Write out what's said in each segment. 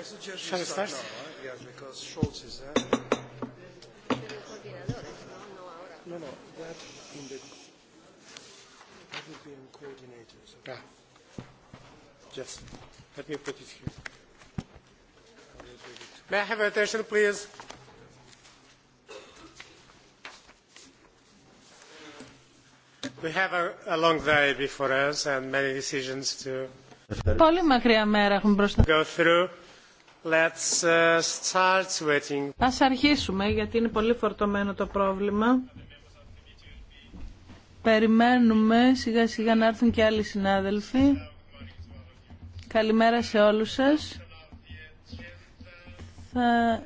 I we Yes, because is there. No, no, that coordinators. Yeah. Yes. Let me put it here. May I have attention, please? We have a, a long day before us and many decisions to. Πολύ μακριά μέρα έχουμε μπροστά. Go through. Let's uh, Ας αρχίσουμε γιατί είναι πολύ φορτωμένο το πρόβλημα. Περιμένουμε σιγά σιγά να έρθουν και άλλοι συνάδελφοι. Καλημέρα σε όλους σας. Θα...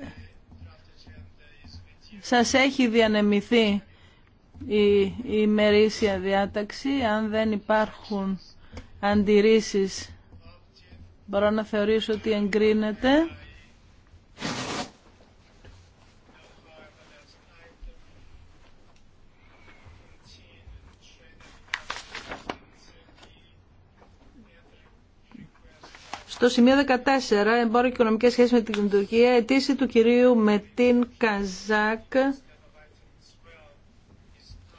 Σας έχει διανεμηθεί η, η ημερήσια διάταξη. Αν δεν υπάρχουν αντιρρήσεις Μπορώ να θεωρήσω ότι εγκρίνεται. Στο σημείο 14, εμπόριο και οικονομικές σχέσεις με την Τουρκία, αιτήση του κυρίου Μετίν Καζάκ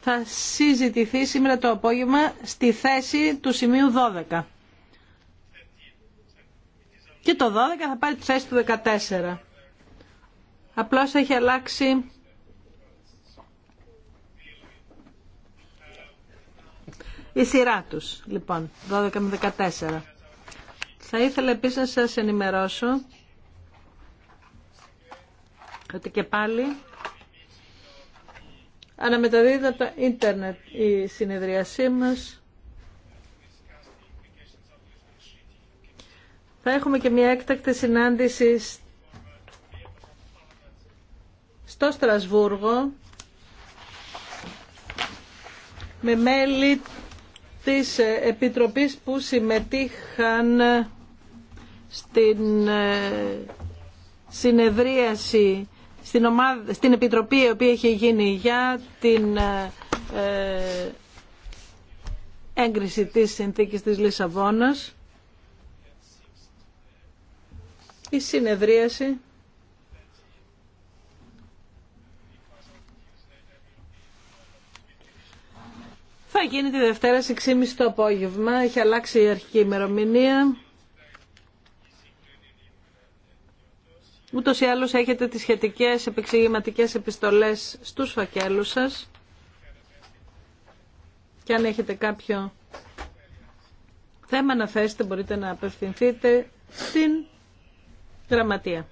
θα συζητηθεί σήμερα το απόγευμα στη θέση του σημείου 12 και το 12 θα πάρει τη θέση του 14. Απλώς έχει αλλάξει η σειρά τους, λοιπόν, 12 με 14. Θα ήθελα επίσης να σας ενημερώσω ότι και πάλι αναμεταδίδεται το ίντερνετ η συνεδριασή μας Θα έχουμε και μια έκτακτη συνάντηση στο Στρασβούργο με μέλη της Επιτροπής που συμμετείχαν στην ε, συνεδρίαση στην, στην Επιτροπή η οποία έχει γίνει για την ε, ε, έγκριση της συνθήκης της Λισαβόνας η συνεδρίαση θα γίνει τη Δευτέρα στις 6.30 το απόγευμα. Έχει αλλάξει η αρχική ημερομηνία. Ούτως ή άλλως έχετε τις σχετικές επεξηγηματικές επιστολές στους φακέλους σας. Και αν έχετε κάποιο θέμα να θέσετε μπορείτε να απευθυνθείτε στην Γραμματεία.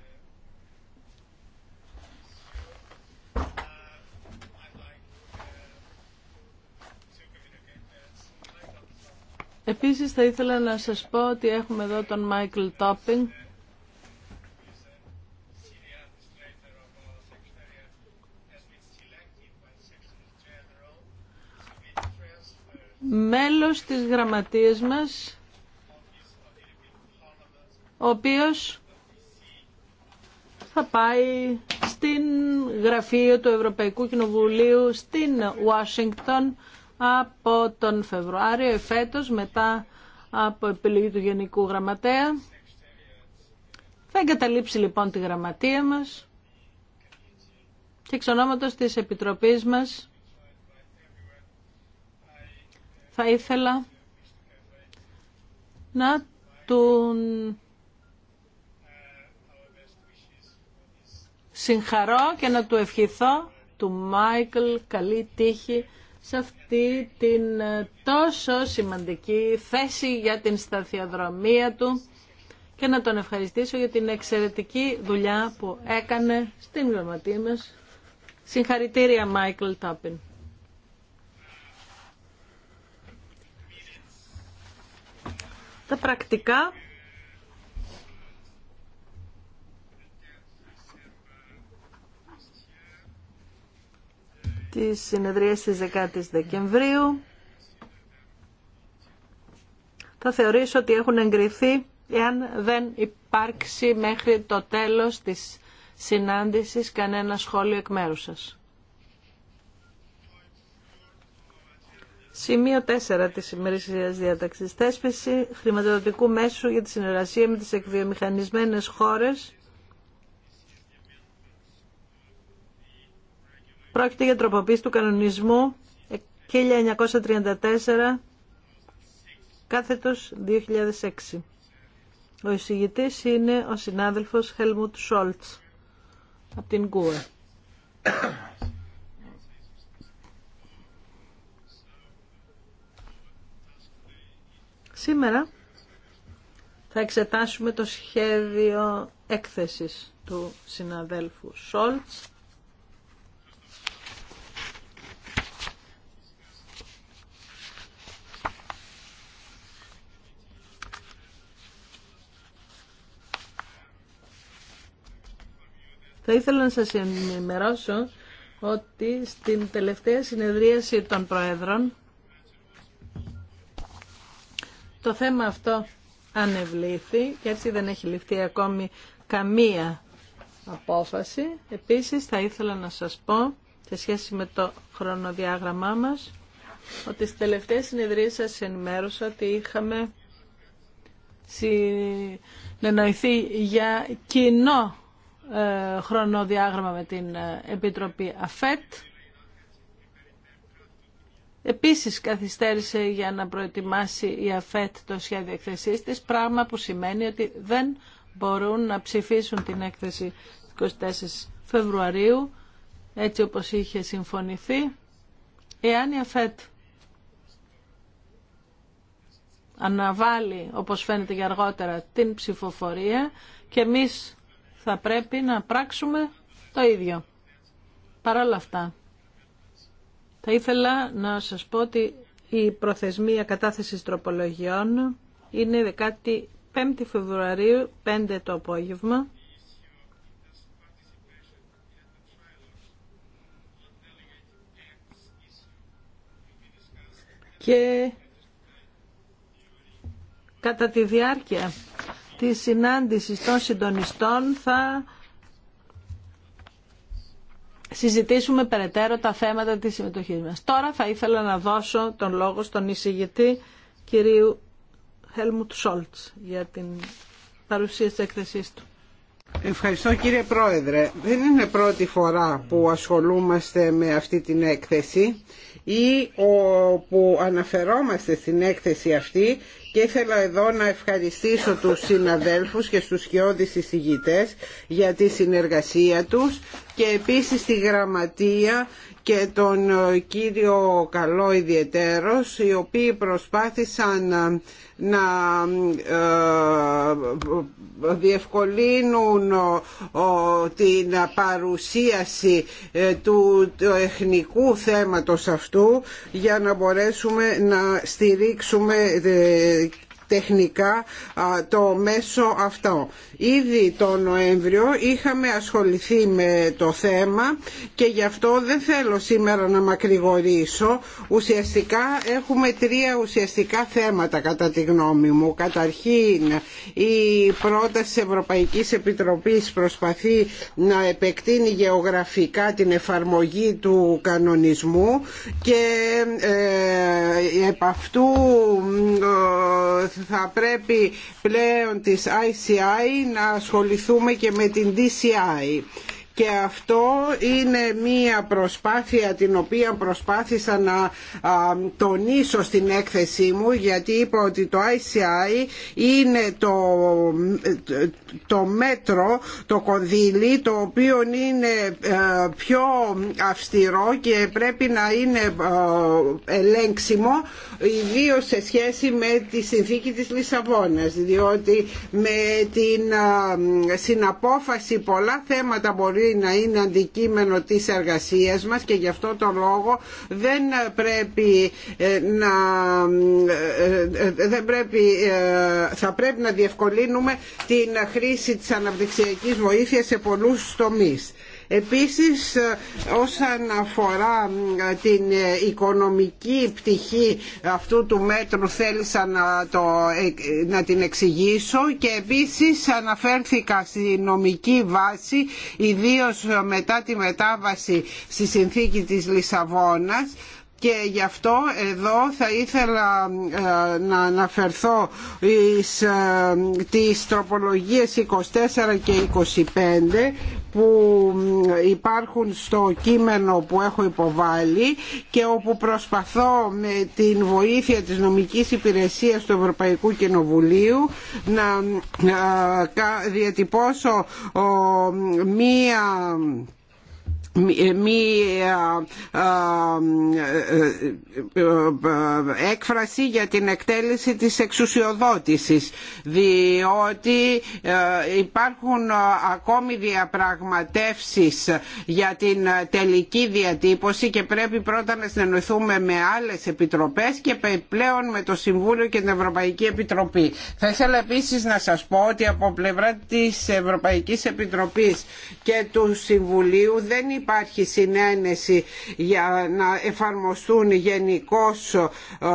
Επίσης θα ήθελα να σας πω ότι έχουμε εδώ τον Μάικλ Τόπινγκ μέλος της γραμματείας μας ο οποίος θα πάει στην γραφείο του Ευρωπαϊκού Κοινοβουλίου στην Ουάσιγκτον από τον Φεβρουάριο εφέτος μετά από επιλογή του Γενικού Γραμματέα. Θα εγκαταλείψει λοιπόν τη γραμματεία μας και εξ ονόματος της Επιτροπής μας θα ήθελα να του συγχαρώ και να του ευχηθώ του Μάικλ καλή τύχη σε αυτή την ε, τόσο σημαντική θέση για την σταθιοδρομία του και να τον ευχαριστήσω για την εξαιρετική δουλειά που έκανε στην γραμματή μας. Συγχαρητήρια Μάικλ Τόπιν. Τα πρακτικά Τις συνεδρίες της 10ης Δεκεμβρίου. Θα θεωρήσω ότι έχουν εγκριθεί εάν δεν υπάρξει μέχρι το τέλος της συνάντησης κανένα σχόλιο εκ μέρους σας. Σημείο 4 της ημερησίας διάταξης. Θέσπιση χρηματοδοτικού μέσου για τη συνεργασία με τις εκβιομηχανισμένες χώρες Πρόκειται για τροποποίηση του κανονισμού 1934 κάθετος 2006. Ο εισηγητής είναι ο συνάδελφος Χέλμουτ Σόλτς από την ΚΟΕ. Σήμερα θα εξετάσουμε το σχέδιο έκθεσης του συναδέλφου Σόλτς Θα ήθελα να σας ενημερώσω ότι στην τελευταία συνεδρίαση των Προέδρων το θέμα αυτό ανεβλήθη και έτσι δεν έχει ληφθεί ακόμη καμία απόφαση. Επίσης θα ήθελα να σας πω σε σχέση με το χρονοδιάγραμμά μας ότι στην τελευταία συνεδρία σας ενημέρωσα ότι είχαμε συνεννοηθεί για κοινό ε, χρονοδιάγραμμα με την ε, Επιτροπή ΑΦΕΤ. Επίσης καθυστέρησε για να προετοιμάσει η ΑΦΕΤ το σχέδιο εκθεσής της, πράγμα που σημαίνει ότι δεν μπορούν να ψηφίσουν την έκθεση 24 Φεβρουαρίου, έτσι όπως είχε συμφωνηθεί, εάν η ΑΦΕΤ αναβάλει, όπως φαίνεται για αργότερα, την ψηφοφορία και εμείς θα πρέπει να πράξουμε το ίδιο. Παρ' όλα αυτά, θα ήθελα να σας πω ότι η προθεσμία κατάθεσης τροπολογιών είναι 15 Φεβρουαρίου, 5 το απόγευμα. Και κατά τη διάρκεια Τη συνάντηση των συντονιστών θα συζητήσουμε περαιτέρω τα θέματα της συμμετοχής μας. Τώρα θα ήθελα να δώσω τον λόγο στον εισηγητή κυρίου Χέλμουτ Σόλτς για την παρουσία της έκθεσής του. Ευχαριστώ κύριε Πρόεδρε. Δεν είναι πρώτη φορά που ασχολούμαστε με αυτή την έκθεση ή που αναφερόμαστε στην έκθεση αυτή και ήθελα εδώ να ευχαριστήσω τους συναδέλφους και στους σκιώδεις εισηγητές για τη συνεργασία τους και επίσης τη γραμματεία και τον ε, κύριο Καλό ιδιαιτέρως οι οποίοι προσπάθησαν ε, να ε, διευκολύνουν την παρουσίαση του τεχνικού θέματος αυτού για να μπορέσουμε να στηρίξουμε τεχνικά το μέσο αυτό. Ήδη τον Νοέμβριο είχαμε ασχοληθεί με το θέμα και γι' αυτό δεν θέλω σήμερα να μακρηγορήσω. Ουσιαστικά έχουμε τρία ουσιαστικά θέματα κατά τη γνώμη μου. Καταρχήν η πρόταση Ευρωπαϊκής Επιτροπής προσπαθεί να επεκτείνει γεωγραφικά την εφαρμογή του κανονισμού και ε, επ' αυτού θα πρέπει πλέον της ICI να ασχοληθούμε και με την DCI και αυτό είναι μία προσπάθεια την οποία προσπάθησα να τονίσω στην έκθεσή μου γιατί είπα ότι το ICI είναι το, το μέτρο, το κονδύλι το οποίο είναι ε, πιο αυστηρό και πρέπει να είναι ε, ελέγξιμο ιδίω σε σχέση με τη συνθήκη της Λισαβόνας διότι με την συναπόφαση πολλά θέματα μπορεί να είναι αντικείμενο της εργασίας μας και γι' αυτό το λόγο δεν πρέπει ε, να ε, ε, δεν πρέπει, θα πρέπει να διευκολύνουμε την χρήση της αναπτυξιακής βοήθειας σε πολλούς τομείς. Επίσης ε, όσον αφορά ε, την ε, οικονομική πτυχή αυτού του μέτρου θέλησα να, το, να την εξηγήσω και επίσης αναφέρθηκα στη νομική βάση ιδίως μετά τη μετάβαση στη συνθήκη της Λισαβόνας και γι' αυτό εδώ θα ήθελα να αναφερθώ στις τροπολογίες 24 και 25 που υπάρχουν στο κείμενο που έχω υποβάλει και όπου προσπαθώ με την βοήθεια της νομικής υπηρεσίας του Ευρωπαϊκού Κοινοβουλίου να διατυπώσω μία μη ε, ε, ε, έκφραση για την εκτέλεση της εξουσιοδότησης διότι υπάρχουν ακόμη διαπραγματεύσεις για την τελική διατύπωση και πρέπει πρώτα να συνεννοηθούμε με άλλες επιτροπές και πλέον με το Συμβούλιο και την Ευρωπαϊκή Επιτροπή. Θα ήθελα επίσης να σας πω ότι από πλευρά της Ευρωπαϊκής Επιτροπής και του Συμβουλίου δεν υπάρχει υπάρχει συνένεση για να εφαρμοστούν γενικώ ε,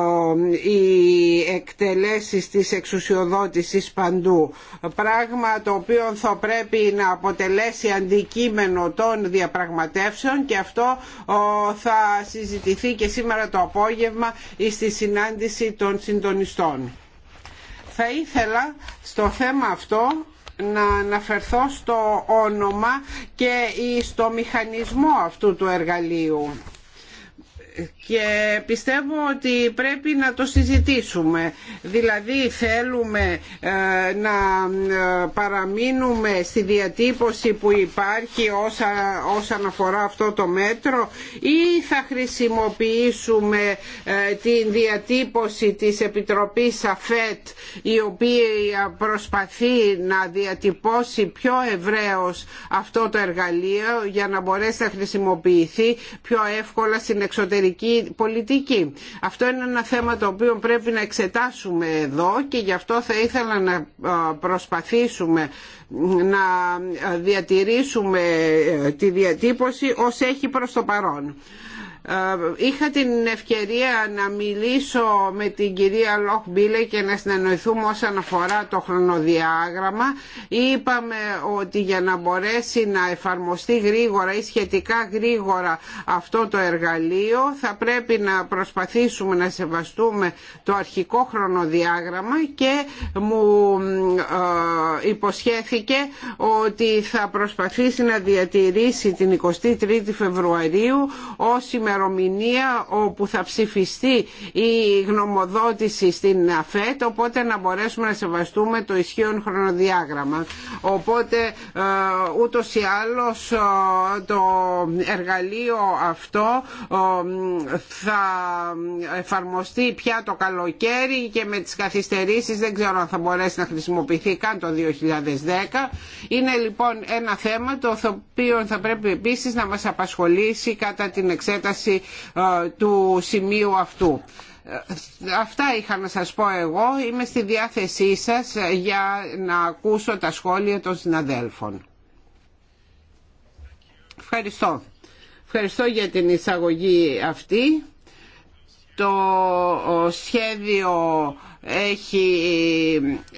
οι εκτελέσεις της εξουσιοδότησης παντού. Πράγμα το οποίο θα πρέπει να αποτελέσει αντικείμενο των διαπραγματεύσεων και αυτό ε, θα συζητηθεί και σήμερα το απόγευμα στη συνάντηση των συντονιστών. Θα ήθελα στο θέμα αυτό να αναφερθώ στο όνομα και στο μηχανισμό αυτού του εργαλείου και πιστεύω ότι πρέπει να το συζητήσουμε. Δηλαδή θέλουμε ε, να ε, παραμείνουμε στη διατύπωση που υπάρχει όσα, όσον αφορά αυτό το μέτρο ή θα χρησιμοποιήσουμε ε, τη διατύπωση της Επιτροπής ΑΦΕΤ η οποία προσπαθεί να διατυπώσει πιο ευρέως αυτό το εργαλείο για να μπορέσει να χρησιμοποιηθεί πιο εύκολα στην εξωτερική πολιτική. Αυτό είναι ένα θέμα το οποίο πρέπει να εξετάσουμε εδώ και γι' αυτό θα ήθελα να προσπαθήσουμε να διατηρήσουμε ε, τη διατύπωση ως έχει προς το παρόν. Ε, είχα την ευκαιρία να μιλήσω με την κυρία Λόχ Μπίλε και να συνεννοηθούμε όσον αφορά το χρονοδιάγραμμα. Είπαμε ότι για να μπορέσει να εφαρμοστεί γρήγορα ή σχετικά γρήγορα αυτό το εργαλείο θα πρέπει να προσπαθήσουμε να σεβαστούμε το αρχικό χρονοδιάγραμμα και μου ε, υποσχέθηκε ότι θα προσπαθήσει να διατηρήσει την 23η Φεβρουαρίου ως ημερομηνία όπου θα ψηφιστεί η γνωμοδότηση στην ΑΦΕΤ οπότε να μπορέσουμε να σεβαστούμε το ισχύον χρονοδιάγραμμα. Οπότε ε, ούτως ή άλλως ε, το εργαλείο αυτό ε, θα εφαρμοστεί πια το καλοκαίρι και με τις καθυστερήσεις δεν ξέρω αν θα μπορέσει να χρησιμοποιηθεί καν το 2010. Είναι λοιπόν ένα θέμα το οποίο θα πρέπει επίσης να μας απασχολήσει κατά την εξέταση ε, του σημείου αυτού. Ε, αυτά είχα να σας πω εγώ. Είμαι στη διάθεσή σας ε, για να ακούσω τα σχόλια των συναδέλφων. Ευχαριστώ. Ευχαριστώ για την εισαγωγή αυτή. Το σχέδιο έχει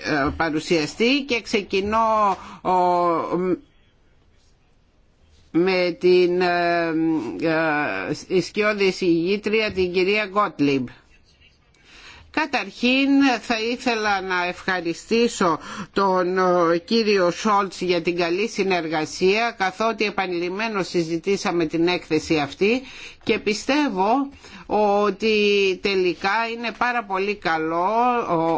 ε, παρουσιαστεί και ξεκινώ με την ισκιώδη ε, ε, ε, συγγητρία την κυρία Γκότλιμπ. Καταρχήν θα ήθελα να ευχαριστήσω τον κύριο Σόλτς για την καλή συνεργασία καθότι επανειλημμένως συζητήσαμε την έκθεση αυτή και πιστεύω ότι τελικά είναι πάρα πολύ καλό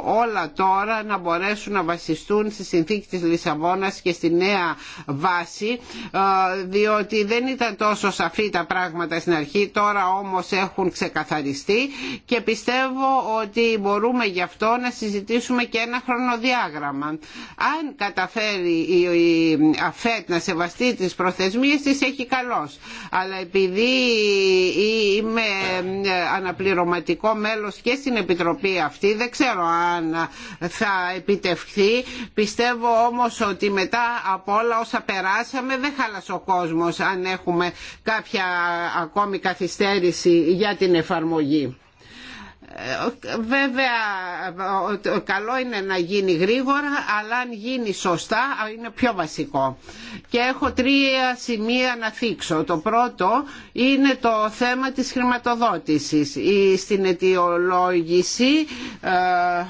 όλα τώρα να μπορέσουν να βασιστούν στη συνθήκη της Λισαβόνας και στη νέα βάση ε, διότι δεν ήταν τόσο σαφή τα πράγματα στην αρχή τώρα όμως έχουν ξεκαθαριστεί και πιστεύω ότι μπορούμε γι' αυτό να συζητήσουμε και ένα χρονοδιάγραμμα. Αν καταφέρει η ΑΦΕΤ να σεβαστεί τις προθεσμίες της έχει καλός. Αλλά επειδή είμαι αναπληρωματικό μέλος και στην Επιτροπή αυτή. Δεν ξέρω αν θα επιτευχθεί. Πιστεύω όμως ότι μετά από όλα όσα περάσαμε δεν χάλασε ο κόσμος αν έχουμε κάποια ακόμη καθυστέρηση για την εφαρμογή. Βέβαια καλό είναι να γίνει γρήγορα αλλά αν γίνει σωστά είναι πιο βασικό και έχω τρία σημεία να θίξω. Το πρώτο είναι το θέμα της χρηματοδότησης. Στην αιτιολόγηση ε,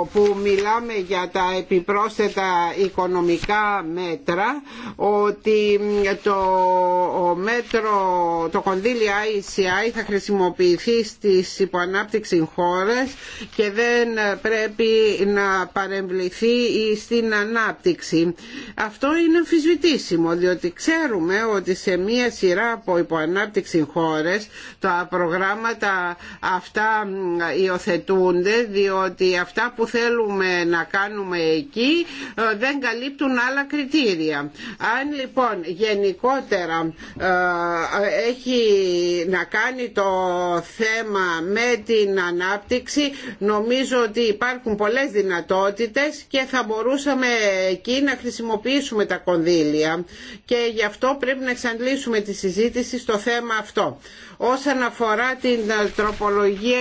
όπου μιλάμε για τα επιπρόσθετα οικονομικά μέτρα ότι το μέτρο, το κονδύλι ICI θα χρησιμοποιηθεί στις υποανάπτυξη χώρες και δεν πρέπει να παρεμβληθεί στην ανάπτυξη. Αυτό είναι αμφισβητήσιμο διότι ξέρουμε ότι σε μία σειρά από υποανάπτυξη χώρες τα προγράμματα αυτά υιοθετούνται διότι ότι αυτά που θέλουμε να κάνουμε εκεί ε, δεν καλύπτουν άλλα κριτήρια. Αν λοιπόν γενικότερα ε, έχει να κάνει το θέμα με την ανάπτυξη νομίζω ότι υπάρχουν πολλές δυνατότητες και θα μπορούσαμε εκεί να χρησιμοποιήσουμε τα κονδύλια και γι' αυτό πρέπει να εξαντλήσουμε τη συζήτηση στο θέμα αυτό όσον αφορά την ε, τροπολογία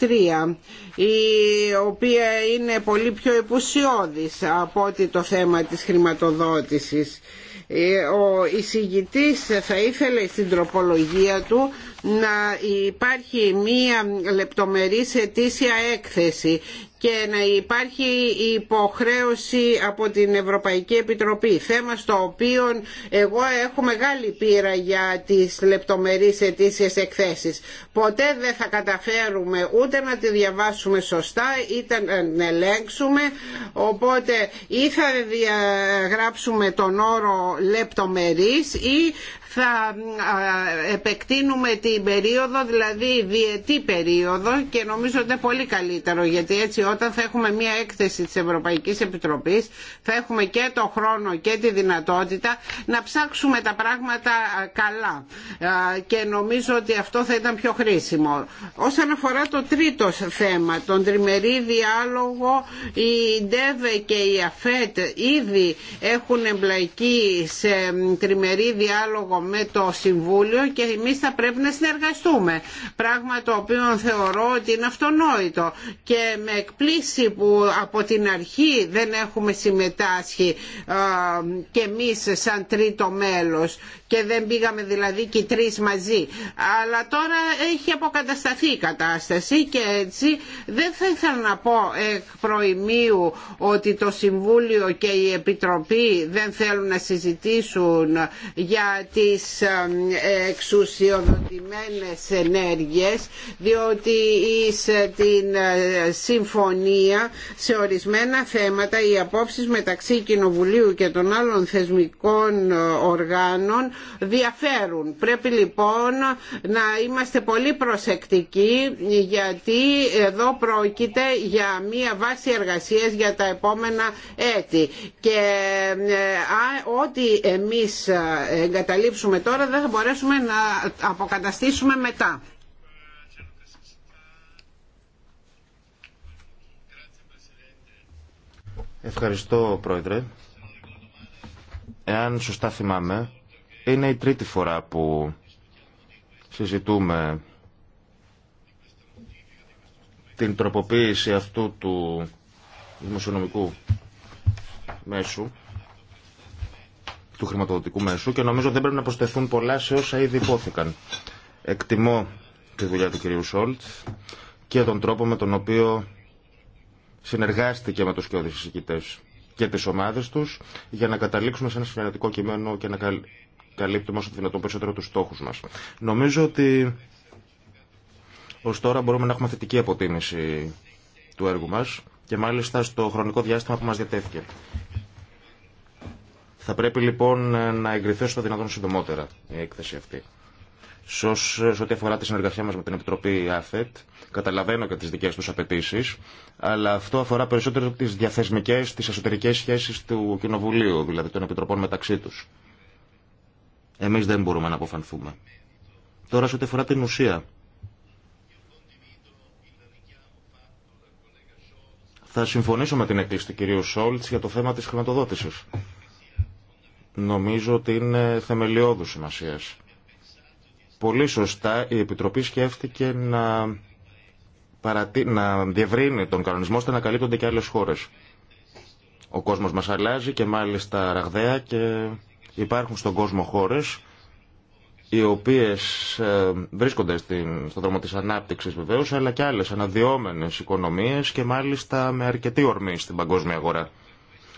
23 η οποία είναι πολύ πιο επουσιώδης από ότι το θέμα της χρηματοδότησης ε, ο εισηγητής θα ήθελε στην τροπολογία του να υπάρχει μία λεπτομερής ετήσια έκθεση και να υπάρχει υποχρέωση από την Ευρωπαϊκή Επιτροπή. Θέμα στο οποίο εγώ έχω μεγάλη πείρα για τις λεπτομερείς αιτήσει εκθέσεις. Ποτέ δεν θα καταφέρουμε ούτε να τη διαβάσουμε σωστά είτε να την ελέγξουμε. Οπότε ή θα διαγράψουμε τον όρο λεπτομερής ή θα επεκτείνουμε την περίοδο, δηλαδή διετή περίοδο και νομίζω ότι είναι πολύ καλύτερο γιατί έτσι όταν θα έχουμε μια έκθεση της Ευρωπαϊκής Επιτροπής θα έχουμε και το χρόνο και τη δυνατότητα να ψάξουμε τα πράγματα καλά και νομίζω ότι αυτό θα ήταν πιο χρήσιμο. Όσον αφορά το τρίτο θέμα, τον τριμερή διάλογο, η ΝΤΕΒΕ και η ΑΦΕΤ ήδη έχουν εμπλακεί σε τριμερή διάλογο με το Συμβούλιο και εμείς θα πρέπει να συνεργαστούμε. Πράγμα το οποίο θεωρώ ότι είναι αυτονόητο και με εκπλήσει που από την αρχή δεν έχουμε συμμετάσχει ε, και εμείς σαν τρίτο μέλος και δεν πήγαμε δηλαδή και οι τρεις μαζί. Αλλά τώρα έχει αποκατασταθεί η κατάσταση και έτσι δεν θα ήθελα να πω εκ προημίου ότι το Συμβούλιο και η Επιτροπή δεν θέλουν να συζητήσουν για τις εξουσιοδοτημένες ενέργειες διότι εις ε, την ε, συμφωνία σε ορισμένα θέματα οι απόψεις μεταξύ Κοινοβουλίου και των άλλων θεσμικών ε, οργάνων διαφέρουν. Πρέπει λοιπόν να είμαστε πολύ προσεκτικοί γιατί εδώ πρόκειται για μία βάση εργασίας για τα επόμενα έτη και ε, ό,τι εμείς εγκαταλείψουμε τώρα δεν θα μπορέσουμε να αποκαταστήσουμε μετά. Ευχαριστώ, Πρόεδρε. Εάν σωστά θυμάμαι, είναι η τρίτη φορά που συζητούμε την τροποποίηση αυτού του δημοσιονομικού μέσου του χρηματοδοτικού μέσου και νομίζω δεν πρέπει να προσθεθούν πολλά σε όσα ήδη υπόθηκαν. Εκτιμώ τη δουλειά του κυρίου Σόλτ και τον τρόπο με τον οποίο συνεργάστηκε με τους και οδησυσικητές και τις ομάδες τους για να καταλήξουμε σε ένα συνεργατικό κειμένο και να καλύπτουμε όσο δυνατόν περισσότερο του στόχου μα. Νομίζω ότι ω τώρα μπορούμε να έχουμε θετική αποτίμηση του έργου μα και μάλιστα στο χρονικό διάστημα που μα διατέθηκε. Θα πρέπει λοιπόν να εγκριθεί όσο το δυνατόν συντομότερα η έκθεση αυτή. Σε ό,τι αφορά τη συνεργασία μα με την Επιτροπή ΑΦΕΤ, καταλαβαίνω και τι δικέ του απαιτήσει, αλλά αυτό αφορά περισσότερο τι διαθεσμικέ, τι εσωτερικέ σχέσει του Κοινοβουλίου, δηλαδή των Επιτροπών μεταξύ του. Εμείς δεν μπορούμε να αποφανθούμε. Τώρα σε ό,τι αφορά την ουσία. Θα συμφωνήσω με την εκκλήση κυρίου Σόλτς για το θέμα της χρηματοδότησης. Νομίζω ότι είναι θεμελιώδους σημασία. Πολύ σωστά η Επιτροπή σκέφτηκε να, να διευρύνει τον κανονισμό ώστε να καλύπτονται και άλλες χώρες. Ο κόσμος μας αλλάζει και μάλιστα ραγδαία και Υπάρχουν στον κόσμο χώρες οι οποίες ε, βρίσκονται στην, στον δρόμο της ανάπτυξης βεβαίως, αλλά και άλλες αναδυόμενες οικονομίες και μάλιστα με αρκετή ορμή στην παγκόσμια αγορά.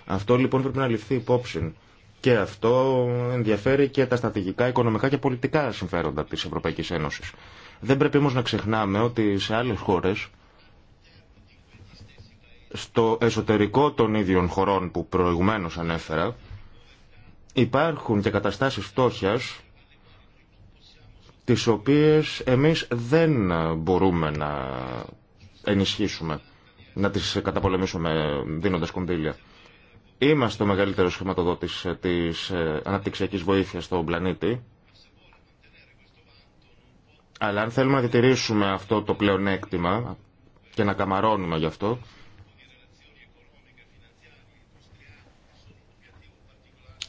Αυτό λοιπόν πρέπει να ληφθεί υπόψη. Και αυτό ενδιαφέρει και τα στρατηγικά, οικονομικά και πολιτικά συμφέροντα της Ευρωπαϊκής Ένωσης. Δεν πρέπει όμως να ξεχνάμε ότι σε άλλες χώρες, στο εσωτερικό των ίδιων χωρών που προηγουμένως ανέφερα, υπάρχουν και καταστάσεις φτώχειας τις οποίες εμείς δεν μπορούμε να ενισχύσουμε, να τις καταπολεμήσουμε δίνοντας κονδύλια. Είμαστε ο μεγαλύτερος χρηματοδότης της ε, αναπτυξιακής βοήθειας στον πλανήτη, αλλά αν θέλουμε να διατηρήσουμε αυτό το πλεονέκτημα και να καμαρώνουμε γι' αυτό,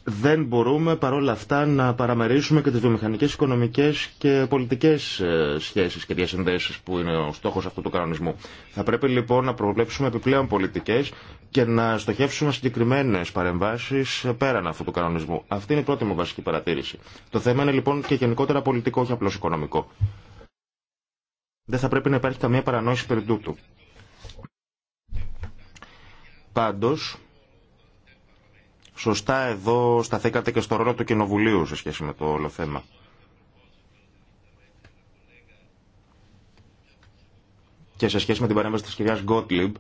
δεν μπορούμε παρόλα αυτά να παραμερίσουμε και τις βιομηχανικές, οικονομικές και πολιτικές ε, σχέσεις και διασυνδέσεις που είναι ο στόχος αυτού του κανονισμού. Θα πρέπει λοιπόν να προβλέψουμε επιπλέον πολιτικές και να στοχεύσουμε συγκεκριμένες παρεμβάσεις πέραν αυτού του κανονισμού. Αυτή είναι η πρώτη μου βασική παρατήρηση. Το θέμα είναι λοιπόν και γενικότερα πολιτικό, όχι απλώς οικονομικό. Δεν θα πρέπει να υπάρχει καμία παρανόηση περί τούτου. Πάντως, Σωστά εδώ σταθήκατε και στο ρόλο του Κοινοβουλίου σε σχέση με το όλο θέμα. Και σε σχέση με την παρέμβαση της κυρίας Γκότλιμπ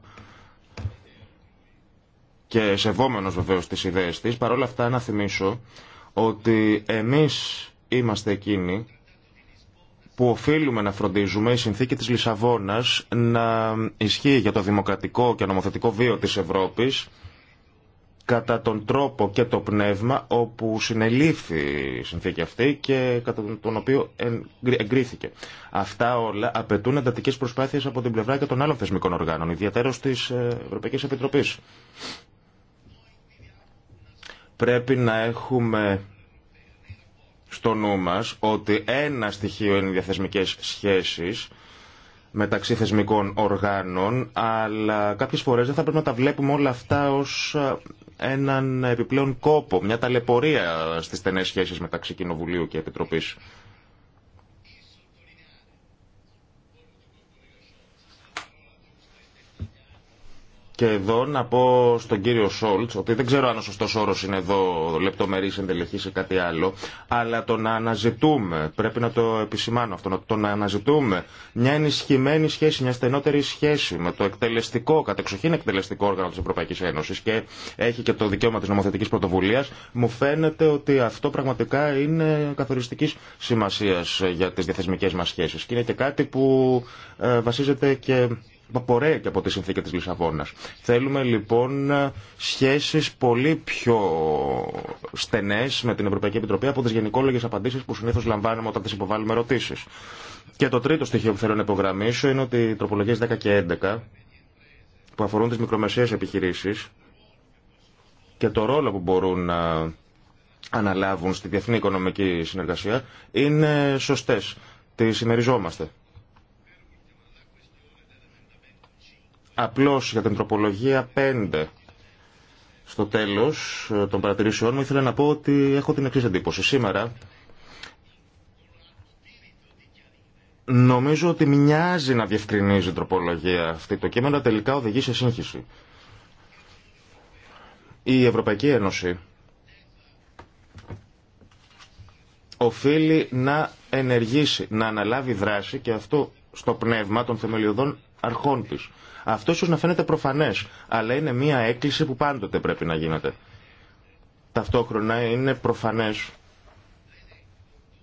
και σεβόμενος βεβαίως τις ιδέες της, παρόλα αυτά να θυμίσω ότι εμείς είμαστε εκείνοι που οφείλουμε να φροντίζουμε η συνθήκη της Λισαβόνας να ισχύει για το δημοκρατικό και νομοθετικό βίο της Ευρώπης κατά τον τρόπο και το πνεύμα όπου συνελήφθη η συνθήκη αυτή και κατά τον οποίο εγκρίθηκε. Αυτά όλα απαιτούν εντατικέ προσπάθειες από την πλευρά και των άλλων θεσμικών οργάνων, ιδιαίτερα της ε, Ευρωπαϊκής Επιτροπής. Πρέπει να έχουμε στο νου μας ότι ένα στοιχείο είναι οι διαθεσμικές σχέσεις μεταξύ θεσμικών οργάνων, αλλά κάποιες φορές δεν θα πρέπει να τα βλέπουμε όλα αυτά ως ε, έναν επιπλέον κόπο, μια ταλαιπωρία στις στενές σχέσεις μεταξύ Κοινοβουλίου και Επιτροπής. Και εδώ να πω στον κύριο Σόλτ, ότι δεν ξέρω αν ο σωστό όρο είναι εδώ λεπτομερή εντελεχή ή κάτι άλλο, αλλά το να αναζητούμε, πρέπει να το επισημάνω αυτό, το να αναζητούμε μια ενισχυμένη σχέση, μια στενότερη σχέση με το εκτελεστικό, κατεξοχήν εκτελεστικό όργανο τη Ευρωπαϊκή Ένωση και έχει και το δικαίωμα τη νομοθετική πρωτοβουλία, μου φαίνεται ότι αυτό πραγματικά είναι καθοριστική σημασία για τι διαθεσμικέ μα σχέσει. Και είναι και κάτι που ε, βασίζεται και απορρέει και από τη συνθήκη της Λισαβόνας. Θέλουμε λοιπόν σχέσεις πολύ πιο στενές με την Ευρωπαϊκή Επιτροπή από τις γενικόλογες απαντήσεις που συνήθως λαμβάνουμε όταν τις υποβάλλουμε ερωτήσεις. Και το τρίτο στοιχείο που θέλω να υπογραμμίσω είναι ότι οι τροπολογίες 10 και 11 που αφορούν τις μικρομεσαίες επιχειρήσεις και το ρόλο που μπορούν να αναλάβουν στη διεθνή οικονομική συνεργασία είναι σωστές. τι ημεριζόμαστε. Απλώς για την τροπολογία 5 στο τέλος των παρατηρήσεών μου ήθελα να πω ότι έχω την εξής εντύπωση. Σήμερα νομίζω ότι μοιάζει να διευκρινίζει η τροπολογία αυτή. Το κείμενο τελικά οδηγεί σε σύγχυση. Η Ευρωπαϊκή Ένωση οφείλει να ενεργήσει, να αναλάβει δράση και αυτό στο πνεύμα των θεμελιωδών αρχών της. Αυτό ίσω να φαίνεται προφανέ, αλλά είναι μια έκκληση που πάντοτε πρέπει να γίνεται. Ταυτόχρονα είναι προφανέ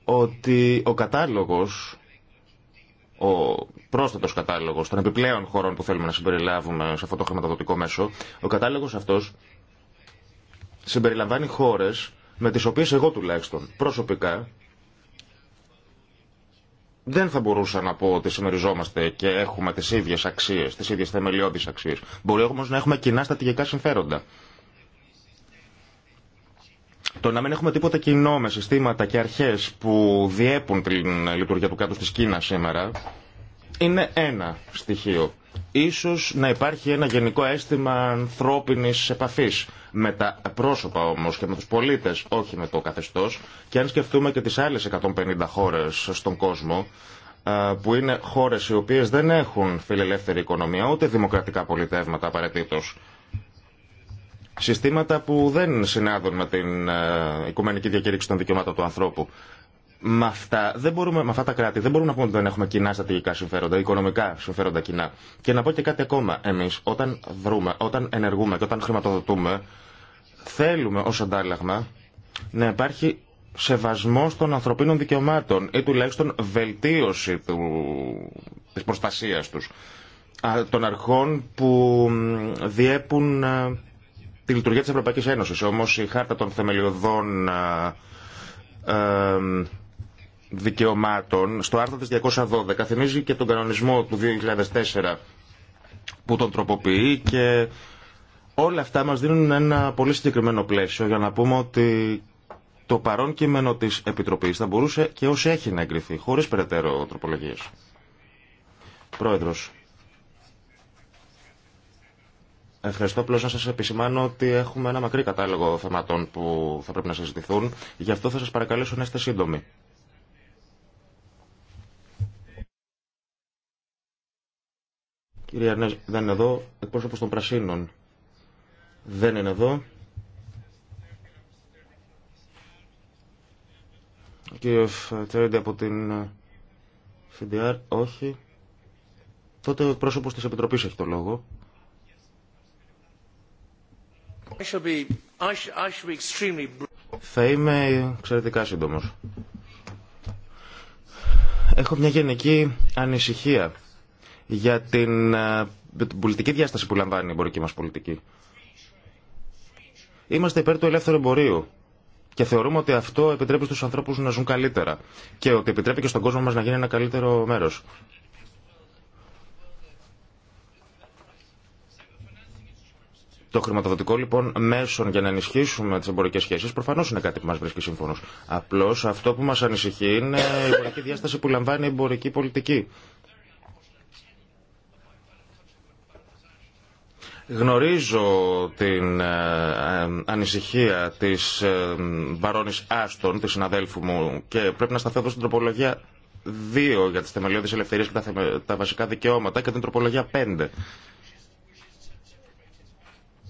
ότι ο κατάλογος ο πρόσθετο κατάλογο των επιπλέον χωρών που θέλουμε να συμπεριλάβουμε σε αυτό το χρηματοδοτικό μέσο, ο κατάλογο αυτό συμπεριλαμβάνει χώρε με τις οποίες εγώ τουλάχιστον προσωπικά δεν θα μπορούσα να πω ότι συμμεριζόμαστε και έχουμε τι ίδιε αξίε, τι ίδιε θεμελιώδει αξίε. Μπορεί όμω να έχουμε κοινά στατηγικά συμφέροντα. Το να μην έχουμε τίποτα κοινό με συστήματα και αρχέ που διέπουν την λειτουργία του κράτου τη Κίνα σήμερα είναι ένα στοιχείο. Ίσως να υπάρχει ένα γενικό αίσθημα ανθρώπινης επαφής με τα πρόσωπα όμως και με τους πολίτες, όχι με το καθεστώς. Και αν σκεφτούμε και τις άλλες 150 χώρες στον κόσμο, ε, που είναι χώρες οι οποίες δεν έχουν φιλελεύθερη οικονομία, ούτε δημοκρατικά πολιτεύματα απαραίτητο. Συστήματα που δεν συνάδουν με την ε, Οικουμενική Διακήρυξη των Δικαιωμάτων του Ανθρώπου με αυτά, δεν μπορούμε, με τα κράτη δεν μπορούμε να πούμε ότι δεν έχουμε κοινά στρατηγικά συμφέροντα, οικονομικά συμφέροντα κοινά. Και να πω και κάτι ακόμα. Εμεί όταν βρούμε, όταν ενεργούμε και όταν χρηματοδοτούμε, θέλουμε ω αντάλλαγμα να υπάρχει σεβασμό των ανθρωπίνων δικαιωμάτων ή τουλάχιστον βελτίωση του, της προστασίας τους των αρχών που διέπουν ε, τη λειτουργία της Ευρωπαϊκής Ένωσης. Όμως η χάρτα των θεμελιωδών ε, ε δικαιωμάτων στο άρθρο της 212 θυμίζει και τον κανονισμό του 2004 που τον τροποποιεί και όλα αυτά μας δίνουν ένα πολύ συγκεκριμένο πλαίσιο για να πούμε ότι το παρόν κείμενο της Επιτροπής θα μπορούσε και όσοι έχει να εγκριθεί χωρίς περαιτέρω τροπολογίες. Πρόεδρος. Ευχαριστώ απλώ να σα επισημάνω ότι έχουμε ένα μακρύ κατάλογο θεματών που θα πρέπει να συζητηθούν. Γι' αυτό θα σα παρακαλέσω να είστε σύντομοι. Κύριε Αρνέζ δεν είναι εδώ. Εκπρόσωπος των Πρασίνων δεν είναι εδώ. Κύριε κύριος από την ε, ΦΔΑΡ, όχι. Τότε ο πρόσωπος της Επιτροπής έχει το λόγο. Θα είμαι εξαιρετικά σύντομος. Έχω μια γενική ανησυχία για ε, την, πολιτική διάσταση που λαμβάνει η εμπορική μας πολιτική. Είμαστε υπέρ του ελεύθερου εμπορίου και θεωρούμε ότι αυτό επιτρέπει στους ανθρώπους να ζουν καλύτερα και ότι επιτρέπει και στον κόσμο μας να γίνει ένα καλύτερο μέρος. Το χρηματοδοτικό λοιπόν μέσον για να ενισχύσουμε τι εμπορικέ σχέσει προφανώ είναι κάτι που μα βρίσκει σύμφωνο. Απλώ αυτό που μα ανησυχεί είναι η εμπορική διάσταση που λαμβάνει η εμπορική πολιτική. Γνωρίζω την ε, ε, ανησυχία της ε, Βαρόνης Άστον, της συναδέλφου μου, και πρέπει να σταθώ εδώ στην τροπολογία 2 για τις θεμελιώδεις ελευθερίες και τα βασικά δικαιώματα και την τροπολογία 5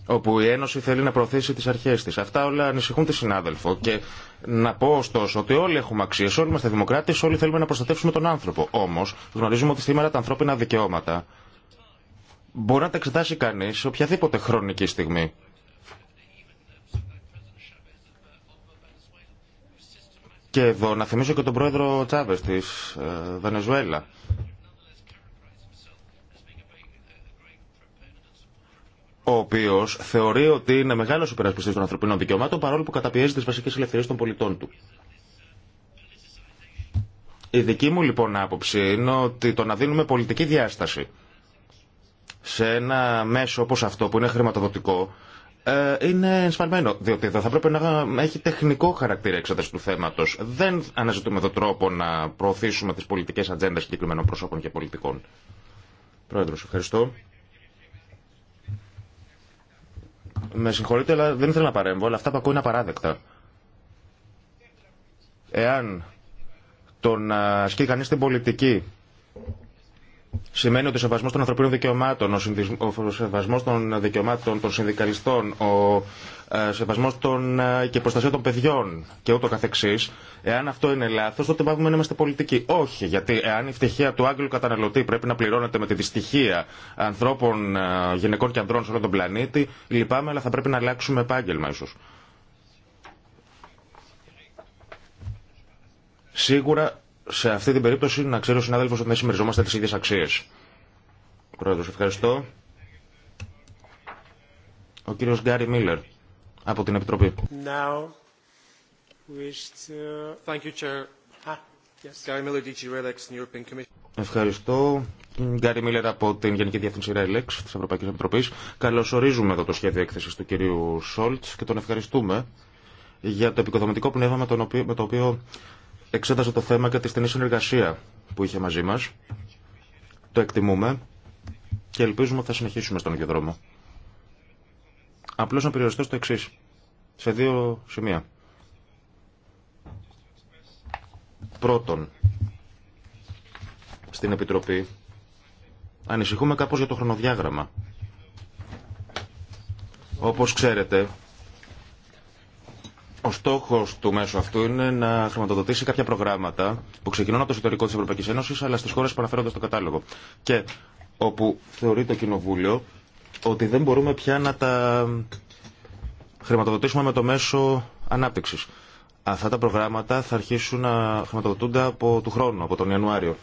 όπου η Ένωση θέλει να προωθήσει τις αρχές της. Αυτά όλα ανησυχούν τη συνάδελφο και να πω ωστόσο ότι όλοι έχουμε αξίες, όλοι είμαστε δημοκράτες, όλοι θέλουμε να προστατεύσουμε τον άνθρωπο. Όμως γνωρίζουμε ότι σήμερα τα ανθρώπινα δικαιώματα μπορεί να τα εξετάσει κανείς σε οποιαδήποτε χρονική στιγμή. Και εδώ να θυμίσω και τον πρόεδρο Τσάβες της ε, Βενεζουέλα. ο οποίο θεωρεί ότι είναι μεγάλο υπερασπιστή των ανθρωπίνων δικαιωμάτων παρόλο που καταπιέζει τι βασικέ ελευθερίε των πολιτών του. Η δική μου λοιπόν άποψη είναι ότι το να δίνουμε πολιτική διάσταση σε ένα μέσο όπως αυτό που είναι χρηματοδοτικό ε, είναι ενσφαλμένο, διότι θα πρέπει να έχει τεχνικό χαρακτήρα εξέταση του θέματος. Δεν αναζητούμε εδώ τρόπο να προωθήσουμε τις πολιτικές ατζέντες συγκεκριμένων προσώπων και πολιτικών. Πρόεδρος, ευχαριστώ. Με συγχωρείτε, αλλά δεν ήθελα να παρέμβω, αλλά αυτά που ακούω είναι απαράδεκτα. Εάν το να ασκεί κανείς την πολιτική Σημαίνει ότι ο σεβασμό των ανθρωπίνων δικαιωμάτων, ο σεβασμό των δικαιωμάτων των συνδικαλιστών, ο ε, σεβασμό των... Ε, και προστασία των παιδιών και ούτω καθεξής εάν αυτό είναι λάθο, τότε πάμε να είμαστε πολιτικοί. Όχι, γιατί εάν η φτυχία του Άγγλου καταναλωτή πρέπει να πληρώνεται με τη δυστυχία ανθρώπων, ε, γυναικών και ανδρών σε όλο τον πλανήτη, λυπάμαι, αλλά θα πρέπει να αλλάξουμε επάγγελμα ίσω. Σίγουρα σε αυτή την περίπτωση να ξέρει ο συνάδελφο ότι δεν συμμεριζόμαστε τι ίδιε αξίε. Πρόεδρο, ευχαριστώ. Ο κύριο Γκάρι Μίλλερ από την Επιτροπή. Ευχαριστώ. Γκάρι Μίλλερ από την Γενική Διεύθυνση ΡΕΛΕΞ τη Ευρωπαϊκή Επιτροπή. Καλωσορίζουμε εδώ το σχέδιο έκθεση του κυρίου Σόλτ και τον ευχαριστούμε για το επικοδομητικό πνεύμα με το οποίο Εξέταζε το θέμα και τη στενή συνεργασία που είχε μαζί μας. Το εκτιμούμε και ελπίζουμε ότι θα συνεχίσουμε στον ίδιο δρόμο. Απλώς να περιοριστώ στο εξή. Σε δύο σημεία. Πρώτον, στην Επιτροπή ανησυχούμε κάπως για το χρονοδιάγραμμα. Όπως ξέρετε, ο στόχο του μέσου αυτού είναι να χρηματοδοτήσει κάποια προγράμματα που ξεκινούν από το εσωτερικό τη Ευρωπαϊκή Ένωση αλλά στι χώρε που αναφέρονται στο κατάλογο. Και όπου θεωρεί το Κοινοβούλιο ότι δεν μπορούμε πια να τα χρηματοδοτήσουμε με το μέσο ανάπτυξη. Αυτά τα προγράμματα θα αρχίσουν να χρηματοδοτούνται από του χρόνου, από τον Ιανουάριο.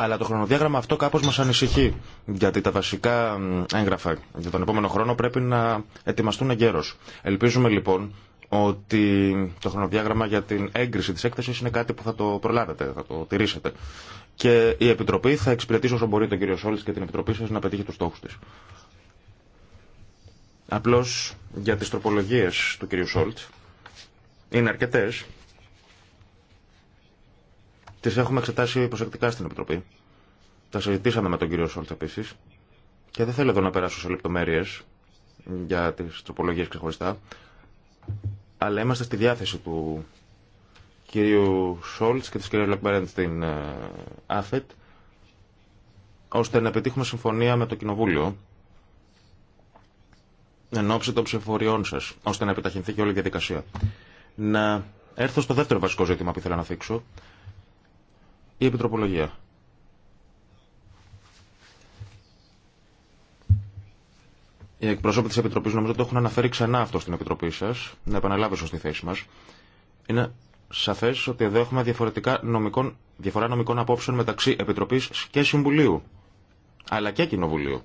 Αλλά το χρονοδιάγραμμα αυτό κάπως μας ανησυχεί, γιατί τα βασικά έγγραφα για τον επόμενο χρόνο πρέπει να ετοιμαστούν εγκαίρως. Ελπίζουμε λοιπόν ότι το χρονοδιάγραμμα για την έγκριση της έκθεσης είναι κάτι που θα το προλάβετε, θα το τηρήσετε. Και η Επιτροπή θα εξυπηρετήσει όσο μπορεί τον κύριο Σόλτ και την Επιτροπή σας να πετύχει τους στόχους της. Απλώς για τις τροπολογίες του κύριου Σόλτ είναι αρκετές τι έχουμε εξετάσει προσεκτικά στην Επιτροπή. Τα συζητήσαμε με τον κύριο Σόλτ επίση. Και δεν θέλω εδώ να περάσω σε λεπτομέρειε για τι τροπολογίε ξεχωριστά. Αλλά είμαστε στη διάθεση του κυρίου Σόλτ και τη κυρία Λακμπέρεντ στην ε, ΑΦΕΤ ώστε να πετύχουμε συμφωνία με το Κοινοβούλιο εν ώψη των ψηφοριών σα, ώστε να επιταχυνθεί και όλη η διαδικασία. Να έρθω στο δεύτερο βασικό ζήτημα που ήθελα να θίξω, η επιτροπολογία. Οι εκπροσώποι τη Επιτροπή νομίζω το έχουν αναφέρει ξανά αυτό στην Επιτροπή σα, να επαναλάβω στη θέση μα. Είναι σαφέ ότι εδώ έχουμε διαφορετικά νομικών, διαφορά νομικών απόψεων μεταξύ Επιτροπή και Συμβουλίου, αλλά και Κοινοβουλίου.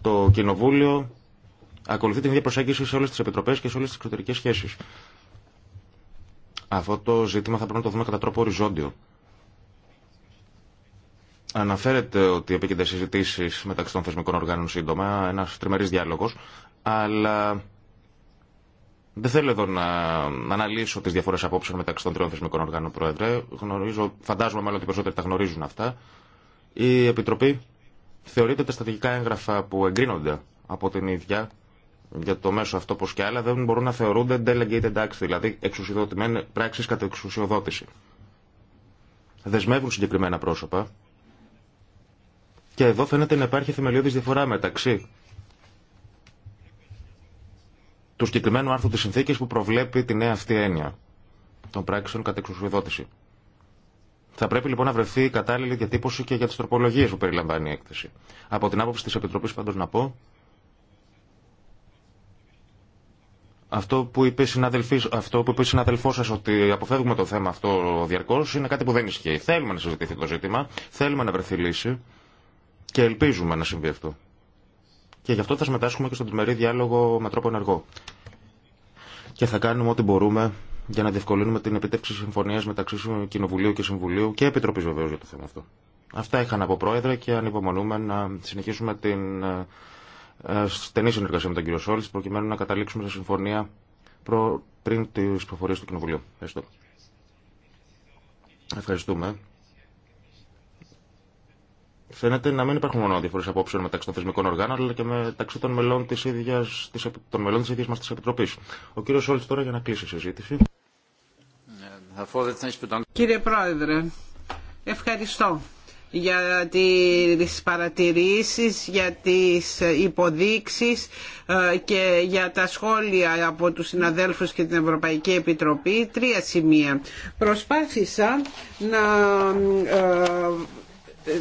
Το Κοινοβούλιο ακολουθεί την ίδια προσέγγιση σε όλε τι επιτροπέ και σε όλε τι εξωτερικέ σχέσει. Αυτό το ζήτημα θα πρέπει να το δούμε κατά τρόπο οριζόντιο. Αναφέρεται ότι επίκενται συζητήσει μεταξύ των θεσμικών οργάνων σύντομα, ένα τριμερή διάλογο, αλλά δεν θέλω εδώ να αναλύσω τι διαφορέ απόψεων μεταξύ των τριών θεσμικών οργάνων, Πρόεδρε. Γνωρίζω, φαντάζομαι μάλλον ότι περισσότεροι τα γνωρίζουν αυτά. Η Επιτροπή θεωρείται τα στατικά έγγραφα που εγκρίνονται από την ίδια για το μέσο αυτό, όπω και άλλα, δεν μπορούν να θεωρούνται delegated acts, δηλαδή εξουσιοδοτημένε πράξει κατά εξουσιοδότηση. Δεσμεύουν συγκεκριμένα πρόσωπα και εδώ φαίνεται να υπάρχει θεμελιώδης διαφορά μεταξύ του συγκεκριμένου άρθρου της συνθήκης που προβλέπει τη νέα αυτή έννοια των πράξεων κατά εξουσιοδότηση. Θα πρέπει λοιπόν να βρεθεί η κατάλληλη διατύπωση και για τις τροπολογίες που περιλαμβάνει η έκθεση. Από την άποψη της Επιτροπής πάντως να πω Αυτό που είπε αυτό που είπε η συναδελφό σα ότι αποφεύγουμε το θέμα αυτό διαρκώ είναι κάτι που δεν ισχύει. Θέλουμε να συζητηθεί το ζήτημα, θέλουμε να βρεθεί λύση. Και ελπίζουμε να συμβεί αυτό. Και γι' αυτό θα συμμετάσχουμε και στον τριμερή διάλογο με τρόπο ενεργό. Και θα κάνουμε ό,τι μπορούμε για να διευκολύνουμε την επίτευξη συμφωνία μεταξύ Κοινοβουλίου και Συμβουλίου και Επιτροπή βεβαίω για το θέμα αυτό. Αυτά είχα να πω, Πρόεδρε, και ανυπομονούμε να συνεχίσουμε την ε, στενή συνεργασία με τον κύριο Σόλτ, προκειμένου να καταλήξουμε σε συμφωνία πριν τι προφορίε του Κοινοβουλίου. Ευχαριστώ. Ευχαριστούμε. Φαίνεται να μην υπάρχουν μόνο διαφορέ απόψεων μεταξύ των θεσμικών οργάνων, αλλά και μεταξύ των μελών τη ίδια μα τη Επιτροπή. Ο κύριο Σόλτ τώρα για να κλείσει η συζήτηση. Κύριε Πρόεδρε, ευχαριστώ για τις παρατηρήσεις, για τις υποδείξεις ε, και για τα σχόλια από τους συναδέλφους και την Ευρωπαϊκή Επιτροπή. Τρία σημεία. Προσπάθησα να ε,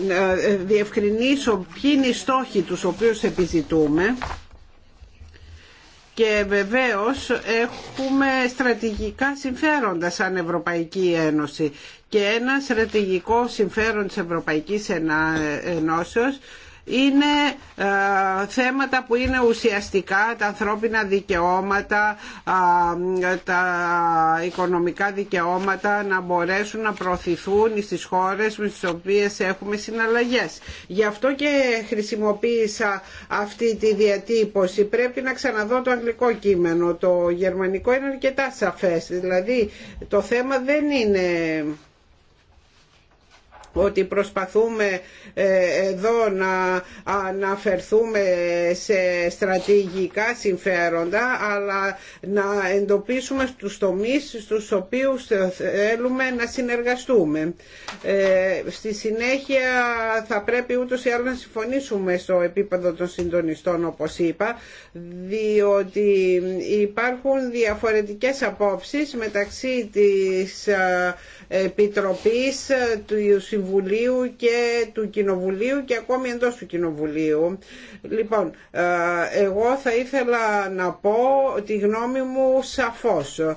να ε, διευκρινίσω ποιοι είναι οι στόχοι τους οποίους επιζητούμε και βεβαίως έχουμε στρατηγικά συμφέροντα σαν Ευρωπαϊκή Ένωση και ένα στρατηγικό συμφέρον της Ευρωπαϊκής Ενώσεως είναι ε, θέματα που είναι ουσιαστικά τα ανθρώπινα δικαιώματα, τα οικονομικά δικαιώματα να μπορέσουν να προωθηθούν στις χώρες με τις οποίες έχουμε συναλλαγές. Γι' αυτό και χρησιμοποίησα αυτή τη διατύπωση. Πρέπει να ξαναδώ το αγγλικό κείμενο. Το γερμανικό είναι αρκετά σαφές. Δηλαδή το θέμα δεν είναι ότι προσπαθούμε ε, εδώ να αναφερθούμε σε στρατηγικά συμφέροντα αλλά να εντοπίσουμε τους τομείς στους οποίους θέλουμε να συνεργαστούμε. Ε, στη συνέχεια θα πρέπει ούτως ή άλλως να συμφωνήσουμε στο επίπεδο των συντονιστών όπως είπα διότι υπάρχουν διαφορετικές απόψεις μεταξύ της ε, Επιτροπής του Συμβουλίου και του Κοινοβουλίου και ακόμη εντός του Κοινοβουλίου. Λοιπόν, ε, εγώ θα ήθελα να πω τη γνώμη μου σαφώς. Ε,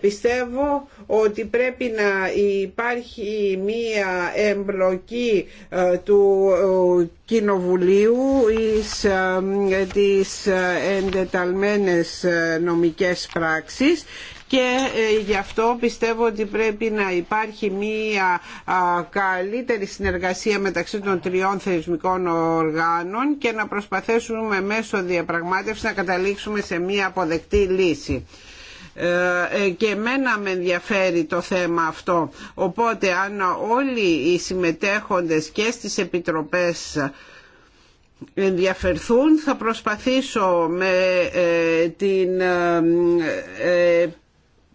πιστεύω ότι πρέπει να υπάρχει μία εμπλοκή ε, του Κοινοβουλίου εις τις εντεταλμένες νομικές πράξεις και ε, γι' αυτό πιστεύω ότι πρέπει να υπάρχει μία καλύτερη συνεργασία μεταξύ των τριών θεσμικών οργάνων και να προσπαθήσουμε μέσω διαπραγμάτευση να καταλήξουμε σε μία αποδεκτή λύση ε, ε, και εμένα με ενδιαφέρει το θέμα αυτό οπότε αν όλοι οι συμμετέχοντες και στις επιτροπές ενδιαφερθούν θα προσπαθήσω με την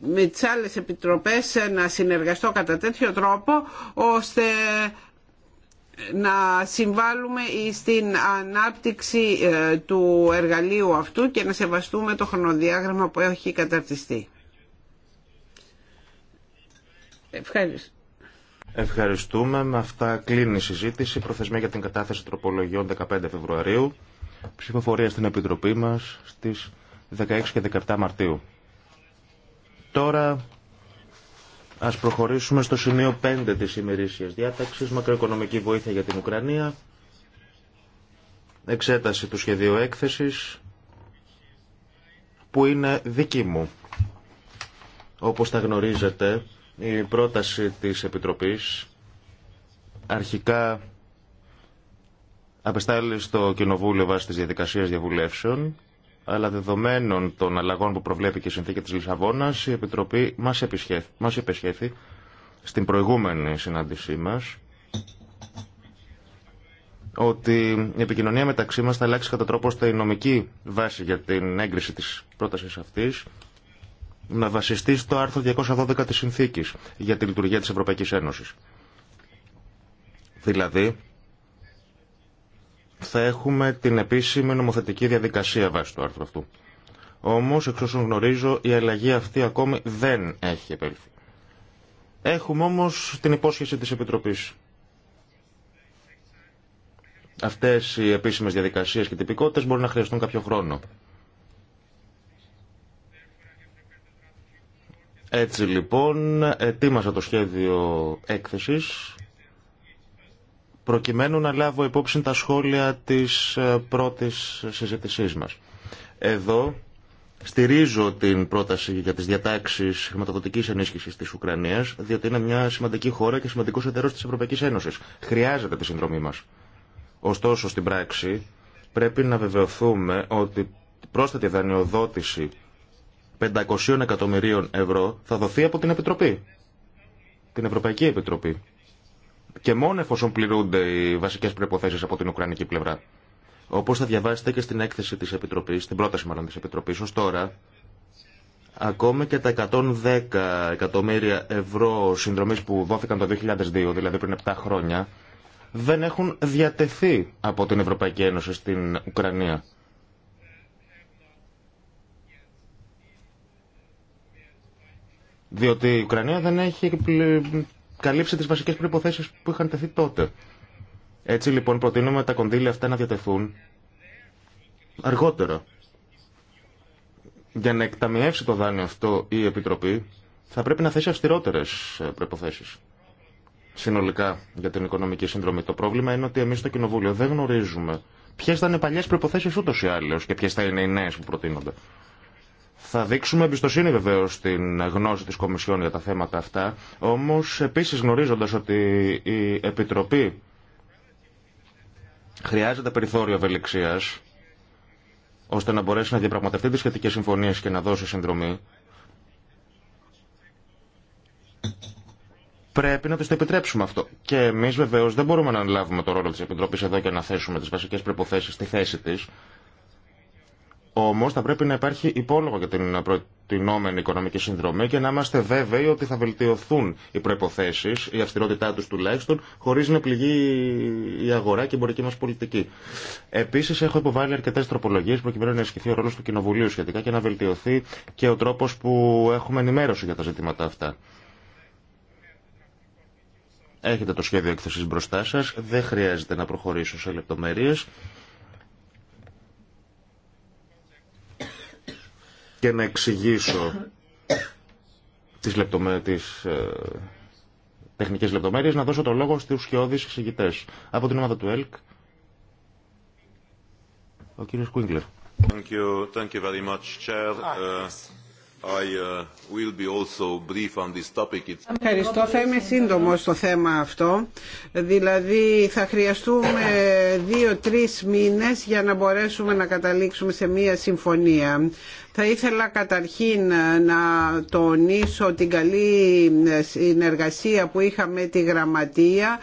με τις άλλες επιτροπές ε, να συνεργαστώ κατά τέτοιο τρόπο ώστε να συμβάλλουμε στην ανάπτυξη ε, του εργαλείου αυτού και να σεβαστούμε το χρονοδιάγραμμα που έχει καταρτιστεί. Ευχαριστώ. Ευχαριστούμε. Με αυτά κλείνει η συζήτηση. Προθεσμία για την κατάθεση τροπολογιών 15 Φεβρουαρίου. Ψηφοφορία στην Επιτροπή μας στις 16 και 17 Μαρτίου. Τώρα ας προχωρήσουμε στο σημείο 5 της ημερήσιας διάταξης, μακροοικονομική βοήθεια για την Ουκρανία, εξέταση του σχεδίου έκθεσης, που είναι δική μου. Όπως τα γνωρίζετε, η πρόταση της Επιτροπής αρχικά απεστάλλει στο Κοινοβούλιο βάσει της διαδικασίας διαβουλεύσεων αλλά δεδομένων των αλλαγών που προβλέπει και η συνθήκη της Λισαβόνας, η Επιτροπή μας, επισχέθη, μας στην προηγούμενη συνάντησή μας ότι η επικοινωνία μεταξύ μας θα αλλάξει κατά τρόπο ώστε η νομική βάση για την έγκριση της πρότασης αυτής να βασιστεί στο άρθρο 212 της Συνθήκης για τη λειτουργία της Ευρωπαϊκής Ένωσης. Δηλαδή, θα έχουμε την επίσημη νομοθετική διαδικασία βάσει του άρθρου αυτού. Όμως, εξ όσων γνωρίζω, η αλλαγή αυτή ακόμη δεν έχει επέλθει. Έχουμε όμως την υπόσχεση της Επιτροπής. Αυτές οι επίσημες διαδικασίες και τυπικότητε μπορεί να χρειαστούν κάποιο χρόνο. Έτσι λοιπόν, ετοίμασα το σχέδιο έκθεσης προκειμένου να λάβω υπόψη τα σχόλια της ε, πρώτης συζήτησής μας. Εδώ στηρίζω την πρόταση για τις διατάξεις χρηματοδοτικής ενίσχυσης της Ουκρανίας, διότι είναι μια σημαντική χώρα και σημαντικός εταίρος της Ευρωπαϊκής Ένωσης. Χρειάζεται τη συνδρομή μας. Ωστόσο, στην πράξη, πρέπει να βεβαιωθούμε ότι πρόσθετη δανειοδότηση 500 εκατομμυρίων ευρώ θα δοθεί από την Επιτροπή. Την Ευρωπαϊκή Επιτροπή και μόνο εφόσον πληρούνται οι βασικές προϋποθέσεις από την Ουκρανική πλευρά. Όπω θα διαβάσετε και στην έκθεση της Επιτροπής, στην πρόταση μάλλον τη Επιτροπή, ω τώρα, ακόμη και τα 110 εκατομμύρια ευρώ συνδρομής που δόθηκαν το 2002, δηλαδή πριν 7 χρόνια, δεν έχουν διατεθεί από την Ευρωπαϊκή Ένωση στην Ουκρανία. Διότι η Ουκρανία δεν έχει καλύψει τις βασικές προϋποθέσεις που είχαν τεθεί τότε. Έτσι λοιπόν προτείνουμε τα κονδύλια αυτά να διατεθούν αργότερα. Για να εκταμιεύσει το δάνειο αυτό η Επιτροπή θα πρέπει να θέσει αυστηρότερε ε, προϋποθέσεις. Συνολικά για την οικονομική συνδρομή το πρόβλημα είναι ότι εμεί στο Κοινοβούλιο δεν γνωρίζουμε ποιε θα είναι παλιέ προποθέσει προϋποθέσεις ή άλλως και ποιε θα είναι οι νέε που προτείνονται. Θα δείξουμε εμπιστοσύνη βεβαίω στην γνώση τη Κομισιόν για τα θέματα αυτά, όμω επίση γνωρίζοντα ότι η Επιτροπή χρειάζεται περιθώριο ευελιξία ώστε να μπορέσει να διαπραγματευτεί τι σχετικέ συμφωνίε και να δώσει συνδρομή. Πρέπει να του το επιτρέψουμε αυτό. Και εμεί βεβαίω δεν μπορούμε να αναλάβουμε το ρόλο τη Επιτροπή εδώ και να θέσουμε τι βασικέ προποθέσει στη θέση τη. Όμω θα πρέπει να υπάρχει υπόλογο για την προτινόμενη οικονομική συνδρομή και να είμαστε βέβαιοι ότι θα βελτιωθούν οι προποθέσει, η αυστηρότητά του τουλάχιστον, χωρί να πληγεί η αγορά και η εμπορική μα πολιτική. Επίση, έχω υποβάλει αρκετέ τροπολογίε προκειμένου να ισχυθεί ο ρόλο του Κοινοβουλίου σχετικά και να βελτιωθεί και ο τρόπο που έχουμε ενημέρωση για τα ζητήματα αυτά. Έχετε το σχέδιο έκθεση μπροστά σα, δεν χρειάζεται να προχωρήσω σε λεπτομέρειε. και να εξηγήσω τις, λεπτομέ... τις ε, τεχνικές λεπτομέρειες, να δώσω το λόγο στους χειώδεις εξηγητές. Από την ομάδα του ΕΛΚ, ο κύριος Κουίγκλερ. Ε, uh, Ευχαριστώ. Θα είμαι σύντομο στο θέμα αυτό. Δηλαδή θα χρειαστούμε δύο-τρεις μήνες για να μπορέσουμε να καταλήξουμε σε μία συμφωνία. Θα ήθελα καταρχήν να τονίσω την καλή συνεργασία που είχα με τη Γραμματεία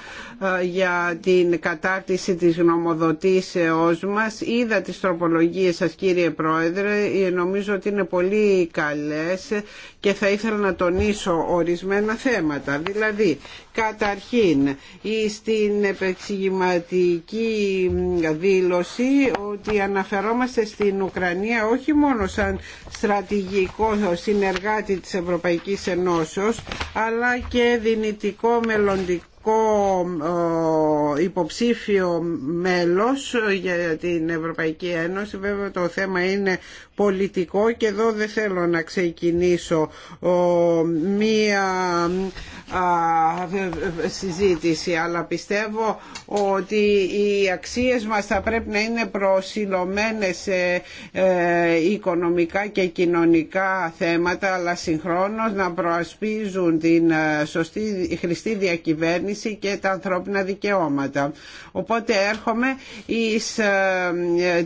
ε, για την κατάρτιση της γνωμοδοτήσεώς μας. Είδα τις τροπολογίες σας κύριε Πρόεδρε, ε, νομίζω ότι είναι πολύ καλές και θα ήθελα να τονίσω ορισμένα θέματα. Δηλαδή Καταρχήν, στην επεξηγηματική δήλωση ότι αναφερόμαστε στην Ουκρανία όχι μόνο σαν στρατηγικό συνεργάτη της Ευρωπαϊκής Ενώσεως αλλά και δυνητικό μελλοντικό ε, υποψήφιο μέλος για την Ευρωπαϊκή Ένωση. Βέβαια το θέμα είναι πολιτικό και εδώ δεν θέλω να ξεκινήσω ε, μία συζήτηση αλλά πιστεύω ότι οι αξίες μας θα πρέπει να είναι προσιλωμένες σε ε, οικονομικά και κοινωνικά θέματα αλλά συγχρόνως να προασπίζουν την σωστή χρηστή διακυβέρνηση κυβέρνηση και τα ανθρώπινα δικαιώματα. Οπότε έρχομαι εις ε,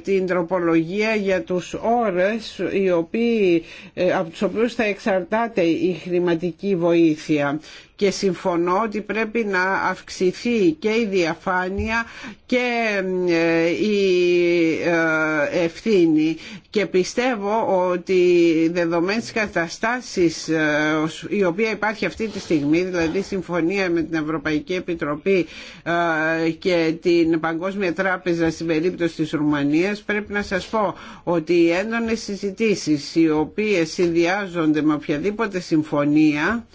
την τροπολογία για τους όρες οι οποίοι, ε, από τους οποίους θα εξαρτάται η χρηματική βοήθεια και συμφωνώ ότι πρέπει να αυξηθεί και η διαφάνεια και ε, η ε, ευθύνη και πιστεύω ότι δεδομένες καταστάσεις ε, η οποία υπάρχει αυτή τη στιγμή δηλαδή συμφωνία με την Ευρωπαϊκή Επιτροπή και την Παγκόσμια Τράπεζα στην περίπτωση της Ρουμανίας πρέπει να σας πω ότι οι έντονες συζητήσεις οι οποίες συνδυάζονται με οποιαδήποτε συμφωνία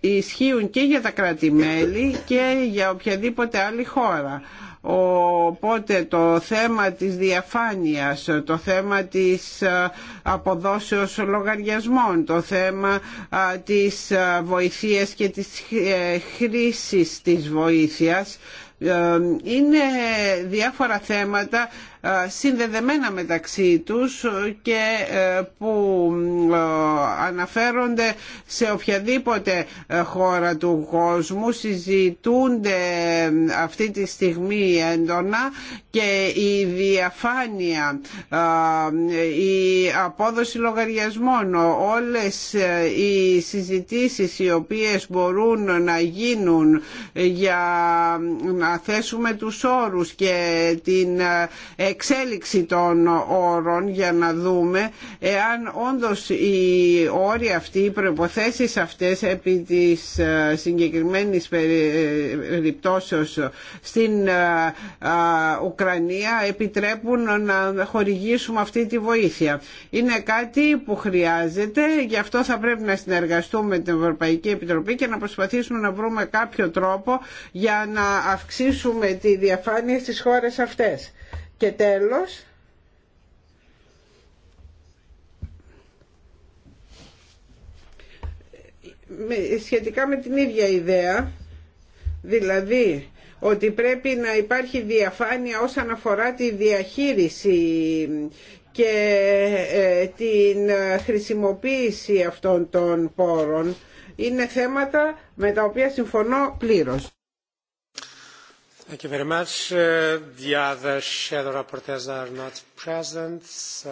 ισχύουν και για τα κράτη-μέλη και για οποιαδήποτε άλλη χώρα. Οπότε το θέμα της διαφάνειας, το θέμα της ε, αποδόσεως λογαριασμών, το θέμα της ε, βοηθείας και της ε, χρήσης της βοήθειας είναι διάφορα θέματα ε, συνδεδεμένα μεταξύ τους και ε, που ε, αναφέρονται σε οποιαδήποτε χώρα του κόσμου συζητούνται αυτή τη στιγμή έντονα και η διαφάνεια, η απόδοση λογαριασμών, όλες οι συζητήσεις οι οποίες μπορούν να γίνουν για να θέσουμε τους όρους και την εξέλιξη των όρων για να δούμε εάν όντως οι όροι αυτοί, οι προϋποθέσεις αυτές επί της ε, συγκεκριμένης περιπτώσεως στην ε, Ουκρανία επιτρέπουν να χορηγήσουμε αυτή τη βοήθεια. Είναι κάτι που χρειάζεται, γι' αυτό θα πρέπει να συνεργαστούμε με την Ευρωπαϊκή Επιτροπή και να προσπαθήσουμε να βρούμε κάποιο τρόπο για να αυξήσουμε τη διαφάνεια στις χώρες αυτές. Και τέλος, σχετικά με την ίδια ιδέα, δηλαδή ότι πρέπει να υπάρχει διαφάνεια όσον αφορά τη διαχείριση και ε, την χρησιμοποίηση αυτών των πόρων, είναι θέματα με τα οποία συμφωνώ πλήρως.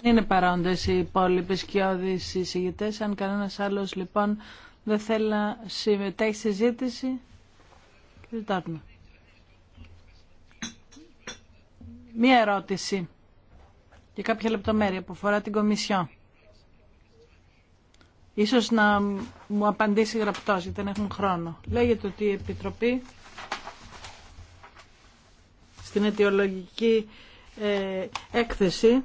Είναι παρόντες οι υπόλοιποι σκιώδεις συζητητέ. Αν κανένα άλλο λοιπόν δεν θέλει να συμμετέχει στη συζήτηση, κοιτάξτε. Μία ερώτηση για κάποια λεπτομέρεια που αφορά την Κομισιόν. Ίσως να μου απαντήσει γραπτό γιατί δεν έχουν χρόνο. Λέγεται ότι η Επιτροπή στην αιτιολογική ε, έκθεση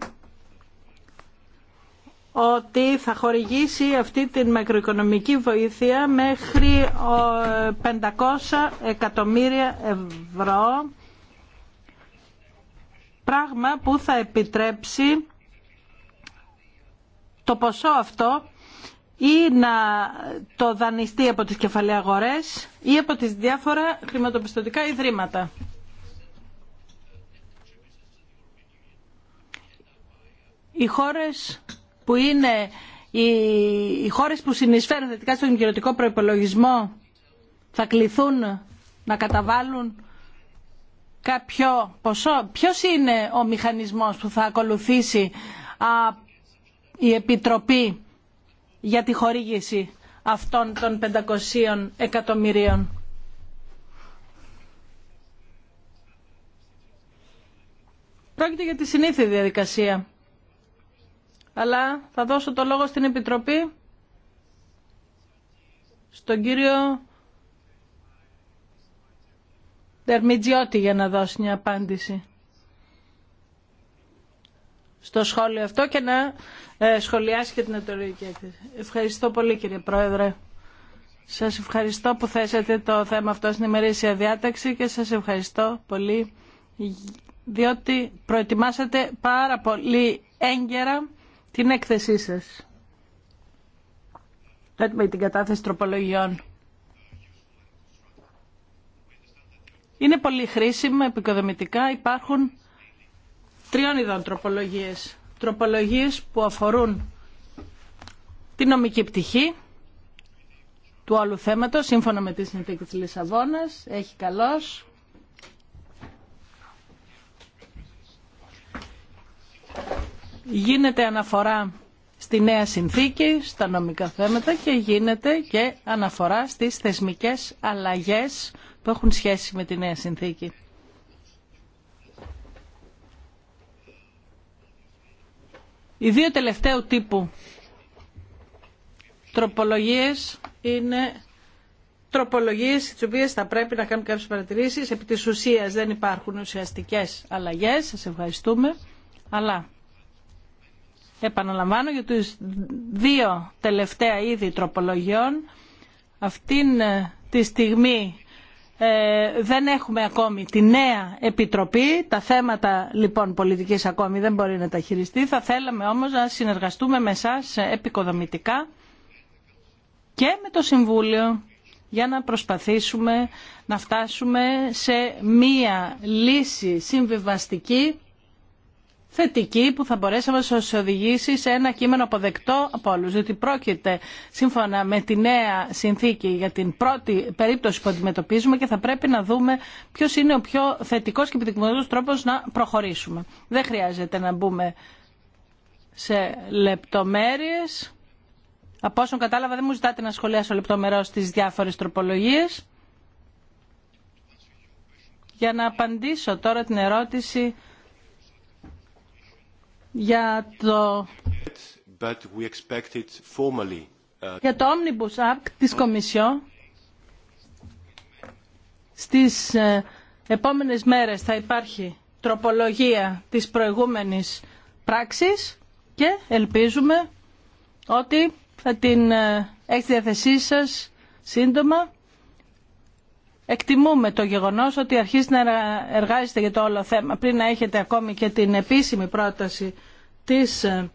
ότι θα χορηγήσει αυτή την μακροοικονομική βοήθεια μέχρι 500 εκατομμύρια ευρώ πράγμα που θα επιτρέψει το ποσό αυτό ή να το δανειστεί από τις κεφαλαίες αγορές ή από τις διάφορα χρηματοπιστωτικά ιδρύματα. οι χώρες που είναι οι, χώρες που συνεισφέρουν θετικά στον κοινωτικό προϋπολογισμό θα κληθούν να καταβάλουν κάποιο ποσό. Ποιος είναι ο μηχανισμός που θα ακολουθήσει η Επιτροπή για τη χορήγηση αυτών των 500 εκατομμυρίων. Πρόκειται για τη συνήθεια διαδικασία αλλά θα δώσω το λόγο στην Επιτροπή, στον κύριο Δερμιτζιώτη για να δώσει μια απάντηση στο σχόλιο αυτό και να ε, σχολιάσει και την εταιρεία έκθεση. Ευχαριστώ πολύ κύριε Πρόεδρε. Σας ευχαριστώ που θέσατε το θέμα αυτό στην ημερήσια διάταξη και σας ευχαριστώ πολύ διότι προετοιμάσατε πάρα πολύ έγκαιρα την έκθεσή σας με την κατάθεση τροπολογιών. Είναι πολύ χρήσιμα, επικοδομητικά. Υπάρχουν τριών ειδών τροπολογίες. Τροπολογίες που αφορούν την νομική πτυχή του όλου θέματος, σύμφωνα με τη συνθήκη της Λισαβόνας, έχει καλός. γίνεται αναφορά στη νέα συνθήκη, στα νομικά θέματα και γίνεται και αναφορά στις θεσμικές αλλαγές που έχουν σχέση με τη νέα συνθήκη. Οι δύο τελευταίου τύπου τροπολογίες είναι τροπολογίες τις οποίες θα πρέπει να κάνουμε κάποιες παρατηρήσεις. Επί της ουσίας δεν υπάρχουν ουσιαστικές αλλαγές. Σας ευχαριστούμε. Αλλά επαναλαμβάνω για τους δύο τελευταία είδη τροπολογιών αυτήν ε, τη στιγμή ε, δεν έχουμε ακόμη τη νέα επιτροπή τα θέματα λοιπόν πολιτικής ακόμη δεν μπορεί να τα χειριστεί θα θέλαμε όμως να συνεργαστούμε με εσάς επικοδομητικά και με το Συμβούλιο για να προσπαθήσουμε να φτάσουμε σε μία λύση συμβιβαστική θετική που θα μπορέσει να σα οδηγήσει σε ένα κείμενο αποδεκτό από όλου. Διότι πρόκειται σύμφωνα με τη νέα συνθήκη για την πρώτη περίπτωση που αντιμετωπίζουμε και θα πρέπει να δούμε ποιο είναι ο πιο θετικός και επιδεικνωμένος τρόπος να προχωρήσουμε. Δεν χρειάζεται να μπούμε σε λεπτομέρειες. Από όσον κατάλαβα δεν μου ζητάτε να σχολιάσω λεπτομερώ τι διάφορε τροπολογίες. Για να απαντήσω τώρα την ερώτηση για το uh, για το Omnibus Act της Κομισιό στις ε, επόμενες μέρες θα υπάρχει τροπολογία της προηγούμενης πράξης και ελπίζουμε ότι θα την ε, έχει διαθεσή σας σύντομα εκτιμούμε το γεγονός ότι αρχίζετε να εργάζεστε για το όλο θέμα πριν να έχετε ακόμη και την επίσημη πρόταση της ε,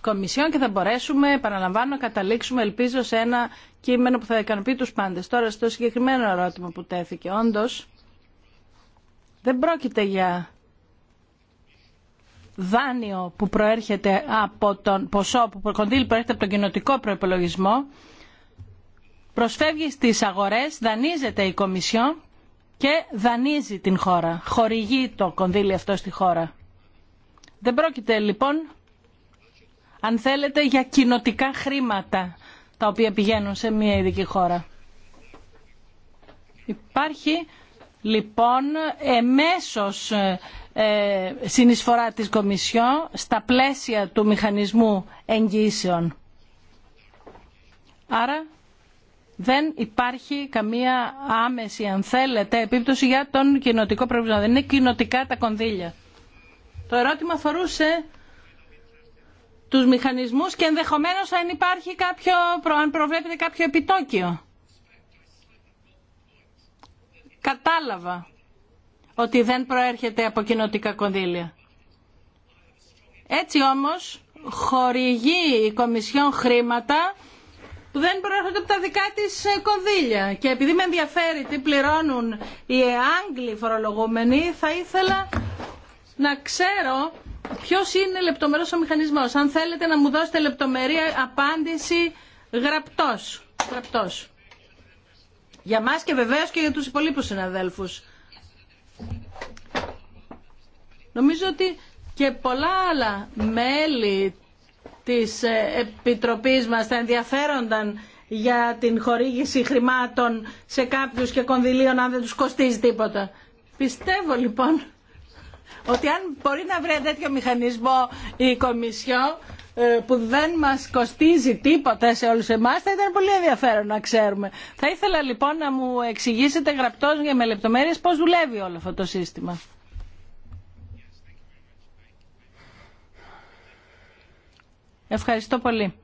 Κομισιόν και θα μπορέσουμε, επαναλαμβάνω, να καταλήξουμε, ελπίζω, σε ένα κείμενο που θα ικανοποιεί τους πάντες. Τώρα, στο συγκεκριμένο ερώτημα που τέθηκε, όντως, δεν πρόκειται για δάνειο που προέρχεται από τον ποσό, που προέρχεται από τον κοινοτικό προπολογισμό, προσφεύγει στις αγορές, δανείζεται η Κομισιόν και δανείζει την χώρα, χορηγεί το κονδύλι αυτό στη χώρα. Δεν πρόκειται λοιπόν, αν θέλετε, για κοινοτικά χρήματα τα οποία πηγαίνουν σε μια ειδική χώρα. Υπάρχει λοιπόν εμέσως ε, ε συνεισφορά της Κομισιόν στα πλαίσια του μηχανισμού εγγύσεων. Άρα δεν υπάρχει καμία άμεση, αν θέλετε, επίπτωση για τον κοινοτικό προβλήμα. Δεν είναι κοινοτικά τα κονδύλια. Το ερώτημα αφορούσε τους μηχανισμούς και ενδεχομένως αν υπάρχει κάποιο, αν προβλέπεται κάποιο επιτόκιο. Κατάλαβα ότι δεν προέρχεται από κοινοτικά κονδύλια. Έτσι όμως χορηγεί η Κομισιόν χρήματα δεν προέρχονται από τα δικά τη ε, κονδύλια. Και επειδή με ενδιαφέρει τι πληρώνουν οι Άγγλοι φορολογούμενοι, θα ήθελα να ξέρω ποιο είναι λεπτομερό ο μηχανισμό. Αν θέλετε να μου δώσετε λεπτομερή απάντηση γραπτός. γραπτός. Για μας και βεβαίως και για τους υπολείπους συναδέλφους. Νομίζω ότι και πολλά άλλα μέλη της Επιτροπής μας θα ενδιαφέρονταν για την χορήγηση χρημάτων σε κάποιους και κονδυλίων αν δεν τους κοστίζει τίποτα. Πιστεύω λοιπόν ότι αν μπορεί να βρει τέτοιο μηχανισμό η Κομισιό ε, που δεν μας κοστίζει τίποτα σε όλους εμάς θα ήταν πολύ ενδιαφέρον να ξέρουμε. Θα ήθελα λοιπόν να μου εξηγήσετε γραπτός για με λεπτομέρειες πώς δουλεύει όλο αυτό το σύστημα. Ευχαριστώ πολύ.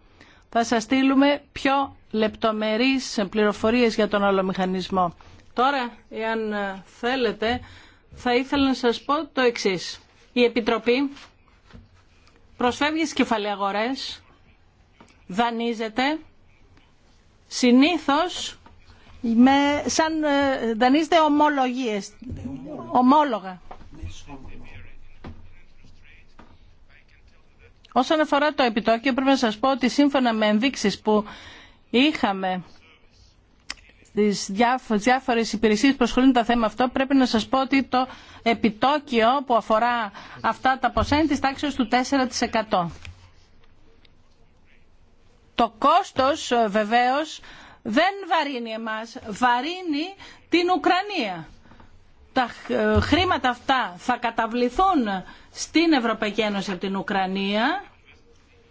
Θα σας στείλουμε πιο λεπτομερείς πληροφορίες για τον όλο Τώρα, εάν ε, θέλετε, θα ήθελα να σας πω το εξής. Η Επιτροπή προσφεύγει στις κεφαλαιαγορές, δανείζεται, συνήθως με, σαν ε, δανείζεται ομολογίες, ομόλογα. Όσον αφορά το επιτόκιο, πρέπει να σας πω ότι σύμφωνα με ενδείξεις που είχαμε τις διάφορες υπηρεσίες που ασχολούνται τα θέμα αυτό, πρέπει να σας πω ότι το επιτόκιο που αφορά αυτά τα ποσά είναι της τάξης του 4%. Το κόστος ε, βεβαίως δεν βαρύνει εμάς, βαρύνει την Ουκρανία τα ε, χρήματα αυτά θα καταβληθούν στην Ευρωπαϊκή Ένωση από την Ουκρανία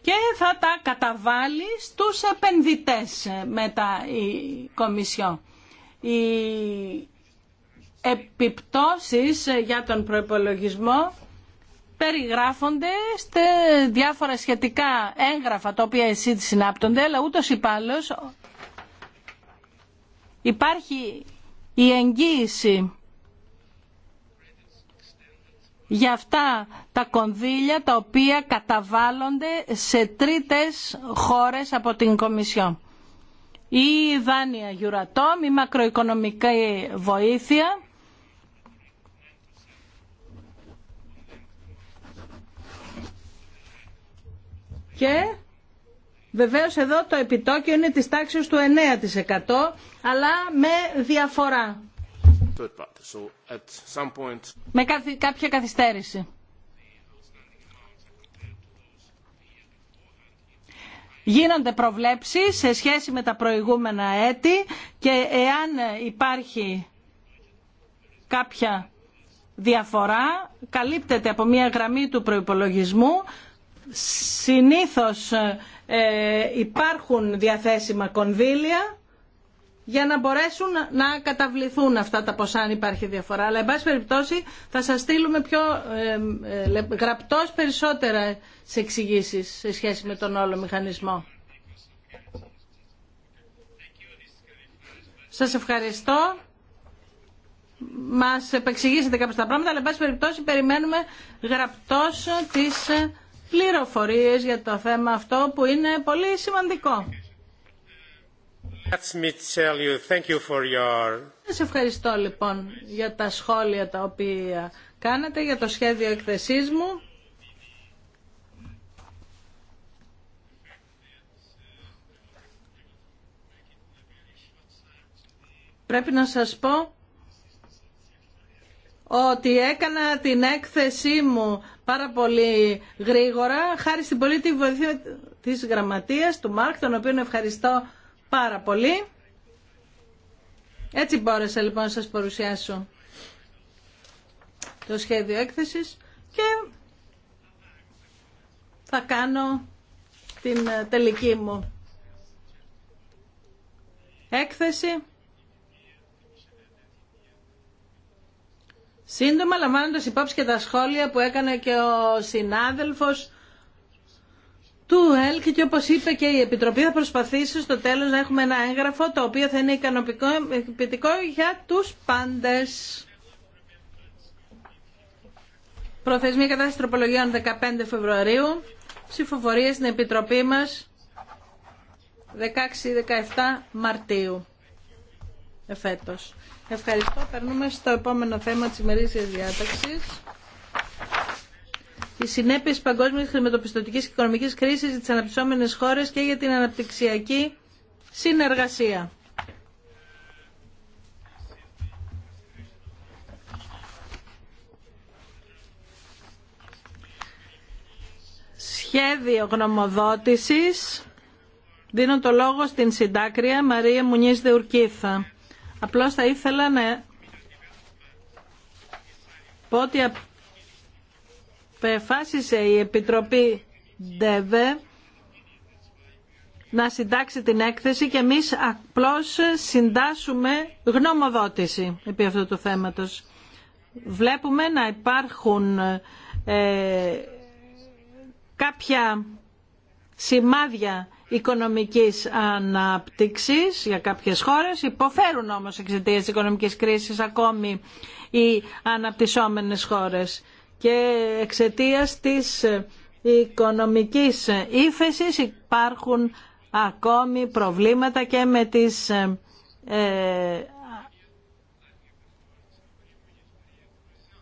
και θα τα καταβάλει στους επενδυτές ε, μετά η Κομισιό. Οι επιπτώσεις ε, για τον προϋπολογισμό περιγράφονται σε διάφορα σχετικά έγγραφα τα οποία εσύ συνάπτονται, αλλά ούτως ή πάλως υπάρχει η υπαρχει η εγγυηση για αυτά τα κονδύλια τα οποία καταβάλλονται σε τρίτες χώρες από την Κομισιόν. Η δάνεια Euratom, η μακροοικονομική βοήθεια, και βεβαίως εδώ το επιτόκιο είναι της τάξης του 9% αλλά με διαφορά. Με κάποια καθυστέρηση. Γίνονται προβλέψεις σε σχέση με τα προηγούμενα έτη και εάν υπάρχει κάποια διαφορά καλύπτεται από μια γραμμή του προϋπολογισμού. Συνήθως ε, υπάρχουν διαθέσιμα κονδύλια για να μπορέσουν να καταβληθούν αυτά τα ποσά αν υπάρχει διαφορά. Αλλά, εν πάση περιπτώσει, θα σας στείλουμε πιο ε, γραπτός περισσότερα σε εξηγήσει σε σχέση με τον όλο μηχανισμό. Σας ευχαριστώ. Μας επεξηγήσετε κάποια τα πράγματα, αλλά, εν πάση περιπτώσει, περιμένουμε γραπτός τις πληροφορίες για το θέμα αυτό που είναι πολύ σημαντικό. Σας ευχαριστώ λοιπόν για τα σχόλια τα οποία κάνατε, για το σχέδιο εκθεσής μου. Πρέπει να σας πω ότι έκανα την έκθεσή μου πάρα πολύ γρήγορα, χάρη στην πολύτη βοήθεια της γραμματείας του Μάρκ, τον οποίο ευχαριστώ πάρα πολύ. Έτσι μπόρεσα λοιπόν να σας παρουσιάσω το σχέδιο έκθεσης και θα κάνω την ε, τελική μου έκθεση. Σύντομα λαμβάνοντας υπόψη και τα σχόλια που έκανε και ο συνάδελφος του ΕΛΚ και όπως είπε και η Επιτροπή θα προσπαθήσει στο τέλος να έχουμε ένα έγγραφο το οποίο θα είναι ικανοποιητικό για τους πάντες. Προθεσμία κατάσταση τροπολογιών 15 Φεβρουαρίου. Ψηφοφορία στην Επιτροπή μας 16-17 Μαρτίου εφέτος. Ευχαριστώ. Περνούμε στο επόμενο θέμα της ημερήσιας διάταξης οι συνέπειες της χρηματοπιστωτικής και οικονομικής κρίσης για τις αναπτυσσόμενες χώρες και για την αναπτυξιακή συνεργασία. Σχέδιο γνωμοδότησης. Δίνω το λόγο στην συντάκρια Μαρία Μουνής Δεουρκίθα. Απλώς θα ήθελα να πω ότι Πεφάσισε η Επιτροπή ΔΕΒΕ να συντάξει την έκθεση και εμείς απλώς συντάσσουμε γνωμοδότηση επί αυτού του θέματος. Βλέπουμε να υπάρχουν ε, κάποια σημάδια οικονομικής ανάπτυξης για κάποιες χώρες. Υποφέρουν όμως εξαιτίας οικονομικής κρίσης ακόμη οι αναπτυσσόμενες χώρες και εξαιτία της οικονομικής ύφεσης υπάρχουν ακόμη προβλήματα και με τις ε, ε,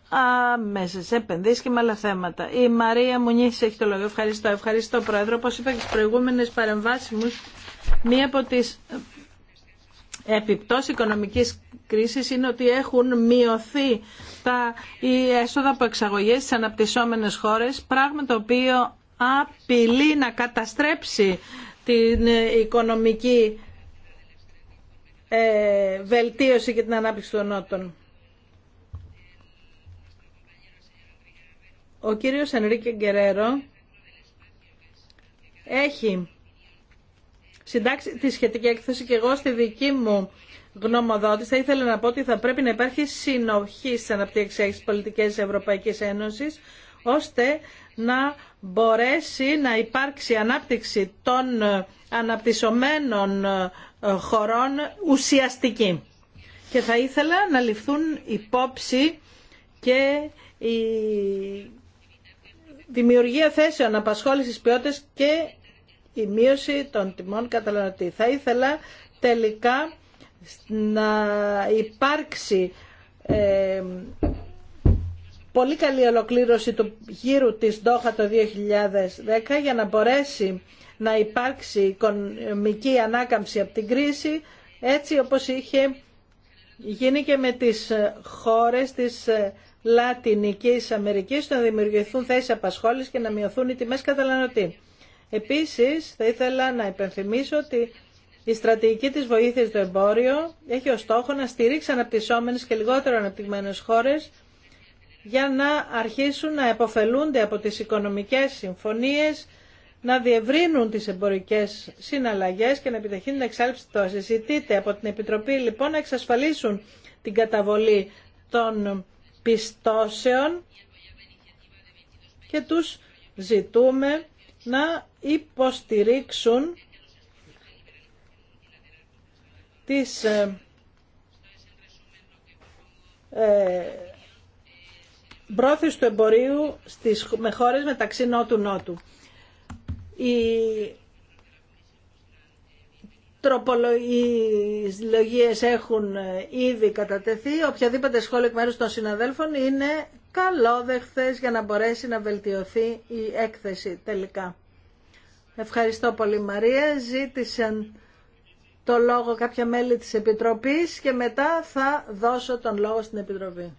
άμεσε επενδύσει και με άλλα θέματα. Η Μαρία Μουνίχη έχει το λόγο. Ευχαριστώ. Ευχαριστώ, Πρόεδρο. Όπω είπα και στι προηγούμενε παρεμβάσει μου, μία από τι επιπτώσει οικονομικής κρίσης είναι ότι έχουν μειωθεί τα οι έσοδα από εξαγωγές στις αναπτυσσόμενες χώρες, πράγμα το οποίο απειλεί να καταστρέψει την ε, οικονομική ε, βελτίωση και την ανάπτυξη των νότων. Ο κύριος Ενρίκε Γκερέρο έχει συντάξει τη σχετική έκθεση και εγώ στη δική μου γνωμοδότηση θα ήθελα να πω ότι θα πρέπει να υπάρχει συνοχή στις αναπτύξεις πολιτικές της Ευρωπαϊκής Ένωσης ώστε να μπορέσει να υπάρξει ανάπτυξη των αναπτυσσομένων ε, χωρών ουσιαστική. Και θα ήθελα να ληφθούν υπόψη και η δημιουργία θέσεων απασχόλησης ποιότητας και η μείωση των τιμών καταναλωτή. Θα ήθελα τελικά να υπάρξει ε, πολύ καλή ολοκλήρωση του γύρου της Ντόχα το 2010 για να μπορέσει να υπάρξει οικονομική ανάκαμψη από την κρίση έτσι όπως είχε γίνει και με τις χώρες της ε, Λατινικής Αμερικής να δημιουργηθούν θέσεις απασχόλησης και να μειωθούν οι τιμές καταναλωτή. Επίσης, θα ήθελα να υπενθυμίσω ότι η στρατηγική της βοήθειας στο εμπόριο έχει ως στόχο να στηρίξει αναπτυσσόμενες και λιγότερο αναπτυγμένες χώρες για να αρχίσουν να επωφελούνται από τις οικονομικές συμφωνίες, να διευρύνουν τις εμπορικές συναλλαγές και να επιταχύνουν την εξάλληψη το Ζητείτε από την Επιτροπή λοιπόν να εξασφαλίσουν την καταβολή των πιστώσεων και τους ζητούμε να υποστηρίξουν τις ε, ε του εμπορίου στις, με χώρες μεταξύ νότου-νότου. Η τροπολογίες έχουν ε, ήδη κατατεθεί. Οποιαδήποτε σχόλιο εκ μέρους των συναδέλφων είναι καλόδεχθες για να μπορέσει να βελτιωθεί η έκθεση τελικά. Ευχαριστώ πολύ Μαρία. Ζήτησαν το λόγο κάποια μέλη της Επιτροπής και μετά θα δώσω τον λόγο στην Επιτροπή.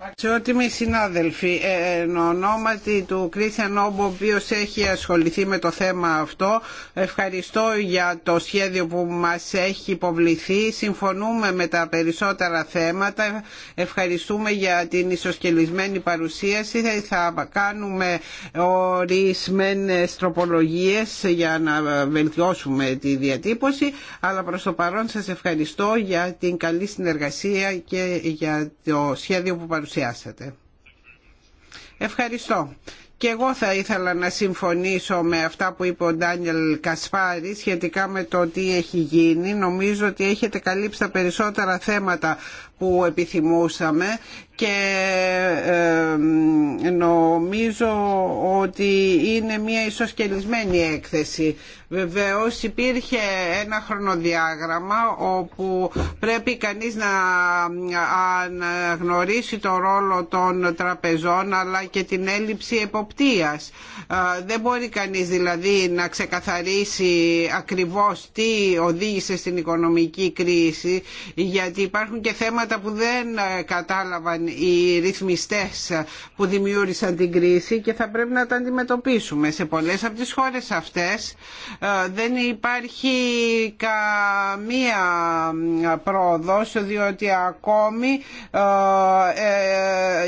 Αξιότιμοι συνάδελφοι, ε, εν ονόματι του Κρίσιαν Όμπο, ο οποίο έχει ασχοληθεί με το θέμα αυτό, ευχαριστώ για το σχέδιο που μας έχει υποβληθεί. Συμφωνούμε με τα περισσότερα θέματα. Ευχαριστούμε για την ισοσκελισμένη παρουσίαση. Θα κάνουμε ορισμένε τροπολογίες για να βελτιώσουμε τη διατύπωση, αλλά προς το παρόν σας ευχαριστώ για την καλή συνεργασία και για το σχέδιο που παρουσιάσατε. Ευχαριστώ. Και εγώ θα ήθελα να συμφωνήσω με αυτά που είπε ο Ντάνιελ Κασπάρη σχετικά με το τι έχει γίνει. Νομίζω ότι έχετε καλύψει τα περισσότερα θέματα που επιθυμούσαμε και νομίζω ότι είναι μια ισοσκελισμένη έκθεση. Βεβαίως υπήρχε ένα χρονοδιάγραμμα όπου πρέπει κανείς να αναγνωρίσει το ρόλο των τραπεζών αλλά και την έλλειψη εποπτείας. Δεν μπορεί κανείς δηλαδή να ξεκαθαρίσει ακριβώς τι οδήγησε στην οικονομική κρίση γιατί υπάρχουν και θέματα πράγματα που δεν ε, κατάλαβαν οι ρυθμιστές ε, που δημιούργησαν την κρίση και θα πρέπει να τα αντιμετωπίσουμε. Σε πολλές από τις χώρες αυτές ε, δεν υπάρχει καμία πρόοδος διότι ακόμη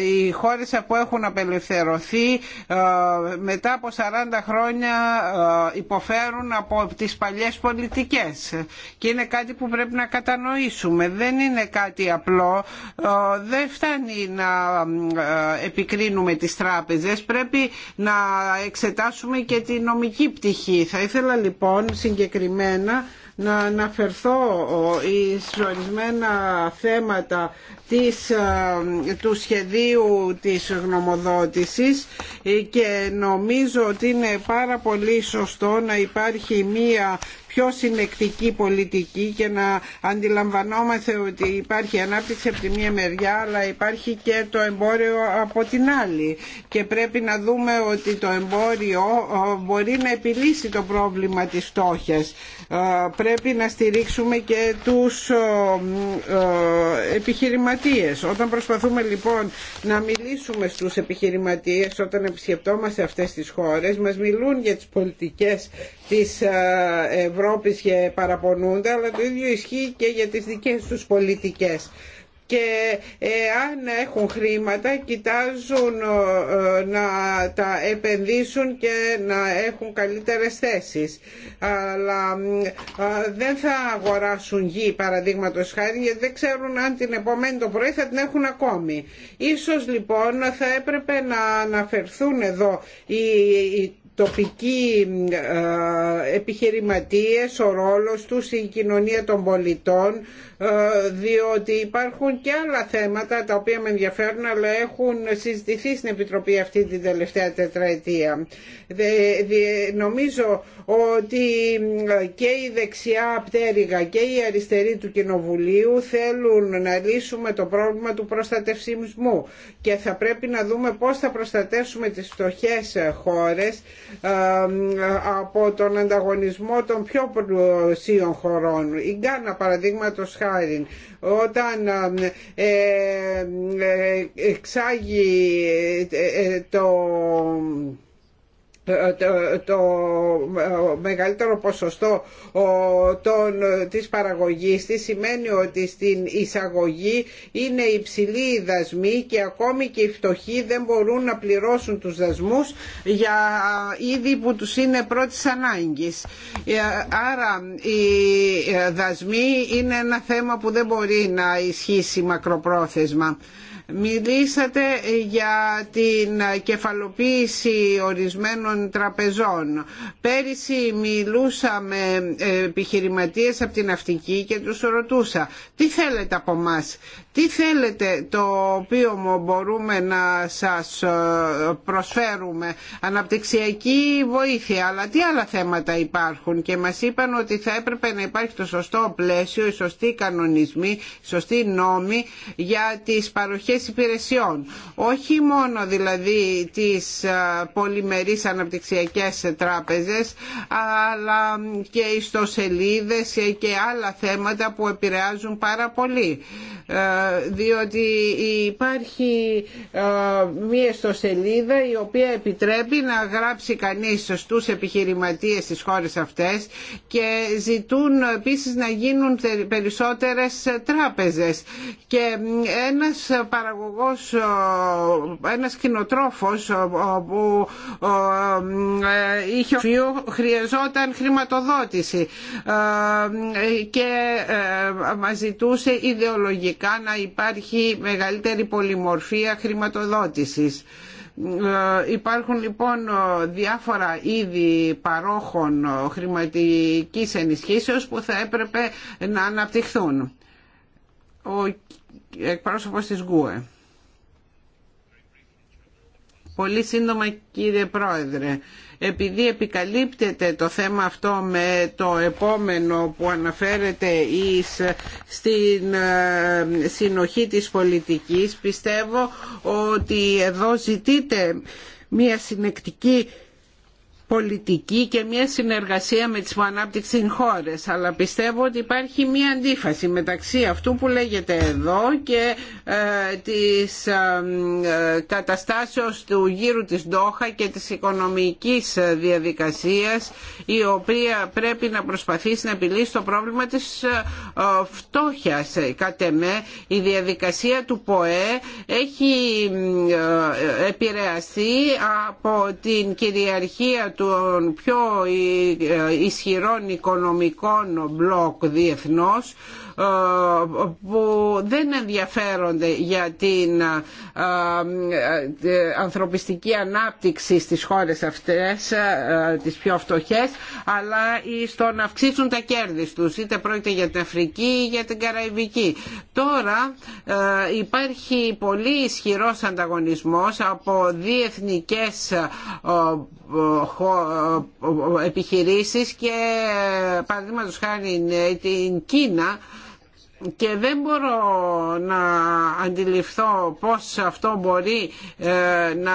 οι χώρες που έχουν απελευθερωθεί μετά από 40 χρόνια υποφέρουν από τις παλιές πολιτικές και είναι κάτι που πρέπει να κατανοήσουμε. Δεν είναι κάτι απλό ε, δεν φτάνει να ε, επικρίνουμε τις τράπεζες, πρέπει να εξετάσουμε και τη νομική πτυχή. Θα ήθελα λοιπόν συγκεκριμένα να αναφερθώ εις ορισμένα θέματα της, ε, του σχεδίου της γνωμοδότησης ε, και νομίζω ότι είναι πάρα πολύ σωστό να υπάρχει μία πιο συνεκτική πολιτική και να αντιλαμβανόμαστε ότι υπάρχει ανάπτυξη από τη μία μεριά αλλά υπάρχει και το εμπόριο από την άλλη και πρέπει να δούμε ότι το εμπόριο ε, μπορεί να επιλύσει το πρόβλημα της φτώχειας ε, πρέπει να στηρίξουμε και τους ε, ε, επιχειρηματίες. Όταν προσπαθούμε λοιπόν να μιλήσουμε στους επιχειρηματίες, όταν επισκεπτόμαστε αυτές τις χώρες, μας μιλούν για τις πολιτικές της Ευρώπης και παραπονούνται, αλλά το ίδιο ισχύει και για τις δικές τους πολιτικές και ε, αν έχουν χρήματα κοιτάζουν ε, να τα επενδύσουν και να έχουν καλύτερες θέσεις αλλά ε, δεν θα αγοράσουν γη παραδείγματο χάρη γιατί δεν ξέρουν αν την επόμενη το πρωί θα την έχουν ακόμη Ίσως λοιπόν θα έπρεπε να αναφερθούν εδώ οι τοπικοί επιχειρηματίες, ο ρόλος τους, η κοινωνία των πολιτών ε, διότι υπάρχουν και άλλα θέματα τα οποία με ενδιαφέρουν αλλά έχουν συζητηθεί στην Επιτροπή αυτή την τελευταία τετραετία. Νομίζω ότι ε, και η δεξιά πτέρυγα και η αριστερή του Κοινοβουλίου θέλουν να λύσουμε το πρόβλημα του προστατευσιμισμού και θα πρέπει να δούμε πώς θα προστατεύσουμε τις φτωχές χώρες ε, από τον ανταγωνισμό των πιο πλουσίων χωρών. Η Γκάνα παραδείγματος όταν ε, ε, ε, εξάγει το ε, ε, το ε, μεγαλύτερο ποσοστό των, της παραγωγής της σημαίνει ότι στην εισαγωγή είναι υψηλή οι δασμοί και ακόμη και οι φτωχοί δεν μπορούν να πληρώσουν τους δασμούς για είδη που τους είναι πρώτης ανάγκης. Άρα οι δασμοί είναι ένα θέμα που δεν μπορεί να ισχύσει μακροπρόθεσμα. Μιλήσατε για την κεφαλοποίηση ορισμένων τραπεζών. Πέρυσι μιλούσαμε επιχειρηματίες από την Αυτική και τους ρωτούσα τι θέλετε από μας, τι θέλετε το οποίο μπορούμε να σας ε, προσφέρουμε αναπτυξιακή βοήθεια, αλλά τι άλλα θέματα υπάρχουν και μας είπαν ότι θα έπρεπε να υπάρχει το σωστό πλαίσιο, οι σωστοί κανονισμοί, οι σωστοί νόμοι για τις παροχές όχι μόνο δηλαδή τις πολυμερείς αναπτυξιακές τράπεζες, αλλά και ιστοσελίδες και άλλα θέματα που επηρεάζουν πάρα πολύ διότι υπάρχει ε, μία ιστοσελίδα η οποία επιτρέπει να γράψει κανείς στους επιχειρηματίες στις χώρες αυτές και ζητούν επίσης να γίνουν περισσότερες τράπεζες και ένας παραγωγός, ένας κοινοτρόφος που ε, είχε χρειαζόταν χρηματοδότηση ε, και μας ζητούσε ιδεολογικά κάνα να υπάρχει μεγαλύτερη πολυμορφία χρηματοδότησης. Ε, υπάρχουν λοιπόν διάφορα είδη παρόχων χρηματικής ενισχύσεως που θα έπρεπε να αναπτυχθούν. Ο εκπρόσωπος της ΓΚΟΕ. Πολύ σύντομα κύριε Πρόεδρε επειδή επικαλύπτεται το θέμα αυτό με το επόμενο που αναφέρεται ή στην ε, συνοχή της πολιτικής πιστεύω ότι εδώ ζητείται μια συνεκτική πολιτική και μια συνεργασία με τις ανάπτυξη χώρες αλλά πιστεύω ότι υπάρχει μια αντίφαση μεταξύ αυτού που λέγεται εδώ και ε, της ε, του γύρου της Ντόχα και της οικονομικής ε, διαδικασίας η οποία πρέπει να προσπαθήσει να επιλύσει το πρόβλημα της ε, ε, φτώχειας κατ' εμέ η διαδικασία του ΠΟΕ έχει επηρεαστεί από την κυριαρχία των πιο ε, ισχυρών οικονομικών μπλοκ διεθνώς που δεν ενδιαφέρονται για την ε, ε, ανθρωπιστική ανάπτυξη στις χώρες αυτές, ε, τις πιο φτωχές, αλλά στο να αυξήσουν τα κέρδη τους, είτε πρόκειται για την Αφρική ή για την Καραϊβική. Τώρα υπάρχει πολύ ισχυρός ανταγωνισμός από διεθνικές επιχειρήσεις και παραδείγματος χάρη την Κίνα και δεν μπορώ να αντιληφθώ πώς αυτό μπορεί ε, να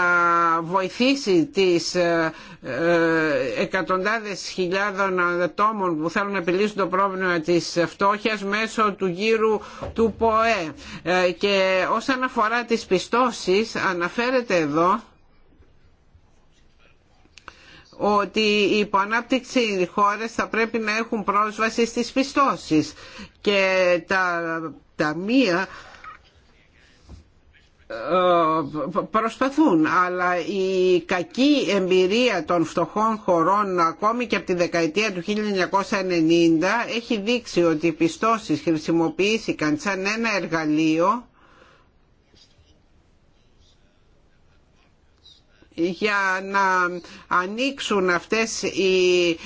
βοηθήσει τις ε, ε, εκατοντάδες χιλιάδων ατόμων που θέλουν να επιλύσουν το πρόβλημα της φτώχειας μέσω του γύρου του ΠΟΕ. Και όσον αφορά τις πιστώσεις αναφέρεται εδώ ότι οι υποανάπτυξη χώρες θα πρέπει να έχουν πρόσβαση στις πιστώσεις και τα μία ε, προσπαθούν αλλά η κακή εμπειρία των φτωχών χωρών ακόμη και από τη δεκαετία του 1990 έχει δείξει ότι οι πιστώσεις χρησιμοποιήθηκαν σαν ένα εργαλείο για να ανοίξουν αυτές οι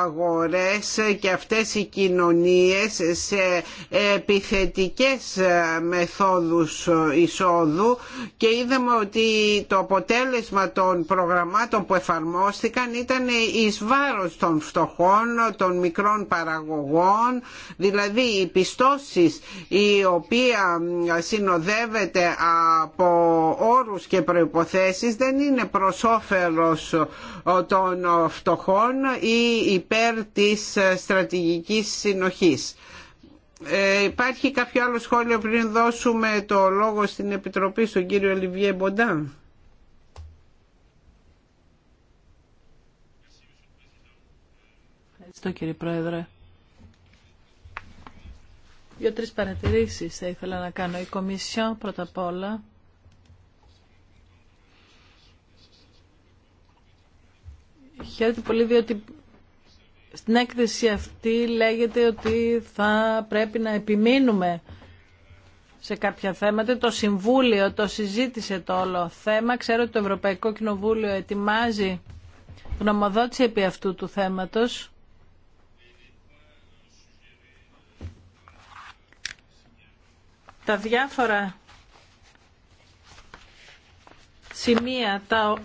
αγορές και αυτές οι κοινωνίες σε επιθετικές μεθόδους εισόδου και είδαμε ότι το αποτέλεσμα των προγραμμάτων που εφαρμόστηκαν ήταν εις βάρος των φτωχών, των μικρών παραγωγών δηλαδή οι πιστώσεις οι οποία συνοδεύεται από όρους και προϋποθέσεις δεν είναι είναι προς όφελος ε, των ε, φτωχών ή υπέρ της ε, στρατηγικής συνοχής. Ε, υπάρχει κάποιο άλλο σχόλιο πριν δώσουμε το λόγο στην Επιτροπή στον κύριο Ολιβιέ Μποντάν. Ευχαριστώ κύριε Πρόεδρε. Δύο-τρεις παρατηρήσεις θα ήθελα να κάνω. Η υπερ της στρατηγικης συνοχης υπαρχει καποιο αλλο σχολιο πριν δωσουμε το λογο στην επιτροπη στον πρώτα απ' όλα Χαίρετε πολύ διότι στην έκθεση αυτή λέγεται ότι θα πρέπει να επιμείνουμε σε κάποια θέματα. Το Συμβούλιο το συζήτησε το όλο θέμα. Ξέρω ότι το Ευρωπαϊκό Κοινοβούλιο ετοιμάζει γνωμοδότηση επί αυτού του θέματος. Τα διάφορα σημεία τα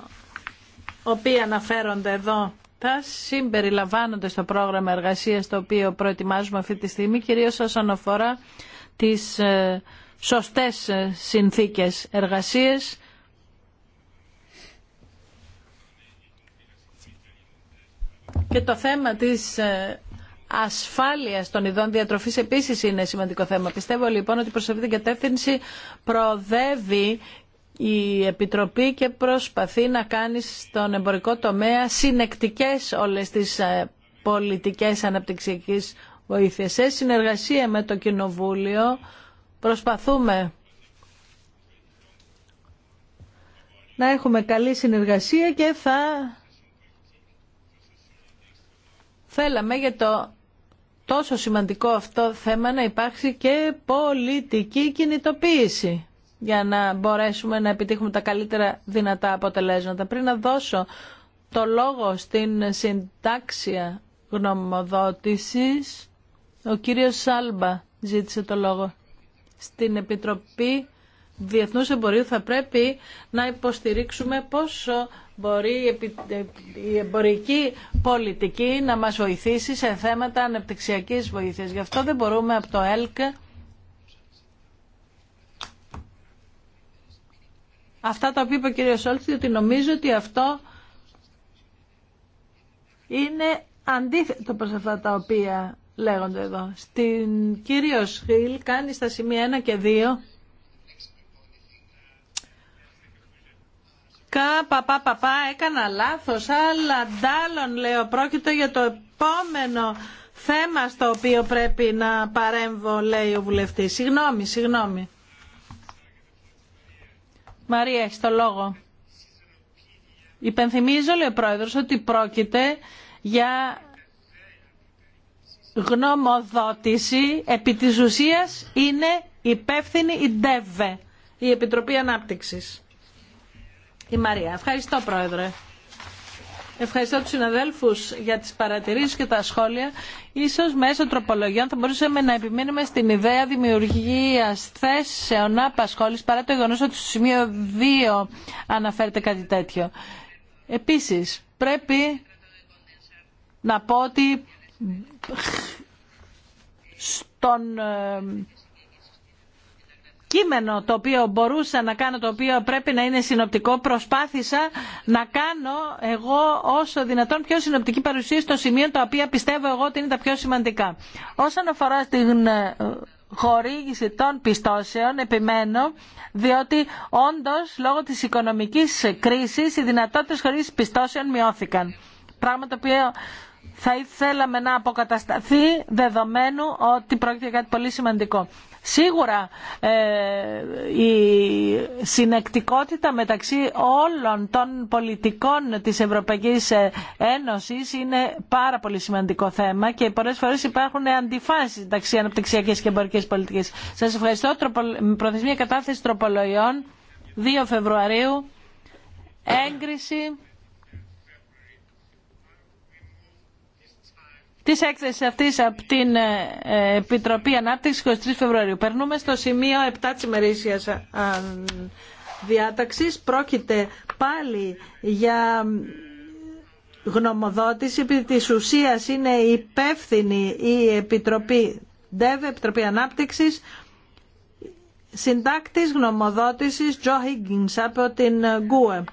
οποίοι αναφέρονται εδώ θα συμπεριλαμβάνονται στο πρόγραμμα εργασίας το οποίο προετοιμάζουμε αυτή τη στιγμή, κυρίως όσον αφορά τις ε, σωστές ε, συνθήκες εργασίες, Και το θέμα της ε, ασφάλειας των ειδών διατροφής επίσης είναι σημαντικό θέμα. Πιστεύω λοιπόν ότι προς αυτή την κατεύθυνση προοδεύει η Επιτροπή και προσπαθεί να κάνει στον εμπορικό τομέα συνεκτικές όλες τις ε, πολιτικές αναπτυξιακής βοήθειες. Σε συνεργασία με το Κοινοβούλιο προσπαθούμε να έχουμε καλή συνεργασία και θα θέλαμε για το τόσο σημαντικό αυτό θέμα να υπάρξει και πολιτική κινητοποίηση για να μπορέσουμε να επιτύχουμε τα καλύτερα δυνατά αποτελέσματα. Πριν να δώσω το λόγο στην συντάξια γνωμοδότησης, ο κύριος Σάλμπα ζήτησε το λόγο. Στην Επιτροπή Διεθνούς Εμπορίου θα πρέπει να υποστηρίξουμε πόσο μπορεί η εμπορική πολιτική να μας βοηθήσει σε θέματα ανεπτυξιακής βοήθειας. Γι' αυτό δεν μπορούμε από το ΕΛΚ αυτά τα οποία είπε ο κύριος Σόλτς, διότι νομίζω ότι αυτό είναι αντίθετο προς αυτά τα οποία λέγονται εδώ. Στην κύριο Χιλ κάνει στα σημεία 1 και 2 πα, παπά, παπά, έκανα λάθος, αλλά ντάλλον λέω, πρόκειται για το επόμενο θέμα στο οποίο πρέπει να παρέμβω, λέει ο βουλευτής. Συγγνώμη, συγγνώμη. Μαρία, έχει το λόγο. Υπενθυμίζω, λέει ο Πρόεδρο ότι πρόκειται για γνωμοδότηση επί τη ουσία είναι υπεύθυνη η ΝΤΕΒΕ, η Επιτροπή Ανάπτυξης. Η Μαρία. Ευχαριστώ, Πρόεδρε. Ευχαριστώ τους συναδέλφους για τις παρατηρήσεις και τα σχόλια. Ίσως μέσω τροπολογιών θα μπορούσαμε να επιμείνουμε στην ιδέα δημιουργίας θέσεων απασχόληση παρά το γεγονός ότι στο σημείο 2 αναφέρεται κάτι τέτοιο. Επίσης, πρέπει να πω ότι στον ε, κείμενο το οποίο μπορούσα να κάνω, το οποίο πρέπει να είναι συνοπτικό, προσπάθησα να κάνω εγώ όσο δυνατόν πιο συνοπτική παρουσίαση στο σημείο τα οποία πιστεύω εγώ ότι είναι τα πιο σημαντικά. Όσον αφορά στην ε, χορήγηση των πιστώσεων επιμένω διότι όντως λόγω της οικονομικής κρίσης οι δυνατότητες χορήγησης πιστώσεων μειώθηκαν. Πράγμα το οποίο θα ήθελαμε να αποκατασταθεί δεδομένου ότι πρόκειται για κάτι πολύ σημαντικό. Σίγουρα ε, η συνεκτικότητα μεταξύ όλων των πολιτικών της Ευρωπαϊκής ε, Ένωσης είναι πάρα πολύ σημαντικό θέμα και πολλές φορές υπάρχουν αντιφάσεις μεταξύ αναπτυξιακή και εμπορικής πολιτικής. Σας ευχαριστώ. Προθεσμία κατάθεση τροπολογιών 2 Φεβρουαρίου. Έγκριση Τη έκθεση αυτής από την ε, Επιτροπή Ανάπτυξης 23 Φεβρουαρίου. Περνούμε στο σημείο 7 τη ημερήσια διάταξης. Πρόκειται πάλι για γνωμοδότηση, επειδή τη ουσία είναι υπεύθυνη η Επιτροπή ΔΕΒ, Επιτροπή Ανάπτυξης, συντάκτης γνωμοδότησης Τζο Higgins από την ΓΚΟΕ.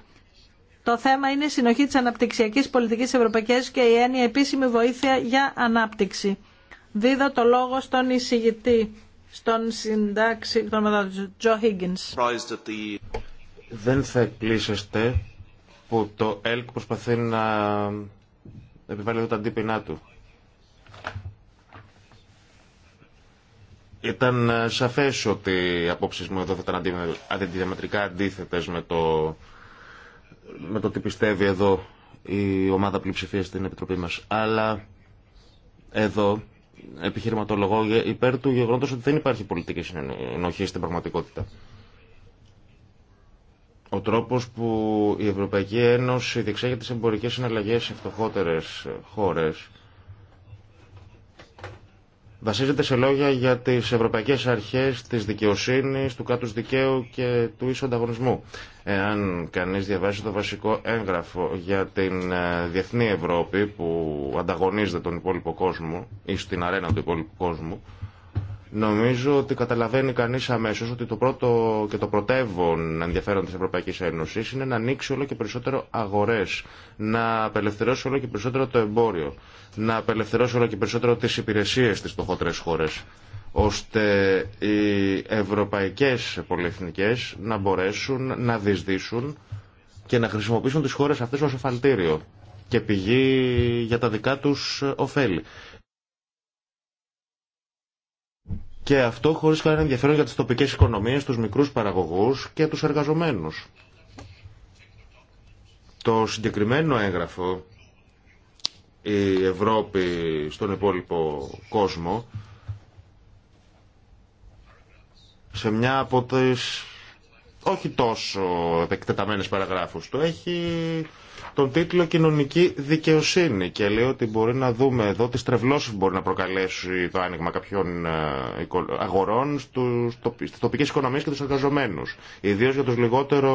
Το θέμα είναι η συνοχή της αναπτυξιακής πολιτικής ευρωπαϊκής και η έννοια επίσημη βοήθεια για ανάπτυξη. Δίδω το λόγο στον εισηγητή, στον συντάξη, τον Τζο Higgins. Δεν θα κλείσεστε που το ΕΛΚ προσπαθεί να επιβάλλει εδώ τα αντίπεινά του. Ήταν ε, σαφές ότι οι απόψεις μου εδώ θα ήταν αντιδιαμετρικά αντίθετες με το με το τι πιστεύει εδώ η ομάδα πλειοψηφία στην Επιτροπή μας. Αλλά εδώ επιχειρηματολογώ υπέρ του γεγονότο ότι δεν υπάρχει πολιτική συνενοχή στην πραγματικότητα. Ο τρόπος που η Ευρωπαϊκή Ένωση διεξάγει τι εμπορικέ συναλλαγές σε φτωχότερε χώρες βασίζεται σε λόγια για τις ευρωπαϊκές αρχές της δικαιοσύνη, του κάτους δικαίου και του ίσου ανταγωνισμού. Εάν κανείς διαβάσει το βασικό έγγραφο για την ε, διεθνή Ευρώπη που ανταγωνίζεται τον υπόλοιπο κόσμο ή στην αρένα του υπόλοιπου κόσμου, Νομίζω ότι καταλαβαίνει κανεί αμέσω ότι το πρώτο και το πρωτεύον ενδιαφέρον τη Ευρωπαϊκή Ένωση είναι να ανοίξει όλο και περισσότερο αγορέ, να απελευθερώσει όλο και περισσότερο το εμπόριο, να απελευθερώσει όλο και περισσότερο τι υπηρεσίε στι φτωχότερε χώρε, ώστε οι ευρωπαϊκέ πολυεθνικέ να μπορέσουν να δυσδύσουν και να χρησιμοποιήσουν τι χώρε αυτέ ω εφαλτήριο και πηγή για τα δικά του ωφέλη. Και αυτό χωρίς κανένα ενδιαφέρον για τις τοπικές οικονομίες, τους μικρούς παραγωγούς και τους εργαζομένους. Το συγκεκριμένο έγγραφο η Ευρώπη στον υπόλοιπο κόσμο σε μια από τις όχι τόσο επεκτεταμένες παραγράφους. του, έχει τον τίτλο «Κοινωνική δικαιοσύνη» και λέει ότι μπορεί να δούμε εδώ τις τρευλώσεις που μπορεί να προκαλέσει το άνοιγμα κάποιων ε, αγορών στις τοπικές οικονομίες και τους εργαζομένους, ιδίως για τους λιγότερο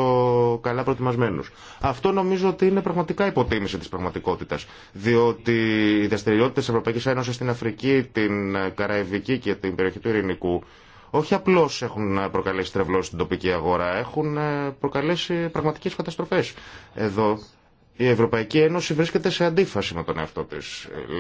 καλά προετοιμασμένους. Αυτό νομίζω ότι είναι πραγματικά υποτίμηση της πραγματικότητας, διότι οι δραστηριότητε της Ευρωπαϊκής Ένωσης στην Αφρική, την Καραϊβική και την περιοχή του Ειρηνικού όχι απλώ έχουν προκαλέσει τρευλώσει στην τοπική αγορά, έχουν ε, προκαλέσει πραγματικέ καταστροφέ. Εδώ η Ευρωπαϊκή Ένωση βρίσκεται σε αντίφαση με τον εαυτό τη.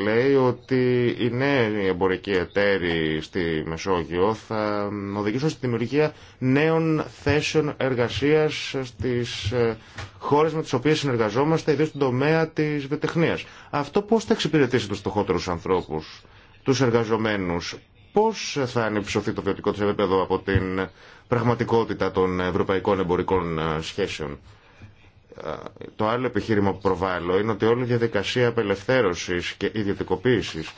Λέει ότι οι νέοι εμπορικοί εταίροι στη Μεσόγειο θα οδηγήσουν στη δημιουργία νέων θέσεων εργασία στι ε, χώρε με τι οποίε συνεργαζόμαστε, ιδίω στον τομέα τη βιοτεχνία. Αυτό πώ θα εξυπηρετήσει του φτωχότερου ανθρώπου, του εργαζομένου, πώς θα ανυψωθεί το βιωτικό της επίπεδο από την πραγματικότητα των ευρωπαϊκών εμπορικών ε, σχέσεων. Ε, το άλλο επιχείρημα που προβάλλω είναι ότι όλη η διαδικασία απελευθέρωσης και ιδιωτικοποίησης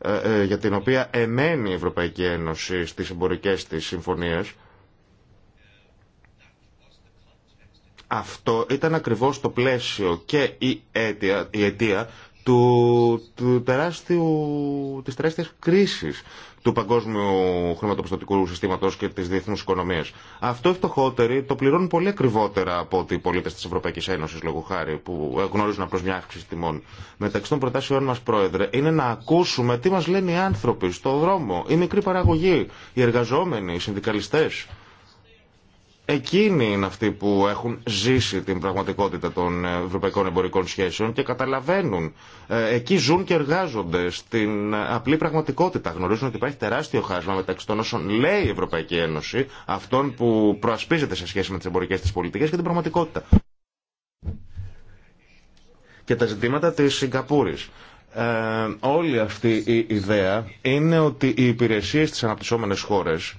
ε, για την οποία εμένει η Ευρωπαϊκή Ένωση στις εμπορικές της συμφωνίες αυτό ήταν ακριβώς το πλαίσιο και η αιτία, του, του τεράστιου, της τεράστιας κρίσης του παγκόσμιου χρηματοπιστωτικού συστήματος και της διεθνούς οικονομίας. Αυτό οι φτωχότεροι το πληρώνουν πολύ ακριβότερα από ότι οι πολίτε της Ευρωπαϊκής Ένωσης, λόγω χάρη, που γνωρίζουν να μια αύξηση τιμών. Μεταξύ των προτάσεών μα Πρόεδρε, είναι να ακούσουμε τι μας λένε οι άνθρωποι στο δρόμο, η μικρή παραγωγή, οι εργαζόμενοι, οι συνδικαλιστέ. Εκείνοι είναι αυτοί που έχουν ζήσει την πραγματικότητα των ε, ευρωπαϊκών εμπορικών σχέσεων και καταλαβαίνουν. Ε, εκεί ζουν και εργάζονται στην ε, απλή πραγματικότητα. Γνωρίζουν ότι υπάρχει τεράστιο χάσμα μεταξύ των όσων λέει η Ευρωπαϊκή Ένωση, αυτών που προασπίζεται σε σχέση με τι εμπορικέ τη πολιτικέ και την πραγματικότητα. Και τα ζητήματα τη Σιγκαπούρη. Ε, όλη αυτή η ιδέα είναι ότι οι υπηρεσίε στι αναπτυσσόμενες χώρες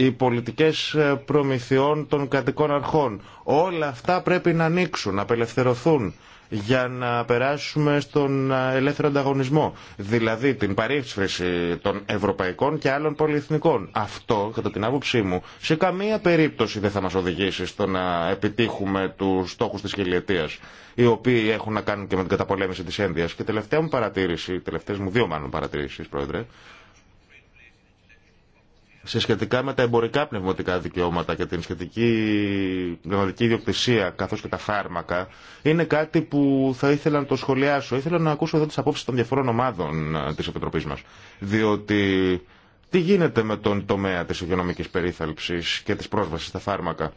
οι πολιτικές ε, προμηθειών των κρατικών αρχών. Όλα αυτά πρέπει να ανοίξουν, να απελευθερωθούν για να περάσουμε στον ε, ελεύθερο ανταγωνισμό. Δηλαδή την παρήφθηση των ευρωπαϊκών και άλλων πολυεθνικών. Αυτό, κατά την άποψή μου, σε καμία περίπτωση δεν θα μας οδηγήσει στο να επιτύχουμε τους στόχους της χιλιετίας, οι οποίοι έχουν να κάνουν και με την καταπολέμηση της ένδειας. Και τελευταία μου παρατήρηση, τελευταίες μου δύο μάλλον παρατηρήσεις, Πρόεδρε, σε σχετικά με τα εμπορικά πνευματικά δικαιώματα και την σχετική πνευματική ιδιοκτησία καθώς και τα φάρμακα είναι κάτι που θα ήθελα να το σχολιάσω. Ήθελα να ακούσω εδώ τις απόψεις των διαφορών ομάδων ε, τη Επιτροπή μα, Διότι τι γίνεται με τον τομέα της υγειονομική περίθαλψης και της πρόσβασης στα φάρμακα.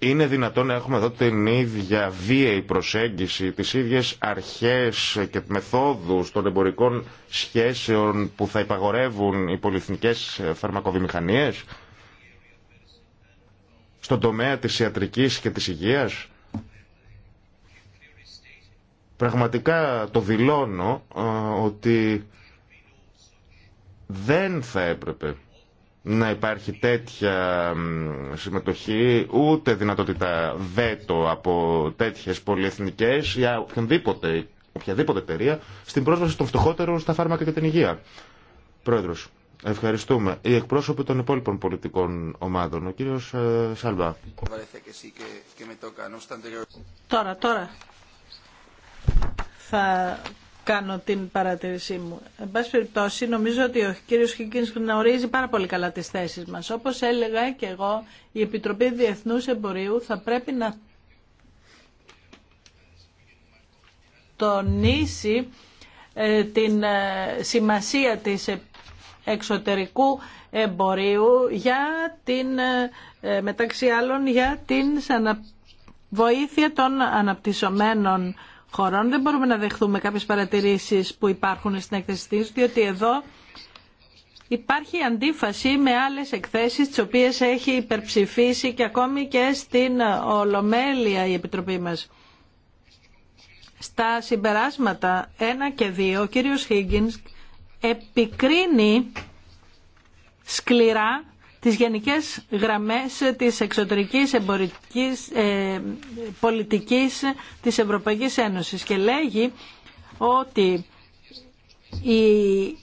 Είναι δυνατόν να έχουμε εδώ την ίδια βίαιη προσέγγιση, τις ίδιες αρχές και μεθόδους των εμπορικών σχέσεων που θα υπαγορεύουν οι πολυεθνικές φαρμακοβιομηχανίες στον τομέα της ιατρικής και της υγείας. Πραγματικά το δηλώνω ε, ότι δεν θα έπρεπε να υπάρχει τέτοια συμμετοχή, ούτε δυνατότητα βέτο από τέτοιες πολυεθνικές ή οποιαδήποτε, οποιαδήποτε εταιρεία στην πρόσβαση των φτωχότερων στα φάρμακα και την υγεία. Πρόεδρος, ευχαριστούμε. Οι εκπρόσωποι των υπόλοιπων πολιτικών ομάδων, ο κύριος ε, Σαλβά. Τώρα, τώρα. Θα κάνω την παρατήρησή μου. Εν πάση περιπτώσει, νομίζω ότι ο κύριος Χίκκινς γνωρίζει πάρα πολύ καλά τις θέσεις μας. Όπως έλεγα και εγώ, η Επιτροπή Διεθνούς Εμπορίου θα πρέπει να τονίσει ε, την ε, σημασία της ε, εξωτερικού εμπορίου για την, μεταξύ άλλων, για την βοήθεια των αναπτυσσομένων χωρών. Δεν μπορούμε να δεχθούμε κάποιες παρατηρήσεις που υπάρχουν στην έκθεση της, διότι εδώ υπάρχει αντίφαση με άλλες εκθέσεις τις οποίες έχει υπερψηφίσει και ακόμη και στην Ολομέλεια η Επιτροπή μας. Στα συμπεράσματα 1 και 2 ο κύριος Χίγκινς επικρίνει σκληρά τις γενικές γραμμές της εξωτερικής εμπορικής ε, πολιτικής της Ευρωπαϊκής Ένωσης και λέγει ότι η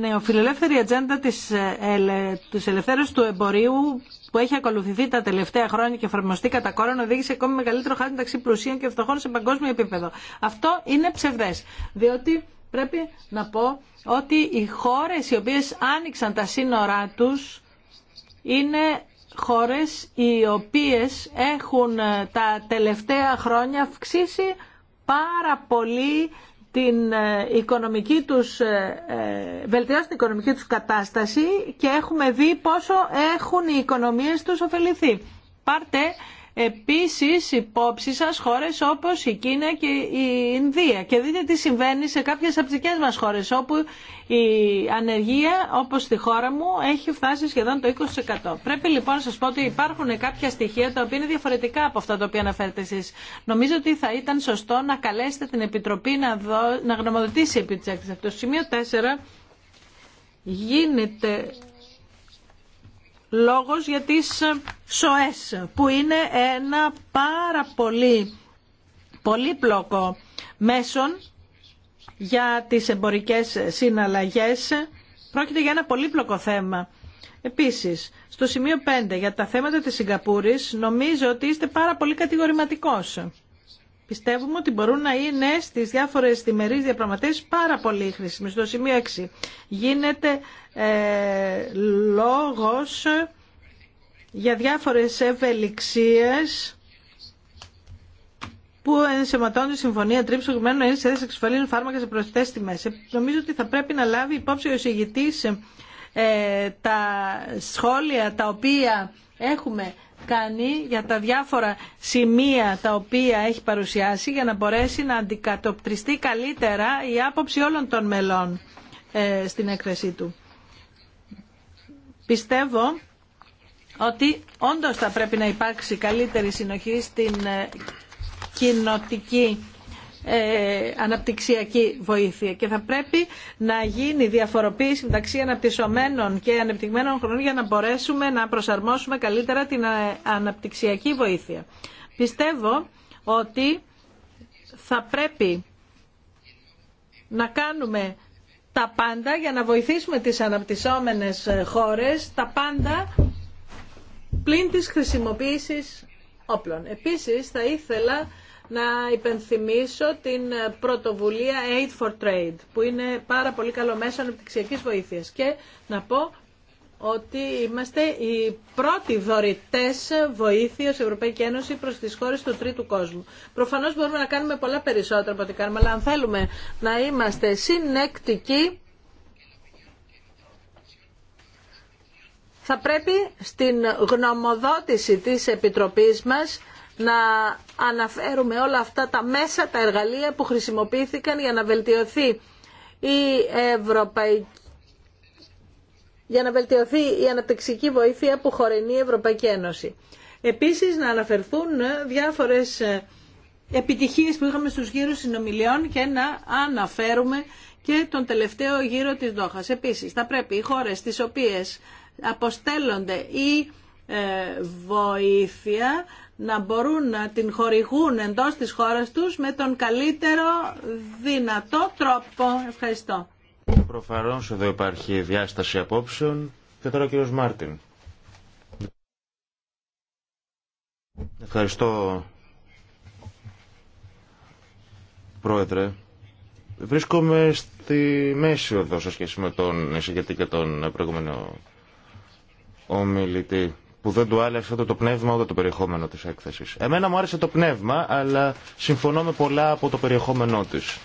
νεοφιλελεύθερη ατζέντα της, ε, ελε, της ελευθέρωσης του εμπορίου που έχει ακολουθηθεί τα τελευταία χρόνια και εφαρμοστεί κατά κόρον οδήγησε ακόμη μεγαλύτερο χάρη μεταξύ πλουσίων και φτωχών σε παγκόσμιο επίπεδο. Αυτό είναι ψευδές, διότι Πρέπει να πω ότι οι χώρες οι οποίες άνοιξαν τα σύνορά τους είναι χώρες οι οποίες έχουν ε, τα τελευταία χρόνια αυξήσει πάρα πολύ την ε, οικονομική τους, ε, βελτιώσει την οικονομική τους κατάσταση και έχουμε δει πόσο έχουν οι οικονομίες τους ωφεληθεί. Πάρτε επίσης υπόψη σας χώρες όπως η Κίνα και η Ινδία και δείτε τι συμβαίνει σε κάποιες από τις δικές μας χώρες όπου η ανεργία όπως στη χώρα μου έχει φτάσει σχεδόν το 20%. Πρέπει λοιπόν να σας πω ότι υπάρχουν κάποια στοιχεία τα οποία είναι διαφορετικά από αυτά τα οποία αναφέρετε εσείς. Νομίζω ότι θα ήταν σωστό να καλέσετε την Επιτροπή να, να γνωμοδοτήσει επί της σημείο 4 γίνεται λόγος για τις ε, ΣΟΕΣ που είναι ένα πάρα πολύ πολύπλοκο μέσον για τις εμπορικές συναλλαγές. Πρόκειται για ένα πολύπλοκο θέμα. Επίσης, στο σημείο 5 για τα θέματα της Σιγκαπούρης νομίζω ότι είστε πάρα πολύ κατηγορηματικός πιστεύουμε ότι μπορούν να είναι στις διάφορες διμερείς διαπραγματεύσεις πάρα πολύ χρήσιμες. Στο σημείο 6 γίνεται ε, λόγος για διάφορες ευελιξίες που ενσωματώνουν τη συμφωνία τρίψη να είναι σε θέση φάρμακα σε προσιτέ τιμέ. Ε, νομίζω ότι θα πρέπει να λάβει υπόψη ο εισηγητή ε, τα σχόλια τα οποία έχουμε κάνει για τα διάφορα σημεία τα οποία έχει παρουσιάσει για να μπορέσει να αντικατοπτριστεί καλύτερα η άποψη όλων των μελών ε, στην έκθεσή του. Πιστεύω ότι όντως θα πρέπει να υπάρξει καλύτερη συνοχή στην ε, κοινοτική ε, αναπτυξιακή βοήθεια και θα πρέπει να γίνει διαφοροποίηση μεταξύ αναπτυσσομένων και ανεπτυγμένων χρόνων για να μπορέσουμε να προσαρμόσουμε καλύτερα την ε, αναπτυξιακή βοήθεια. Πιστεύω ότι θα πρέπει να κάνουμε τα πάντα για να βοηθήσουμε τις αναπτυσσόμενες ε, χώρες, τα πάντα πλην της χρησιμοποίησης όπλων. Επίσης θα ήθελα να υπενθυμίσω την πρωτοβουλία Aid for Trade, που είναι πάρα πολύ καλό μέσο αναπτυξιακή βοήθεια. Και να πω ότι είμαστε οι πρώτοι δωρητέ βοήθειας Ευρωπαϊκή Ένωση προς τις χώρες του τρίτου κόσμου. Προφανώς μπορούμε να κάνουμε πολλά περισσότερα από ό,τι κάνουμε, αλλά αν θέλουμε να είμαστε συνεκτικοί, θα πρέπει στην γνωμοδότηση της Επιτροπής μας να αναφέρουμε όλα αυτά τα μέσα, τα εργαλεία που χρησιμοποιήθηκαν για να βελτιωθεί η Ευρωπαϊκή για να βελτιωθεί η αναπτυξική βοήθεια που χωρινεί η Ευρωπαϊκή Ένωση. Επίσης να αναφερθούν διάφορες ε, επιτυχίες που είχαμε στους γύρους συνομιλιών και να αναφέρουμε και τον τελευταίο γύρο της Δόχας. Επίσης θα πρέπει οι χώρες τις οποίες αποστέλλονται ή ε, βοήθεια να μπορούν να την χορηγούν εντός της χώρας τους με τον καλύτερο δυνατό τρόπο. Ευχαριστώ. Προφανώς εδώ υπάρχει διάσταση απόψεων και τώρα ο κύριος Μάρτιν. Ευχαριστώ Πρόεδρε. Βρίσκομαι στη μέση εδώ σε σχέση με τον εισηγητή και τον προηγούμενο ομιλητή που δεν του άλλαξε ούτε το πνεύμα ούτε το περιεχόμενο της έκθεσης. Εμένα μου άρεσε το πνεύμα, αλλά συμφωνώ με πολλά από το περιεχόμενό της.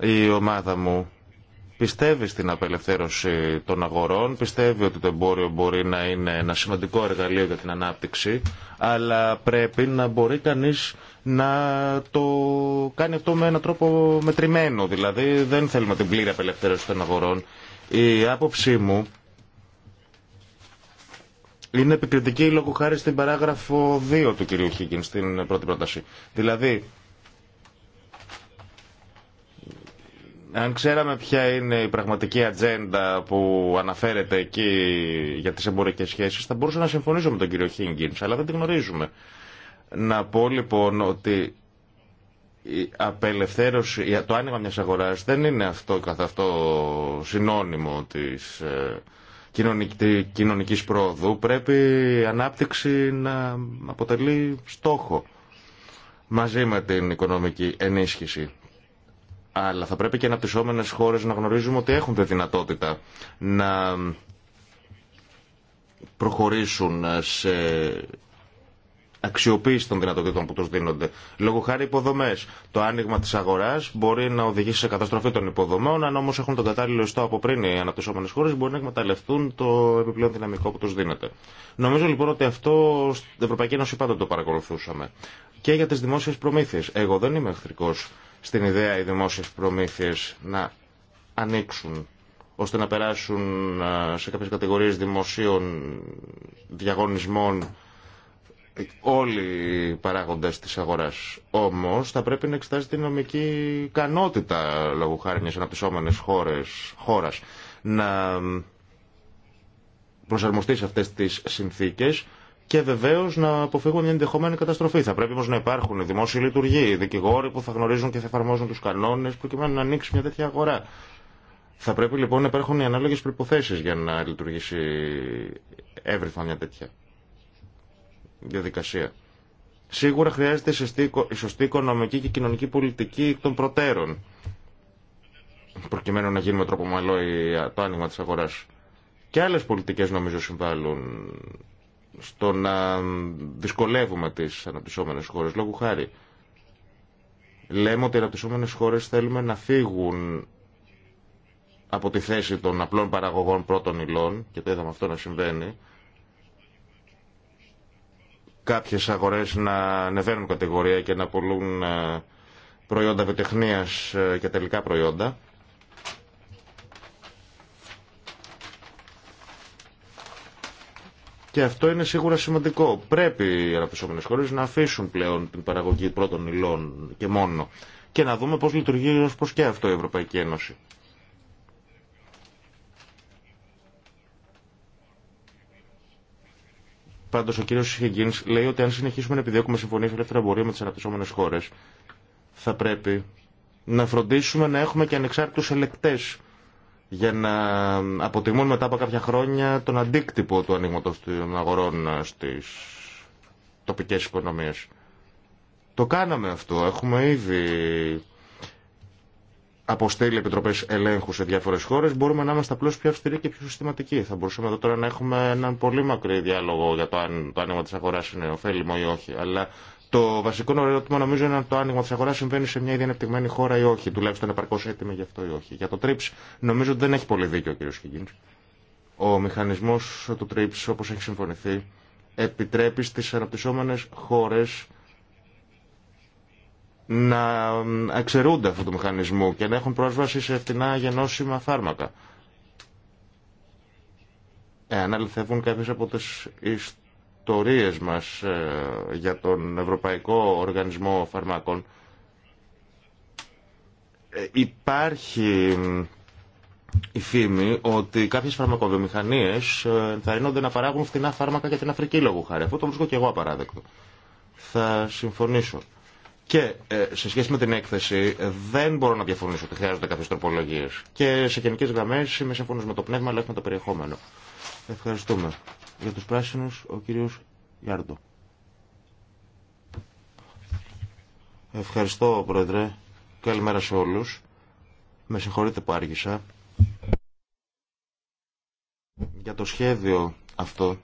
Η ομάδα μου πιστεύει στην απελευθέρωση των αγορών, πιστεύει ότι το εμπόριο μπορεί να είναι ένα σημαντικό εργαλείο για την ανάπτυξη, αλλά πρέπει να μπορεί κανείς να το κάνει αυτό με έναν τρόπο μετρημένο. Δηλαδή δεν θέλουμε την πλήρη απελευθέρωση των αγορών. Η άποψή μου είναι επικριτική λόγω χάρη στην παράγραφο 2 του κυρίου Χίγκιν στην πρώτη πρόταση. Δηλαδή, αν ξέραμε ποια είναι η πραγματική ατζέντα που αναφέρεται εκεί για τις εμπορικές σχέσεις, θα μπορούσα να συμφωνήσω με τον κύριο Χίγκιν, αλλά δεν την γνωρίζουμε. Να πω λοιπόν ότι η απελευθέρωση, το άνοιγμα μιας αγοράς δεν είναι αυτό καθ' αυτό συνώνυμο της ε, κοινωνικής πρόοδου πρέπει η ανάπτυξη να αποτελεί στόχο μαζί με την οικονομική ενίσχυση. Αλλά θα πρέπει και οι αναπτυσσόμενες χώρες να γνωρίζουμε ότι έχουν τη δυνατότητα να προχωρήσουν σε αξιοποίηση των δυνατοτήτων που του δίνονται. Λόγω χάρη υποδομέ. Το άνοιγμα τη αγορά μπορεί να οδηγήσει σε καταστροφή των υποδομών, αν όμω έχουν τον κατάλληλο ιστό από πριν οι αναπτυσσόμενε χώρε, μπορεί να εκμεταλλευτούν το επιπλέον δυναμικό που του δίνεται. Νομίζω λοιπόν ότι αυτό στην Ευρωπαϊκή Ένωση πάντα το παρακολουθούσαμε. Και για τι δημόσιε προμήθειε. Εγώ δεν είμαι εχθρικό στην ιδέα οι δημόσιε προμήθειε να ανοίξουν ώστε να περάσουν ε, σε κάποιες κατηγορίες δημοσίων διαγωνισμών όλοι οι παράγοντες της αγοράς. Όμως θα πρέπει να εξετάζει την νομική ικανότητα λόγω χάρη μιας αναπτυσσόμενης χώρες, χώρας να προσαρμοστεί σε αυτές τις συνθήκες και βεβαίω να αποφύγουν μια ενδεχόμενη καταστροφή. Θα πρέπει όμω να υπάρχουν δημόσιοι λειτουργοί, οι δικηγόροι που θα γνωρίζουν και θα εφαρμόζουν του κανόνε προκειμένου να ανοίξει μια τέτοια αγορά. Θα πρέπει λοιπόν να υπάρχουν οι ανάλογε προποθέσει για να λειτουργήσει εύρυθμα μια τέτοια διαδικασία. Σίγουρα χρειάζεται η σωστή οικονομική και κοινωνική πολιτική των προτέρων, προκειμένου να γίνουμε τρόπο μαλό το άνοιγμα της αγοράς. Και άλλες πολιτικές νομίζω συμβάλλουν στο να δυσκολεύουμε τις αναπτυσσόμενες χώρες, λόγου χάρη. Λέμε ότι οι αναπτυσσόμενες χώρες θέλουμε να φύγουν από τη θέση των απλών παραγωγών πρώτων υλών, και το είδαμε αυτό να συμβαίνει, κάποιες αγορές να ανεβαίνουν κατηγορία και να πουλούν ε, προϊόντα βιοτεχνίας ε, και τελικά προϊόντα. Και αυτό είναι σίγουρα σημαντικό. Πρέπει οι αναπτυσσόμενες χώρες να αφήσουν πλέον την παραγωγή πρώτων υλών και μόνο και να δούμε πώς λειτουργεί ως προς και αυτό η Ευρωπαϊκή Ένωση. Πάντω ο κύριο Χιγκίν λέει ότι αν συνεχίσουμε να επιδιώκουμε συμφωνίε ελεύθερα εμπορία με τι αναπτυσσόμενε χώρε, θα πρέπει να φροντίσουμε να έχουμε και ανεξάρτητου ελεκτέ για να αποτιμούν μετά από κάποια χρόνια τον αντίκτυπο του ανοίγματο των αγορών στι τοπικέ οικονομίε. Το κάναμε αυτό. Έχουμε ήδη αποστέλει επιτροπέ ελέγχου σε διάφορε χώρε, μπορούμε να είμαστε απλώ πιο αυστηροί και πιο συστηματικοί. Θα μπορούσαμε εδώ τώρα να έχουμε έναν πολύ μακρύ διάλογο για το αν το άνοιγμα τη αγορά είναι ωφέλιμο ή όχι. Αλλά το βασικό ερώτημα νομίζω είναι αν το άνοιγμα τη αγορά συμβαίνει σε μια ήδη ανεπτυγμένη χώρα ή όχι. Τουλάχιστον επαρκώ έτοιμη γι' αυτό ή όχι. Για το TRIPS νομίζω ότι δεν έχει πολύ δίκιο ο κ. Χιγκίν. Ο μηχανισμό του TRIPS όπω έχει συμφωνηθεί επιτρέπει στι αναπτυσσόμενε χώρε να εξαιρούνται αυτού του μηχανισμού και να έχουν πρόσβαση σε φτηνά γενώσιμα φάρμακα. Εάν αληθεύουν κάποιες από τις ιστορίες μας ε, για τον Ευρωπαϊκό Οργανισμό Φαρμάκων, ε, υπάρχει η φήμη ότι κάποιες φαρμακοβιομηχανίες ε, ενώνται να παράγουν φθηνά φάρμακα για την Αφρική λόγω χάρη. Αυτό το βρίσκω και εγώ απαράδεκτο. Θα συμφωνήσω. Και ε, σε σχέση με την έκθεση δεν μπορώ να διαφωνήσω ότι χρειάζονται κάποιε τροπολογίε. Και σε γενικέ γραμμέ είμαι σύμφωνο με το πνεύμα αλλά όχι με το περιεχόμενο. Ευχαριστούμε. Για του πράσινου ο κύριο Γιάρντο. Ευχαριστώ πρόεδρε. Καλημέρα σε όλου. Με συγχωρείτε που άργησα. Για το σχέδιο αυτό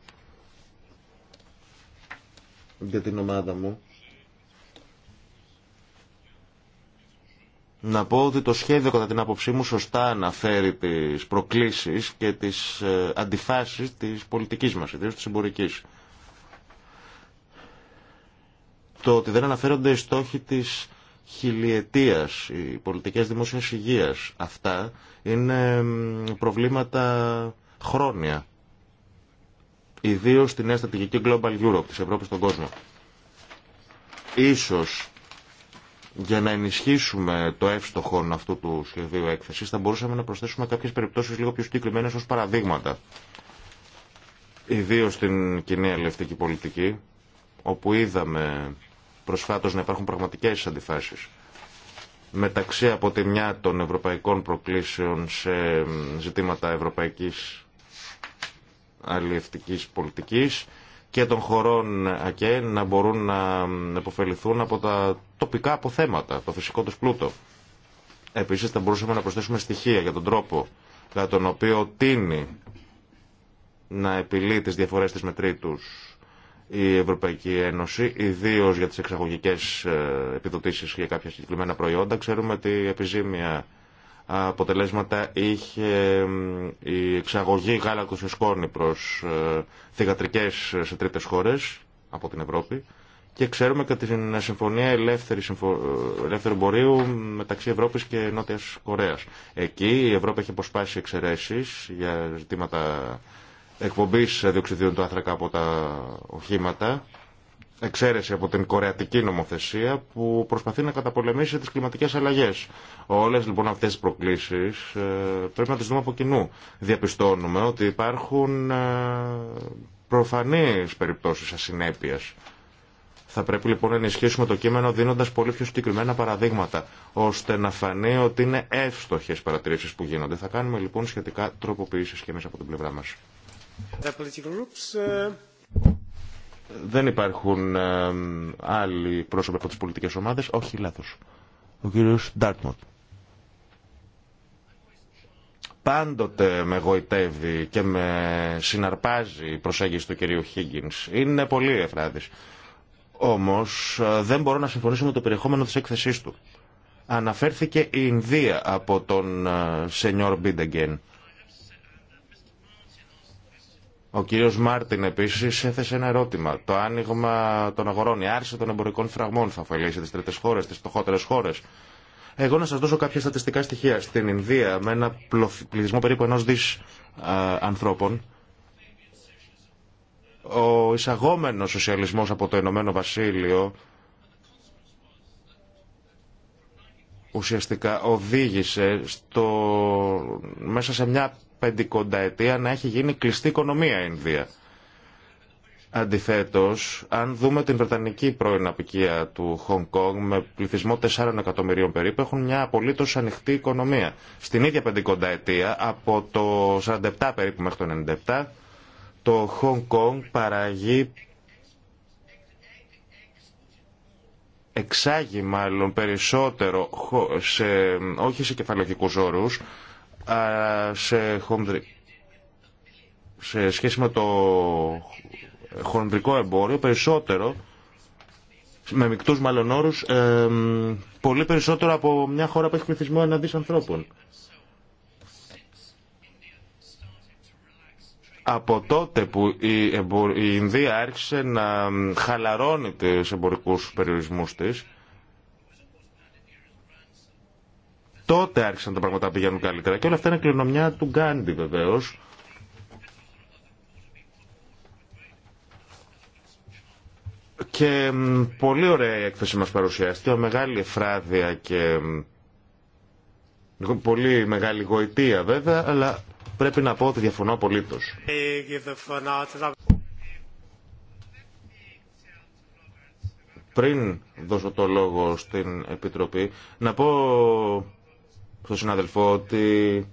για την ομάδα μου να πω ότι το σχέδιο κατά την άποψή μου σωστά αναφέρει τις προκλήσεις και τις ε, αντιφάσεις της πολιτικής μας, ιδίως της εμπορικής. Το ότι δεν αναφέρονται οι στόχοι της χιλιετίας, οι πολιτικές δημόσιας υγείας, αυτά είναι προβλήματα χρόνια. Ιδίως στην νέα στρατηγική Global Europe της Ευρώπης στον κόσμο. Ίσως για να ενισχύσουμε το εύστοχο αυτού του σχεδίου έκθεση, θα μπορούσαμε να προσθέσουμε κάποιε περιπτώσεις λίγο πιο συγκεκριμένε ως παραδείγματα. Ιδίω στην κοινή αλληλευτική πολιτική, όπου είδαμε προσφάτως να υπάρχουν πραγματικές αντιφάσεις μεταξύ από τη μια των ευρωπαϊκών προκλήσεων σε ζητήματα ευρωπαϊκής αλληλευτικής πολιτικής και των χωρών ΑΚΕ να μπορούν να επωφεληθούν από τα τοπικά αποθέματα, το φυσικό τους πλούτο. Επίσης θα μπορούσαμε να προσθέσουμε στοιχεία για τον τρόπο κατά τον οποίο τίνει να επιλύει τις διαφορές της μετρήτους η Ευρωπαϊκή Ένωση, ιδίω για τις εξαγωγικές ε, επιδοτήσεις για κάποια συγκεκριμένα προϊόντα. Ξέρουμε ότι η επιζήμια αποτελέσματα είχε η εξαγωγή γάλακτος σε σκόνη προς ε, θηγατρικές σε τρίτες χώρες από την Ευρώπη και ξέρουμε και την συμφωνία ελεύθερη, ε, ελεύθερου εμπορίου μεταξύ Ευρώπης και Νότιας Κορέας. Εκεί η Ευρώπη έχει αποσπάσει εξαιρέσεις για ζητήματα εκπομπής διοξιδίων του άνθρακα από τα οχήματα εξαίρεση από την κορεατική νομοθεσία που προσπαθεί να καταπολεμήσει τις κλιματικές αλλαγές. Όλες λοιπόν αυτές τις προκλήσεις ε, πρέπει να τις δούμε από κοινού. Διαπιστώνουμε ότι υπάρχουν ε, προφανείς περιπτώσεις ασυνέπειας. Θα πρέπει λοιπόν να ενισχύσουμε το κείμενο δίνοντας πολύ πιο συγκεκριμένα παραδείγματα, ώστε να φανεί ότι είναι εύστοχες παρατηρήσεις που γίνονται. Θα κάνουμε λοιπόν σχετικά τροποποιήσεις και εμείς από την πλευρά μας. Ε, δεν υπάρχουν άλλοι πρόσωποι από τις πολιτικές ομάδες. Όχι, λάθος. Ο κύριος Ντάρτμοντ. Πάντοτε με γοητεύει και με συναρπάζει η προσέγγιση του κυρίου Χίγγινς. Είναι πολύ εφράδης. Όμως ε, δεν μπορώ να συμφωνήσω με το περιεχόμενο της έκθεσής του. Αναφέρθηκε η Ινδία από τον ε, Σενιόρ Μπίντεγκεν. Ο κύριο Μάρτιν επίση έθεσε ένα ερώτημα. Το άνοιγμα των αγορών, η άρση των εμπορικών φραγμών θα ωφελήσει τι τρίτε χώρες, τι φτωχότερε χώρες. Εγώ να σας δώσω κάποια στατιστικά στοιχεία. Στην Ινδία με ένα πληθυσμό περίπου ενό δις ανθρώπων, ο εισαγόμενο σοσιαλισμό από το Ηνωμένο Βασίλειο ουσιαστικά οδήγησε στο, μέσα σε μια πεντηκονταετία να έχει γίνει κλειστή οικονομία η Ινδία. Αντιθέτως, αν δούμε την Βρετανική πρώην απικία του Χονγκ Κόνγκ με πληθυσμό 4 εκατομμυρίων περίπου, έχουν μια απολύτως ανοιχτή οικονομία. Στην ίδια πεντηκονταετία, από το 47 περίπου μέχρι το 97, το Χονγκ Κόνγκ παραγεί εξάγει μάλλον περισσότερο σε, όχι σε κεφαλαιοχικούς όρους σε, σε σχέση με το χονδρικό εμπόριο περισσότερο με μικτούς μάλλον όρους, πολύ περισσότερο από μια χώρα που έχει πληθυσμό εναντίς ανθρώπων. Από τότε που η, η Ινδία άρχισε να χαλαρώνει τις εμπορικούς περιορισμούς της, Τότε άρχισαν τα πράγματα να πηγαίνουν καλύτερα. Και όλα αυτά είναι κληρονομιά του Γκάντι βεβαίω. Και πολύ ωραία η έκθεση μας παρουσιάστηκε, μεγάλη εφράδια και πολύ μεγάλη γοητεία βέβαια, αλλά πρέπει να πω ότι διαφωνώ απολύτως. Πριν δώσω το λόγο στην Επιτροπή, να πω στον συνάδελφο ότι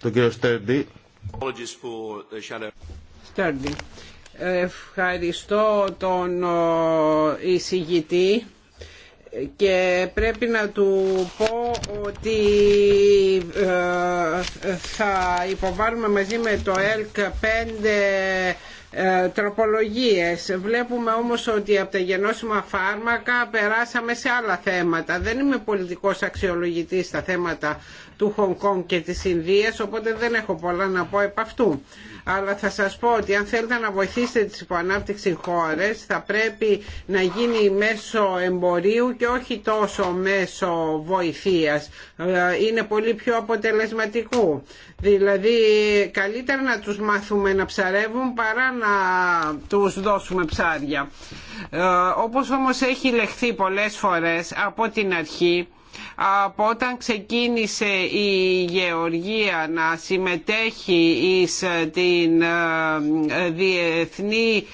τον κύριο Στέρντι. Στέρντι. Ευχαριστώ τον εισηγητή και πρέπει να του πω ότι ε, θα υποβάλουμε μαζί με το ΕΛΚ 5 ε, τροπολογίες. Βλέπουμε όμως ότι από τα γενώσιμα φάρμακα περάσαμε σε άλλα θέματα. Δεν είμαι πολιτικός αξιολογητής στα θέματα του Χονγκ Κονγκ και της Ινδίας, οπότε δεν έχω πολλά να πω επ' αυτού αλλά θα σας πω ότι αν θέλετε να βοηθήσετε τις υποανάπτυξη χώρες θα πρέπει να γίνει μέσω εμπορίου και όχι τόσο μέσω βοηθείας. Ε, είναι πολύ πιο αποτελεσματικού. Δηλαδή καλύτερα να τους μάθουμε να ψαρεύουν παρά να τους δώσουμε ψάρια. Ε, όπως όμως έχει λεχθεί πολλές φορές από την αρχή από όταν ξεκίνησε η Γεωργία να συμμετέχει εις ε, την ε, ε, διεθνή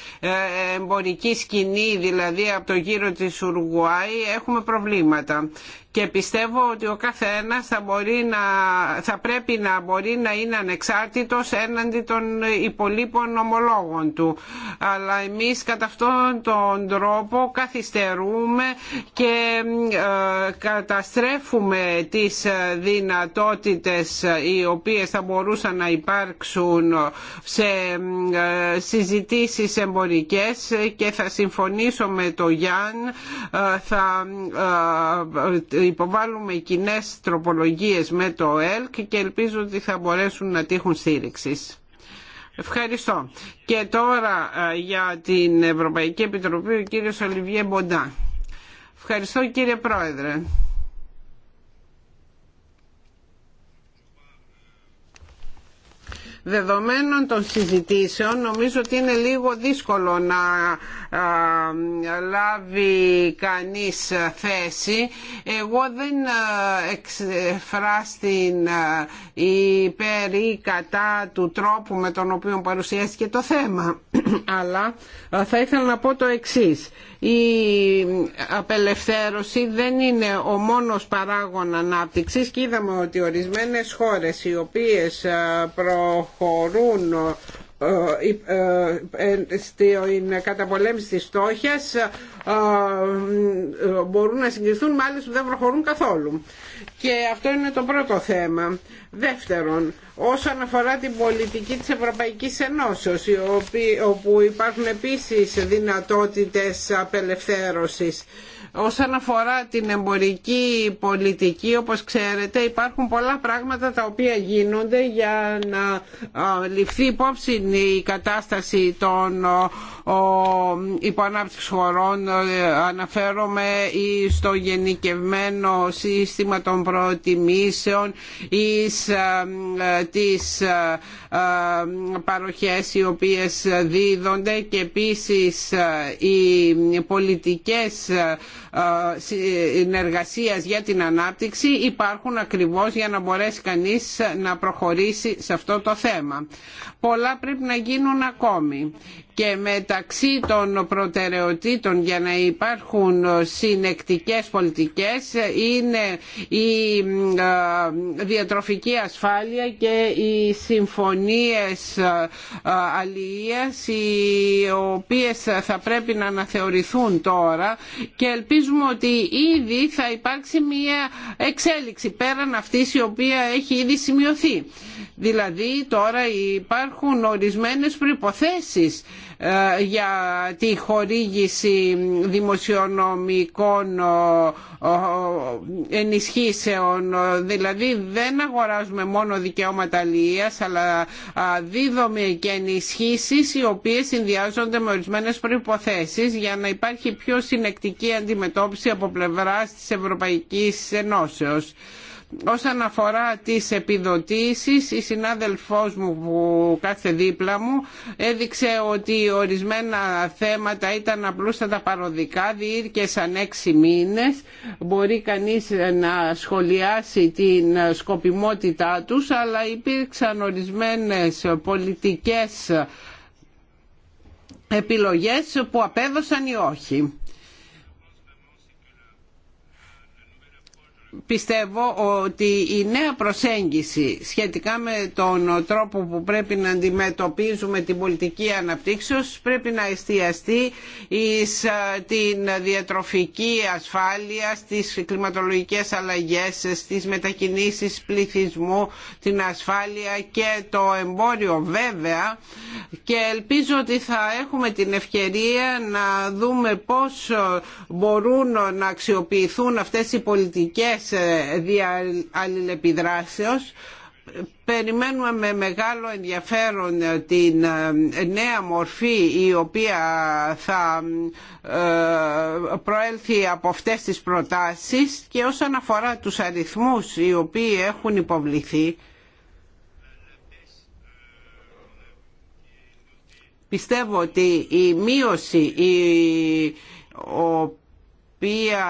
εμπορική σκηνή δηλαδή από το γύρο της Ουρουγουάη, έχουμε προβλήματα και πιστεύω ότι ο καθένας θα, να, θα πρέπει να μπορεί να είναι ανεξάρτητος έναντι των υπολείπων ομολόγων του. Αλλά εμείς κατά αυτόν τον τρόπο καθυστερούμε και ε, καταστρέφουμε τις ε, δυνατότητες ε, οι οποίες θα μπορούσαν να υπάρξουν σε συζητήσεις εμπορικές και θα συμφωνήσω με το Γιάνν θα υποβάλλουμε κοινέ τροπολογίες με το ΕΛΚ και ελπίζω ότι θα μπορέσουν να τύχουν στήριξη. Ευχαριστώ. Και τώρα για την Ευρωπαϊκή Επιτροπή ο κύριος Ολιβιέ Μποντά. Ευχαριστώ κύριε Πρόεδρε. Δεδομένων των συζητήσεων νομίζω ότι είναι λίγο δύσκολο να λάβει κανείς θέση. Εγώ δεν εκφράστην υπέρ ή κατά του τρόπου με τον οποίο παρουσιάστηκε το θέμα. Αλλά θα ήθελα να πω το εξής. Η απελευθέρωση δεν είναι ο μόνος παράγων ανάπτυξης και είδαμε ότι ορισμένες χώρες οι οποίες προχωρούν ε, ε, ε, στην καταπολέμηση της στόχιας μπορούν να συγκριθούν με άλλες που δεν προχωρούν καθόλου. Και αυτό είναι το πρώτο θέμα. Δεύτερον, όσον αφορά την πολιτική της Ευρωπαϊκής Ενώσεως, όπου υπάρχουν επίσης δυνατότητες απελευθέρωσης, Όσον αφορά την εμπορική πολιτική, όπως ξέρετε, υπάρχουν πολλά πράγματα τα οποία γίνονται για να ληφθεί υπόψη η κατάσταση των υποανάπτυξης χωρών. Ε, αναφέρομαι στο γενικευμένο σύστημα των προτιμήσεων ή τις ε, ε, ε, παροχές οι οποίες δίδονται και επίσης οι πολιτικές ε, συνεργασίας για την ανάπτυξη υπάρχουν ακριβώς για να μπορέσει κανείς να προχωρήσει σε αυτό το θέμα. Πολλά πρέπει να γίνουν ακόμη και μεταξύ των προτεραιοτήτων για να υπάρχουν συνεκτικές πολιτικές είναι η ε, διατροφική ασφάλεια και οι συμφωνίες ε, αλληλείας οι οποίες θα πρέπει να αναθεωρηθούν τώρα και ελπίζω ελπίζουμε ότι ήδη θα υπάρξει μια εξέλιξη πέραν αυτής η οποία έχει ήδη σημειωθεί. Δηλαδή τώρα υπάρχουν ορισμένες προϋποθέσεις ε, για τη χορήγηση δημοσιονομικών ε, ε, ενισχύσεων δηλαδή δεν αγοράζουμε μόνο δικαιώματα αλληλείας αλλά δίδουμε και ενισχύσεις οι οποίες συνδυάζονται με ορισμένες προϋποθέσεις για να υπάρχει πιο συνεκτική αντιμετώπιση από πλευράς της Ευρωπαϊκής Ενώσεως. Όσον αφορά τις επιδοτήσεις, η συνάδελφός μου που κάθε δίπλα μου έδειξε ότι ορισμένα θέματα ήταν απλούστατα παροδικά, διήρκεσαν έξι μήνες. Μπορεί κανείς να σχολιάσει την σκοπιμότητά τους, αλλά υπήρξαν ορισμένες πολιτικές επιλογές που απέδωσαν ή όχι. πιστεύω ότι η νέα προσέγγιση σχετικά με τον τρόπο που πρέπει να αντιμετωπίζουμε την πολιτική αναπτύξεως πρέπει να εστιαστεί εις την διατροφική ασφάλεια, στις κλιματολογικές αλλαγές, στις μετακινήσεις πληθυσμού, την ασφάλεια και το εμπόριο βέβαια και ελπίζω ότι θα έχουμε την ευκαιρία να δούμε πώς μπορούν να αξιοποιηθούν αυτές οι πολιτικές ε, δια αλληλεπιδράσεως Περιμένουμε με μεγάλο ενδιαφέρον ε, την ε, νέα μορφή η οποία θα προέλθει από αυτές τις προτάσεις και όσον αφορά τους αριθμούς οι οποίοι έχουν υποβληθεί πιστεύω ότι η μείωση η οποία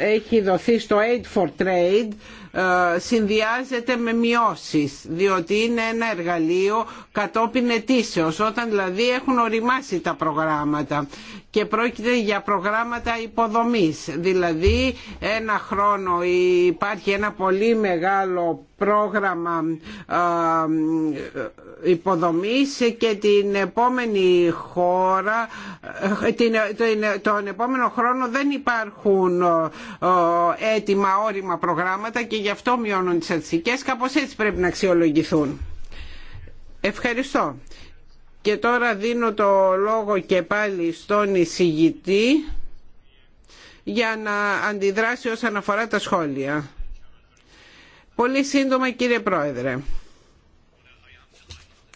ε, έχει δοθεί στο Aid for Trade ε, συνδυάζεται με μειώσεις διότι είναι ένα εργαλείο κατόπιν ετήσεως όταν δηλαδή έχουν οριμάσει τα προγράμματα και πρόκειται για προγράμματα υποδομής δηλαδή ένα χρόνο υπάρχει ένα πολύ μεγάλο πρόγραμμα ε, και την επόμενη χώρα τον επόμενο χρόνο δεν υπάρχουν έτοιμα όριμα προγράμματα και γι' αυτό μειώνουν τις στατιστικές κάπως έτσι πρέπει να αξιολογηθούν Ευχαριστώ και τώρα δίνω το λόγο και πάλι στον εισηγητή για να αντιδράσει όσον αφορά τα σχόλια Πολύ σύντομα κύριε Πρόεδρε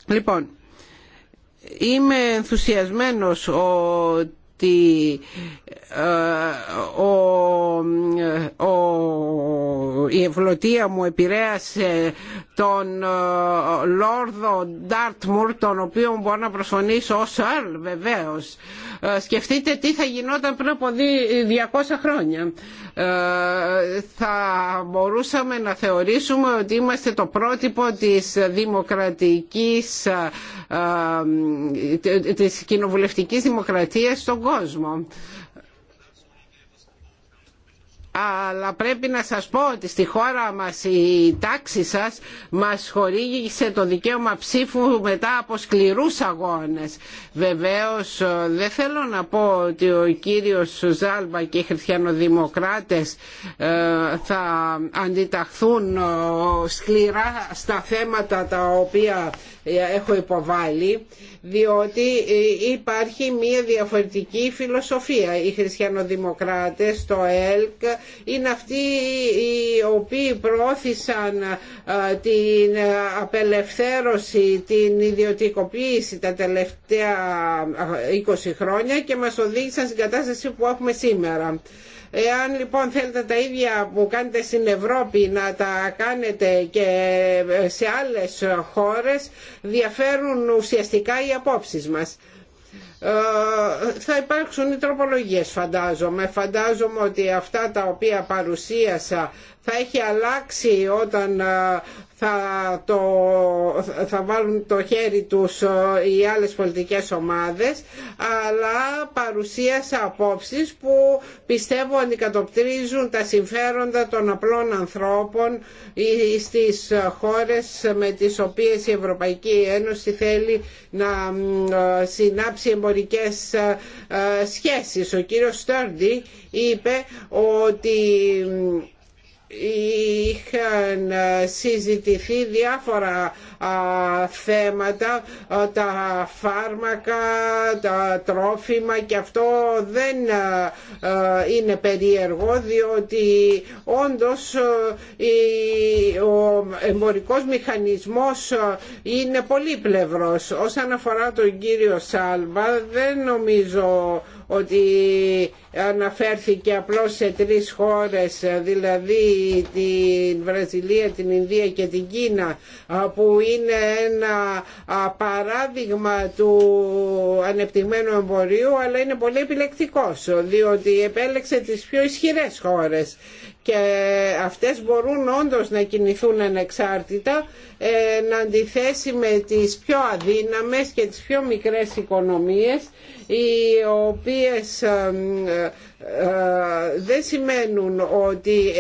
Λοιπόν, είμαι ενθουσιασμένος ότι ε, η ευλωτία μου επηρέασε τον ε, Λόρδο Ντάρτμουρ τον οποίο μπορώ να προσφωνήσω ως Σαρλ βεβαίως ε, σκεφτείτε τι θα γινόταν πριν από 200 χρόνια. Ε, θα μπορούσαμε να θεωρήσουμε ότι είμαστε το πρότυπο της δημοκρατικής ε, της κοινοβουλευτικής δημοκρατίας στον κόσμο αλλά πρέπει να σας πω ότι στη χώρα μας η τάξη σας μας χορήγησε το δικαίωμα ψήφου μετά από σκληρούς αγώνες. Βεβαίως ε, δεν θέλω να πω ότι ο κύριος Ζάλμπα και οι χριστιανοδημοκράτες ε, θα αντιταχθούν ε, σκληρά στα θέματα τα οποία έχω υποβάλει διότι ε, υπάρχει μια διαφορετική φιλοσοφία. Οι χριστιανοδημοκράτες, το ΕΛΚ είναι αυτοί οι οποίοι προώθησαν ε, την απελευθέρωση, την ιδιωτικοποίηση τα τελευταία 20 ε, χρόνια και μας οδήγησαν στην κατάσταση που έχουμε σήμερα. Εάν λοιπόν θέλετε τα ίδια που κάνετε στην Ευρώπη να τα κάνετε και σε άλλες χώρες, διαφέρουν ουσιαστικά οι απόψεις μας ε, θα υπάρξουν οι τροπολογίες φαντάζομαι. Φαντάζομαι ότι αυτά τα οποία παρουσίασα θα έχει αλλάξει όταν ε, θα, βάλουν το χέρι τους ε, οι άλλες πολιτικές ομάδες αλλά παρουσίασα απόψεις που πιστεύω αντικατοπτρίζουν τα συμφέροντα των απλών ανθρώπων στις χώρες με τις οποίες η Ευρωπαϊκή Ένωση θέλει να ε, συνάψει εμπορικές ε, σχέσεις. Ο κύριος Στέρντι είπε ότι είχαν συζητηθεί διάφορα θέματα, τα φάρμακα, τα τρόφιμα και αυτό δεν είναι περίεργο διότι όντως ο εμπορικός μηχανισμός είναι πολύπλευρος. Όσον αφορά τον κύριο Σάλβα δεν νομίζω ότι αναφέρθηκε απλώς σε τρεις χώρες, δηλαδή την Βραζιλία, την Ινδία και την Κίνα, που είναι ένα παράδειγμα του ανεπτυγμένου εμπορίου, αλλά είναι πολύ επιλεκτικός, διότι επέλεξε τις πιο ισχυρές χώρες και αυτές μπορούν όντως να κινηθούν ανεξάρτητα ε, να αντιθέσει με τις πιο αδύναμες και τις πιο μικρές οικονομίες οι οποίες ε, ε, δεν σημαίνουν ότι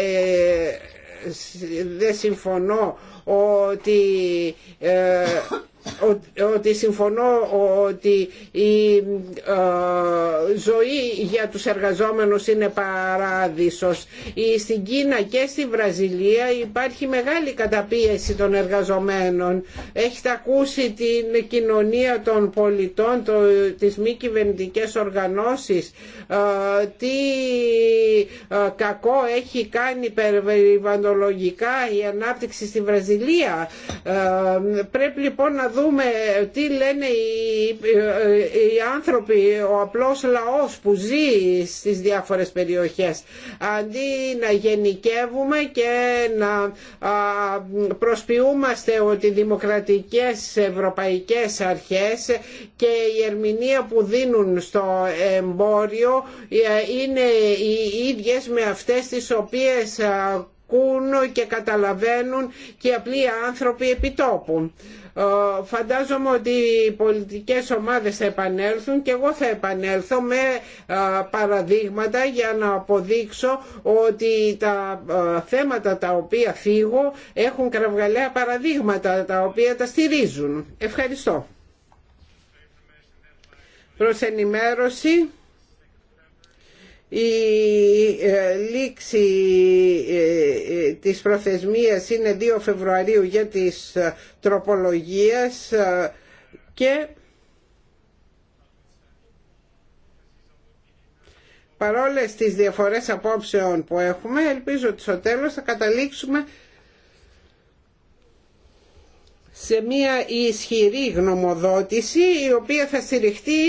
δεν συμφωνώ ότι ε, ότι συμφωνώ ότι η ε, ζωή για τους εργαζόμενους είναι παράδεισος. Ή στην Κίνα και στη Βραζιλία υπάρχει μεγάλη καταπίεση των εργαζομένων. Έχετε ακούσει την κοινωνία των πολιτών, το, τις μη κυβερνητικέ οργανώσεις, ε, τι κακό έχει κάνει περιβαλλοντολογικά η ανάπτυξη στη Βραζιλία ε, πρέπει λοιπόν να δούμε τι λένε ε, ε, οι άνθρωποι, ο απλός λαός που ζει στις διάφορες περιοχές. Αντί να γενικεύουμε και να προσποιούμαστε ότι δημοκρατικές ευρωπαϊκές αρχές και η ερμηνεία που δίνουν στο εμπόριο είναι οι ίδιες με αυτές τις οποίες ακούν και καταλαβαίνουν και οι απλοί άνθρωποι επιτόπου. Ε, φαντάζομαι ότι οι πολιτικές ομάδες θα επανέλθουν και εγώ θα επανέλθω με ε, παραδείγματα για να αποδείξω ότι τα ε, θέματα τα οποία φύγω έχουν κραυγαλαία παραδείγματα τα οποία τα στηρίζουν. Ευχαριστώ. Προς ενημέρωση η ε, λήξη ε, ε, της προθεσμίας είναι 2 Φεβρουαρίου για τις τροπολογίες και παρόλες τις διαφορές απόψεων που έχουμε ελπίζω ότι στο τέλος θα καταλήξουμε σε μια ισχυρή γνωμοδότηση η οποία θα στηριχτεί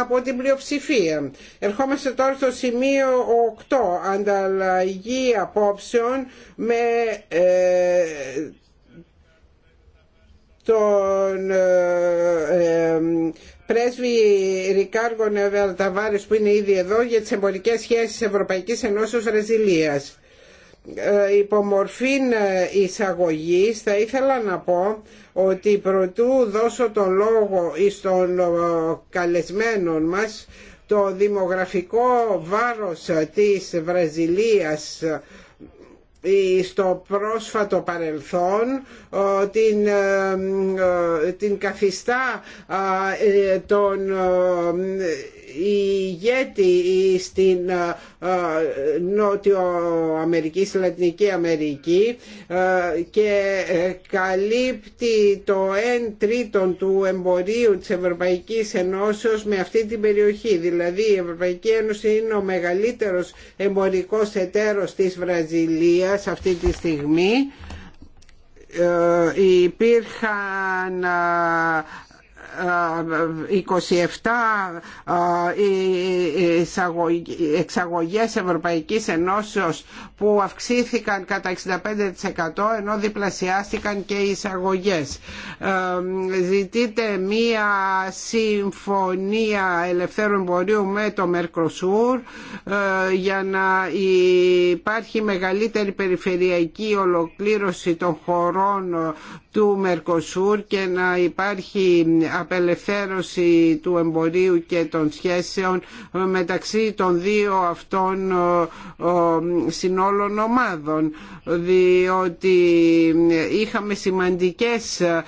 από την πλειοψηφία. Ερχόμαστε τώρα στο σημείο 8, ανταλλαγή απόψεων με ε, τον ε, πρέσβη Ρικάργο Νεβερταβάρης που είναι ήδη εδώ για τις εμπορικές σχέσεις Ευρωπαϊκής Ενώσεως Ρεζιλίας. Ε, υπομορφήν ε, εισαγωγής θα ήθελα να πω ότι προτού δώσω τον λόγο των ε, καλεσμένων μας το δημογραφικό βάρος της Βραζιλίας στο πρόσφατο παρελθόν ε, ε, την, καθιστά ε, τον ηγέτη στην Νότιο Αμερική, στη Λατινική Αμερική και καλύπτει το 1 τρίτο του εμπορίου της Ευρωπαϊκής Ενώσεως με αυτή την περιοχή. Δηλαδή η Ευρωπαϊκή Ένωση είναι ο μεγαλύτερος εμπορικός εταίρος της Βραζιλίας αυτή τη στιγμή ε, υπήρχαν ε, 27 ε, εξαγωγές Ευρωπαϊκής Ενώσεως που αυξήθηκαν κατά 65% ενώ διπλασιάστηκαν και οι εισαγωγές. Ε, Ζητείται μία συμφωνία ελευθέρων εμπορίου με το Mercosur ε, για να υπάρχει μεγαλύτερη περιφερειακή ολοκλήρωση των χωρών του Μερκοσούρ και να υπάρχει απελευθέρωση του εμπορίου και των σχέσεων μεταξύ των δύο αυτών συνόλων ομάδων διότι είχαμε σημαντικές ε,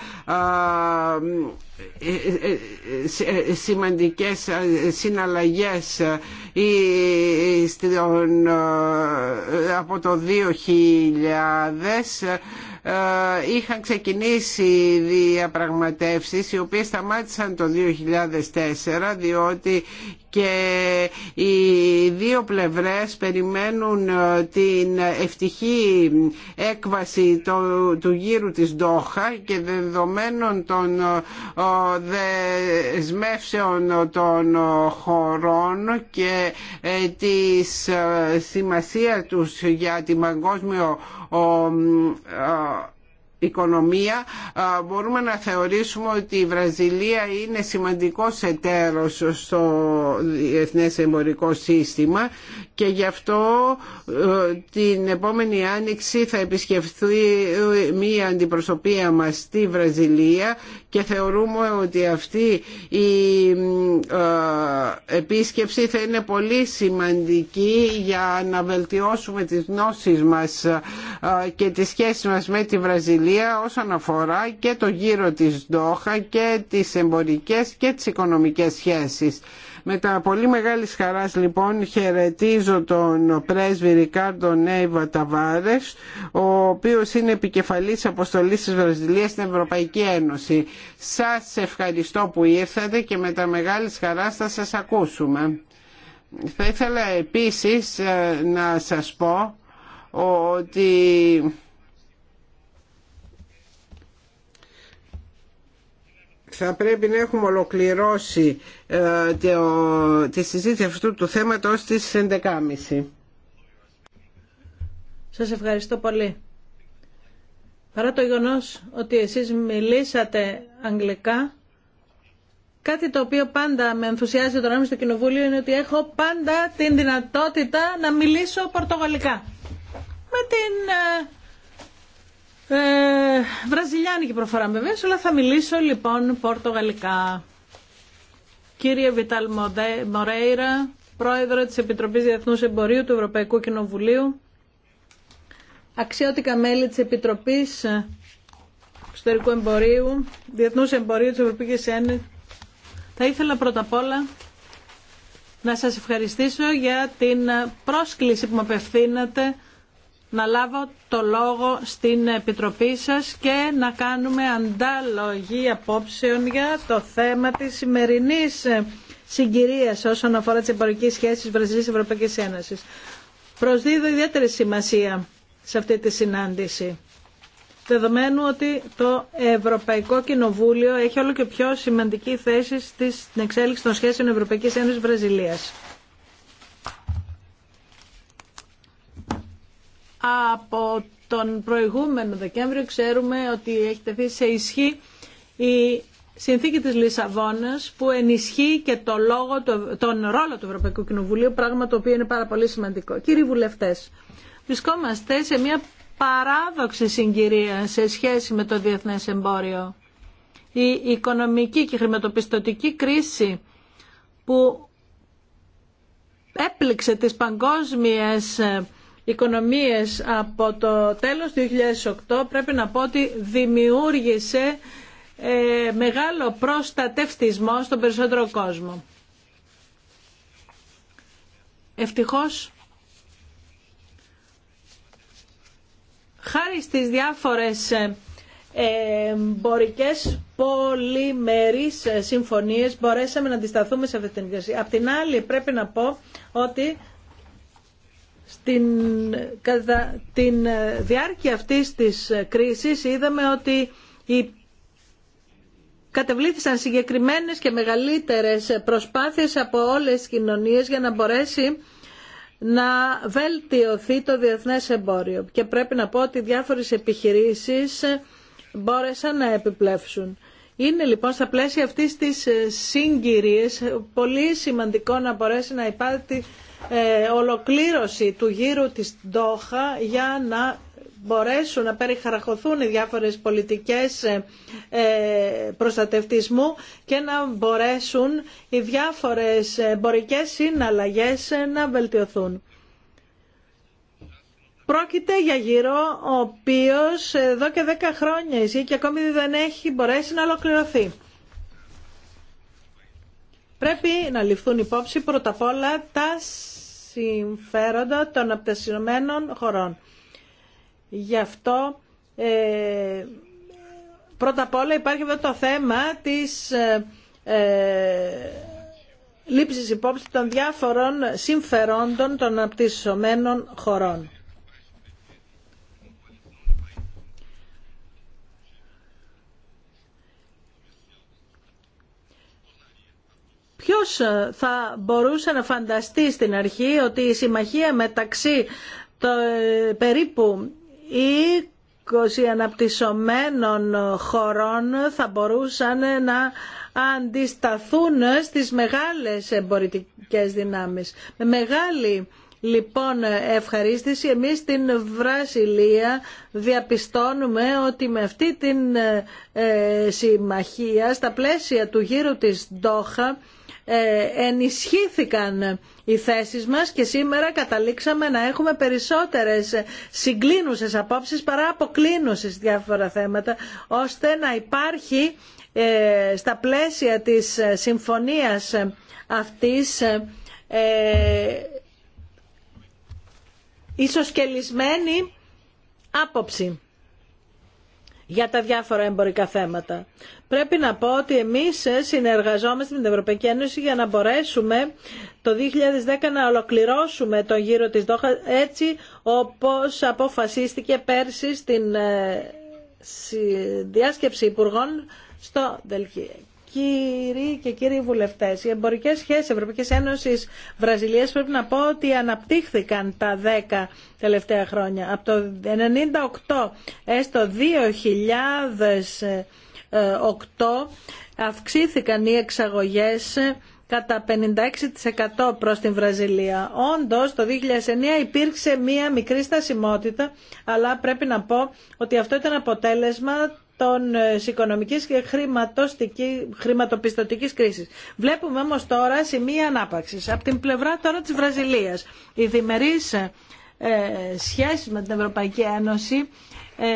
ε, ε, σημαντικές συναλλαγές ε, από το 2000 ε, είχαν ξεκινήσει διαπραγματεύσεις οι οποίες σταμάτησαν το 2004 διότι και οι δύο πλευρές περιμένουν ε, την ευτυχή έκβαση του γύρου της Ντόχα και δεδομένων των δεσμεύσεων των χωρών και ε, της ε, σημασία του για την παγκόσμιο ε, οικονομία μπορούμε να θεωρήσουμε ότι η Βραζιλία είναι σημαντικός εταίρος στο διεθνές εμπορικό σύστημα και γι' αυτό την επόμενη άνοιξη θα επισκεφθεί μία αντιπροσωπεία μας στη Βραζιλία και θεωρούμε ότι αυτή η ε, επίσκεψη θα είναι πολύ σημαντική για να βελτιώσουμε τις γνώσεις μας ε, και τις σχέσεις μας με τη Βραζιλία όσον αφορά και το γύρο της Ντόχα και τις εμπορικές και τις οικονομικές σχέσεις. Με τα πολύ μεγάλης χαράς λοιπόν χαιρετίζω τον πρέσβη Ρικάρντο Νέιβα Ταβάρες ο οποίος είναι επικεφαλής αποστολής της Βραζιλίας στην Ευρωπαϊκή Ένωση. Σας ευχαριστώ που ήρθατε και με τα μεγάλης χαράς θα σας ακούσουμε. Θα ήθελα επίσης ε, να σας πω ότι θα πρέπει να έχουμε ολοκληρώσει ε, τη συζήτηση αυτού του θέματος στι 11.30. Σας ευχαριστώ πολύ. Παρά το γεγονό ότι εσείς μιλήσατε αγγλικά, κάτι το οποίο πάντα με ενθουσιάζει όταν είμαι στο κοινοβούλιο είναι ότι έχω πάντα την δυνατότητα να μιλήσω πορτογαλικά. Με την ε, ε, βραζιλιάνικη προφορά με βέβαια, αλλά θα μιλήσω λοιπόν πορτογαλικά. Κύριε Βιτάλ Μορέιρα, πρόεδρο της Επιτροπής Διεθνούς Εμπορίου του Ευρωπαϊκού Κοινοβουλίου, αξιότικα μέλη της Επιτροπής Εξωτερικού Εμπορίου, Διεθνούς Εμπορίου της Ευρωπαϊκής Ένωσης, θα ήθελα πρώτα απ' όλα να σας ευχαριστήσω για την πρόσκληση που με απευθύνατε να λάβω το λόγο στην Επιτροπή σας και να κάνουμε αντάλογη απόψεων για το θέμα της σημερινής συγκυρίας όσον αφορά τις εμπορικές σχέσεις Βραζιλίας Ευρωπαϊκής Ένωσης. Προσδίδω ιδιαίτερη σημασία σε αυτή τη συνάντηση δεδομένου ότι το Ευρωπαϊκό Κοινοβούλιο έχει όλο και πιο σημαντική θέση στην εξέλιξη των σχέσεων Ευρωπαϊκής Ένωσης Βραζιλίας. από τον προηγούμενο Δεκέμβριο ξέρουμε ότι έχει τεθεί σε ισχύ η συνθήκη της Λισαβόνας που ενισχύει και το λόγο, τον ρόλο του Ευρωπαϊκού Κοινοβουλίου, πράγμα το οποίο είναι πάρα πολύ σημαντικό. Κύριοι βουλευτές, βρισκόμαστε σε μια παράδοξη συγκυρία σε σχέση με το διεθνές εμπόριο. Η οικονομική και χρηματοπιστωτική κρίση που έπληξε τις παγκόσμιες οικονομίες από το τέλος του 2008 πρέπει να πω ότι δημιούργησε ε, μεγάλο προστατευτισμό στον περισσότερο κόσμο. Ευτυχώς, χάρη στις διάφορες ε, εμπορικές πολυμερείς συμφωνίες μπορέσαμε να αντισταθούμε σε αυτή την διαδικασία. Απ' την άλλη πρέπει να πω ότι στην, κατά την ε, διάρκεια αυτής της ε, κρίσης είδαμε ότι οι κατεβλήθησαν συγκεκριμένες και μεγαλύτερες προσπάθειες από όλες τις κοινωνίες για να μπορέσει να βελτιωθεί το διεθνές εμπόριο. Και πρέπει να πω ότι διάφορες επιχειρήσεις μπόρεσαν να επιπλέψουν. Είναι λοιπόν στα πλαίσια αυτής της ε, συγκυρίας πολύ σημαντικό να μπορέσει να υπάρχει ε, ολοκλήρωση του γύρου της Ντόχα για να μπορέσουν να περιχαραχωθούν οι διάφορες πολιτικές ε, ε, προστατευτισμού και να μπορέσουν οι διάφορες εμπορικές συναλλαγές να βελτιωθούν. Πρόκειται για γύρο ο οποίος εδώ και δέκα χρόνια ισχύει και ακόμη δεν έχει μπορέσει να ολοκληρωθεί. Πρέπει να ληφθούν υπόψη πρώτα απ' όλα τα συμφέροντα των αναπτυσσομένων χωρών. Γι' αυτό ε, πρώτα απ' όλα υπάρχει εδώ το θέμα της ε, ε, λήψης υπόψη των διάφορων συμφερόντων των απτυσσομένων χωρών. Ποιος ε, θα μπορούσε να φανταστεί στην αρχή ότι η συμμαχία μεταξύ το, ε, περίπου 20 αναπτυσσομένων χωρών θα μπορούσαν να αντισταθούν στις μεγάλες εμπορικές δυνάμεις. Με μεγάλη λοιπόν ευχαρίστηση. Εμείς στην Βρασιλία διαπιστώνουμε ότι με αυτή την ε, συμμαχία στα πλαίσια του γύρου της Ντόχα ε, ενισχύθηκαν οι θέσεις μας και σήμερα καταλήξαμε να έχουμε περισσότερες συγκλίνουσες απόψεις παρά αποκλίνουσες διάφορα θέματα ώστε να υπάρχει ε, στα πλαίσια της συμφωνίας αυτής λυσμένη άποψη για τα διάφορα εμπορικά θέματα. Πρέπει να πω ότι εμείς ε, συνεργαζόμαστε με την Ευρωπαϊκή Ένωση για να μπορέσουμε το 2010 να ολοκληρώσουμε το γύρο της Δόχα έτσι όπως αποφασίστηκε πέρσι στην ε, διάσκεψη υπουργών στο Δελχείο. Κύριοι και κύριοι βουλευτές, οι εμπορικέ σχέσεις Ευρωπαϊκή Ένωσης Βραζιλία πρέπει να πω ότι αναπτύχθηκαν τα 10 τελευταία χρόνια. Από το 1998 έως το 2008 αυξήθηκαν οι εξαγωγές κατά 56% προς την Βραζιλία. Όντως το 2009 υπήρξε μία μικρή στασιμότητα, αλλά πρέπει να πω ότι αυτό ήταν αποτέλεσμα των ε, οικονομικής και χρηματοπιστωτικής κρίσης. Βλέπουμε όμως τώρα σημεία ανάπαξης. Από την πλευρά τώρα της Βραζιλίας, οι διμερείς ε, σχέσεις με την Ευρωπαϊκή Ένωση ε,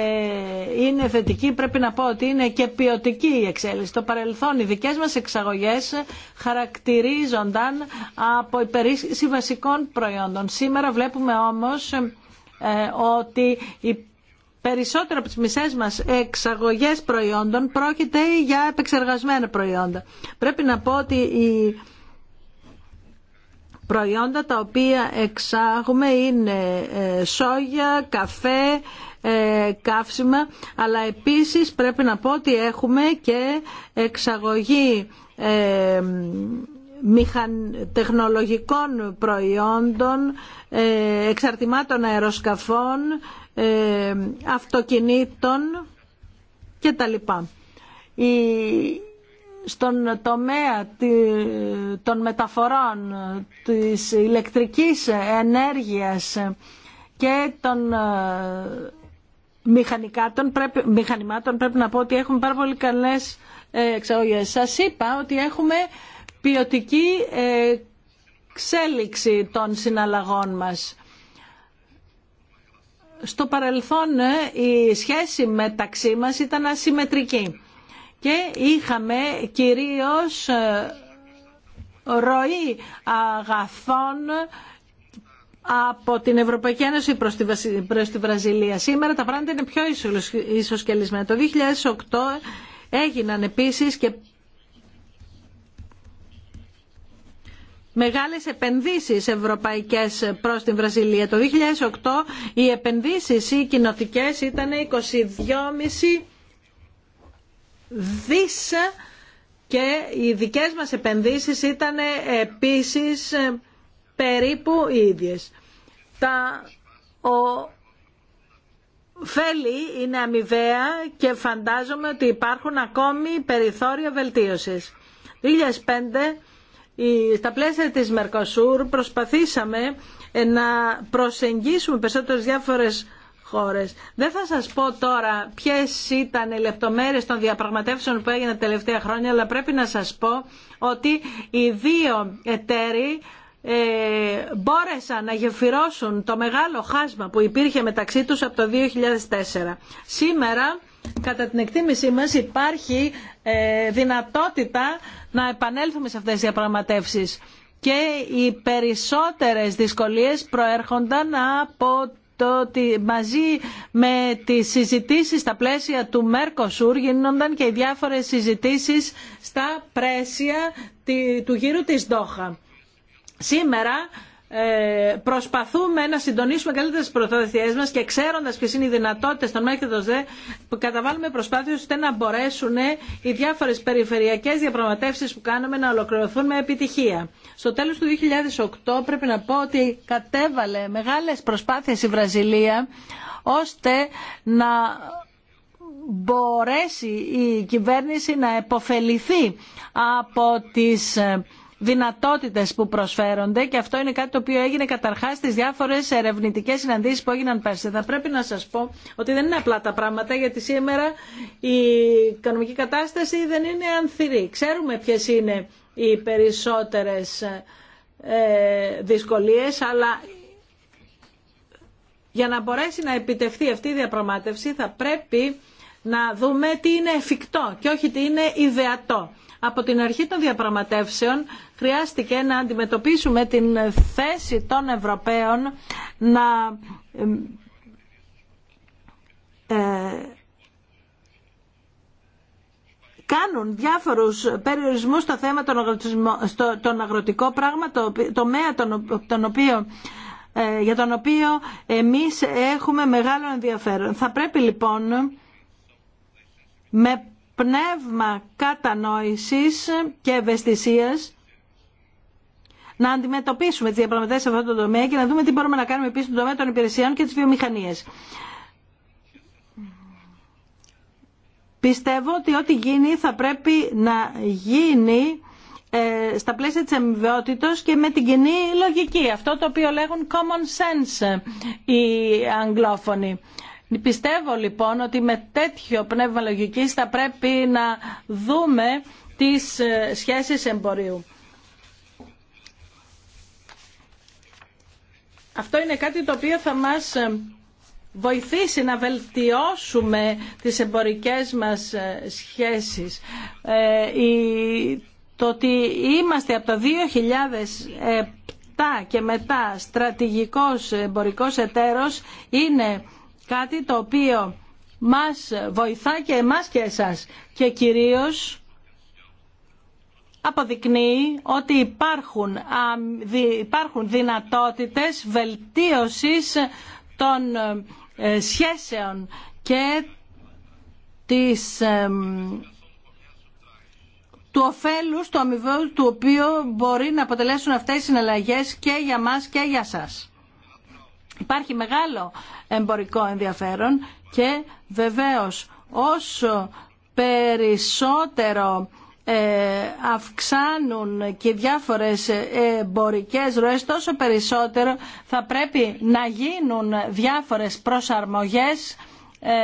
είναι θετική, πρέπει να πω ότι είναι και ποιοτική η εξέλιξη. Το παρελθόν οι δικές μας εξαγωγές χαρακτηρίζονταν από υπερίσχυση βασικών προϊόντων. Σήμερα βλέπουμε όμως ότι περισσότερο από τις μισές μας εξαγωγές προϊόντων πρόκειται για επεξεργασμένα προϊόντα. Πρέπει να πω ότι οι προϊόντα τα οποία εξάγουμε είναι ε, σόγια, καφέ, ε, καύσιμα, αλλά επίσης πρέπει να πω ότι έχουμε και εξαγωγή ε, τεχνολογικών προϊόντων, εξαρτημάτων αεροσκαφών, ε, αυτοκινήτων και τα Η, στον τομέα των μεταφορών της ηλεκτρικής ενέργειας και των ε, μηχανικάτων, πρέπει, μηχανημάτων πρέπει να πω ότι έχουμε πάρα πολύ καλές ε, εξαγωγές. Σας είπα ότι έχουμε ποιοτική ξέλιξη των συναλλαγών μας στο παρελθόν ε, η σχέση μεταξύ μας ήταν ασυμμετρική και είχαμε κυρίως ε, ροή αγαθών από την Ευρωπαϊκή Ένωση προς τη, προς Βραζιλία. Σήμερα τα πράγματα είναι πιο ισοσκελισμένα. Το 2008 έγιναν επίσης και μεγάλες επενδύσεις ευρωπαϊκές προς την Βραζιλία. Το 2008 οι επενδύσεις οι κοινοτικές ήταν 22,5 δις και οι δικές μας επενδύσεις ήταν επίσης περίπου οι ίδιες. Τα ο... Φέλη είναι αμοιβαία και φαντάζομαι ότι υπάρχουν ακόμη περιθώρια βελτίωσης. 2005 στα πλαίσια της Μερκοσούρ προσπαθήσαμε ε, να προσεγγίσουμε περισσότερες διάφορες χώρες. Δεν θα σας πω τώρα ποιες ήταν οι λεπτομέρειες των διαπραγματεύσεων που έγιναν τα τελευταία χρόνια, αλλά πρέπει να σας πω ότι οι δύο εταίροι ε, μπόρεσαν να γεφυρώσουν το μεγάλο χάσμα που υπήρχε μεταξύ τους από το 2004. Σήμερα κατά την εκτίμησή μας υπάρχει ε, δυνατότητα να επανέλθουμε σε αυτές τις διαπραγματεύσεις και οι περισσότερες δυσκολίες προέρχονταν από το ότι μαζί με τις συζητήσεις στα πλαίσια του Μέρκοσουρ γίνονταν και οι διάφορες συζητήσεις στα πρέσια του γύρου της Δόχα. Σήμερα ε, προσπαθούμε να συντονίσουμε καλύτερα τι προθέσει μα και ξέροντα ποιε είναι οι δυνατότητε των μέχρι των ΔΕ, καταβάλουμε προσπάθειε ώστε να μπορέσουν οι διάφορε περιφερειακέ διαπραγματεύσει που κάνουμε να ολοκληρωθούν με επιτυχία. Στο τέλο του 2008 πρέπει να πω ότι κατέβαλε μεγάλε προσπάθειε η Βραζιλία ώστε να μπορέσει η κυβέρνηση να επωφεληθεί από τις ε, δυνατότητες που προσφέρονται και αυτό είναι κάτι το οποίο έγινε καταρχάς στις διάφορες ερευνητικές συναντήσεις που έγιναν πέρσι. Θα πρέπει να σας πω ότι δεν είναι απλά τα πράγματα γιατί σήμερα η οικονομική κατάσταση δεν είναι ανθυρή. Ξέρουμε ποιες είναι οι περισσότερες ε, δυσκολίες αλλά για να μπορέσει να επιτευχθεί αυτή η διαπραγμάτευση θα πρέπει να δούμε τι είναι εφικτό και όχι τι είναι ιδεατό. Από την αρχή των διαπραγματεύσεων χρειάστηκε να αντιμετωπίσουμε την θέση των Ευρωπαίων να ε, κάνουν διάφορους περιορισμούς στο θέμα των αγροτικό πράγμα, το τομέα τον οποίο ε, για τον οποίο εμείς έχουμε μεγάλο ενδιαφέρον. Θα πρέπει λοιπόν με πνεύμα κατανόησης και ευαισθησίας να αντιμετωπίσουμε τι διαπραγματεύσει σε αυτό το τομέα και να δούμε τι μπορούμε να κάνουμε επίση στον τομέα των υπηρεσιών και τη βιομηχανία. Πιστεύω ότι ό,τι γίνει θα πρέπει να γίνει ε, στα πλαίσια της αμοιβαιότητας και με την κοινή λογική. Αυτό το οποίο λέγουν common sense ε, οι αγγλόφωνοι. Πιστεύω λοιπόν ότι με τέτοιο πνεύμα λογικής θα πρέπει να δούμε τις ε, σχέσεις εμπορίου. Αυτό είναι κάτι το οποίο θα μας ε, βοηθήσει να βελτιώσουμε τις εμπορικές μας ε, σχέσεις. Ε, το ότι είμαστε από το 2007 και μετά στρατηγικός εμπορικός εταίρος είναι κάτι το οποίο μας βοηθά και εμάς και εσάς και κυρίως αποδεικνύει ότι υπάρχουν, υπάρχουν δυνατότητες βελτίωσης των ε, σχέσεων και της, του ωφέλους, του αμοιβαίου του οποίου μπορεί να αποτελέσουν αυτές οι συναλλαγές και για μας και για σας. Υπάρχει μεγάλο εμπορικό ενδιαφέρον και βεβαίως όσο περισσότερο ε, αυξάνουν και διάφορες εμπορικές ροές τόσο περισσότερο θα πρέπει να γίνουν διάφορες προσαρμογές ε,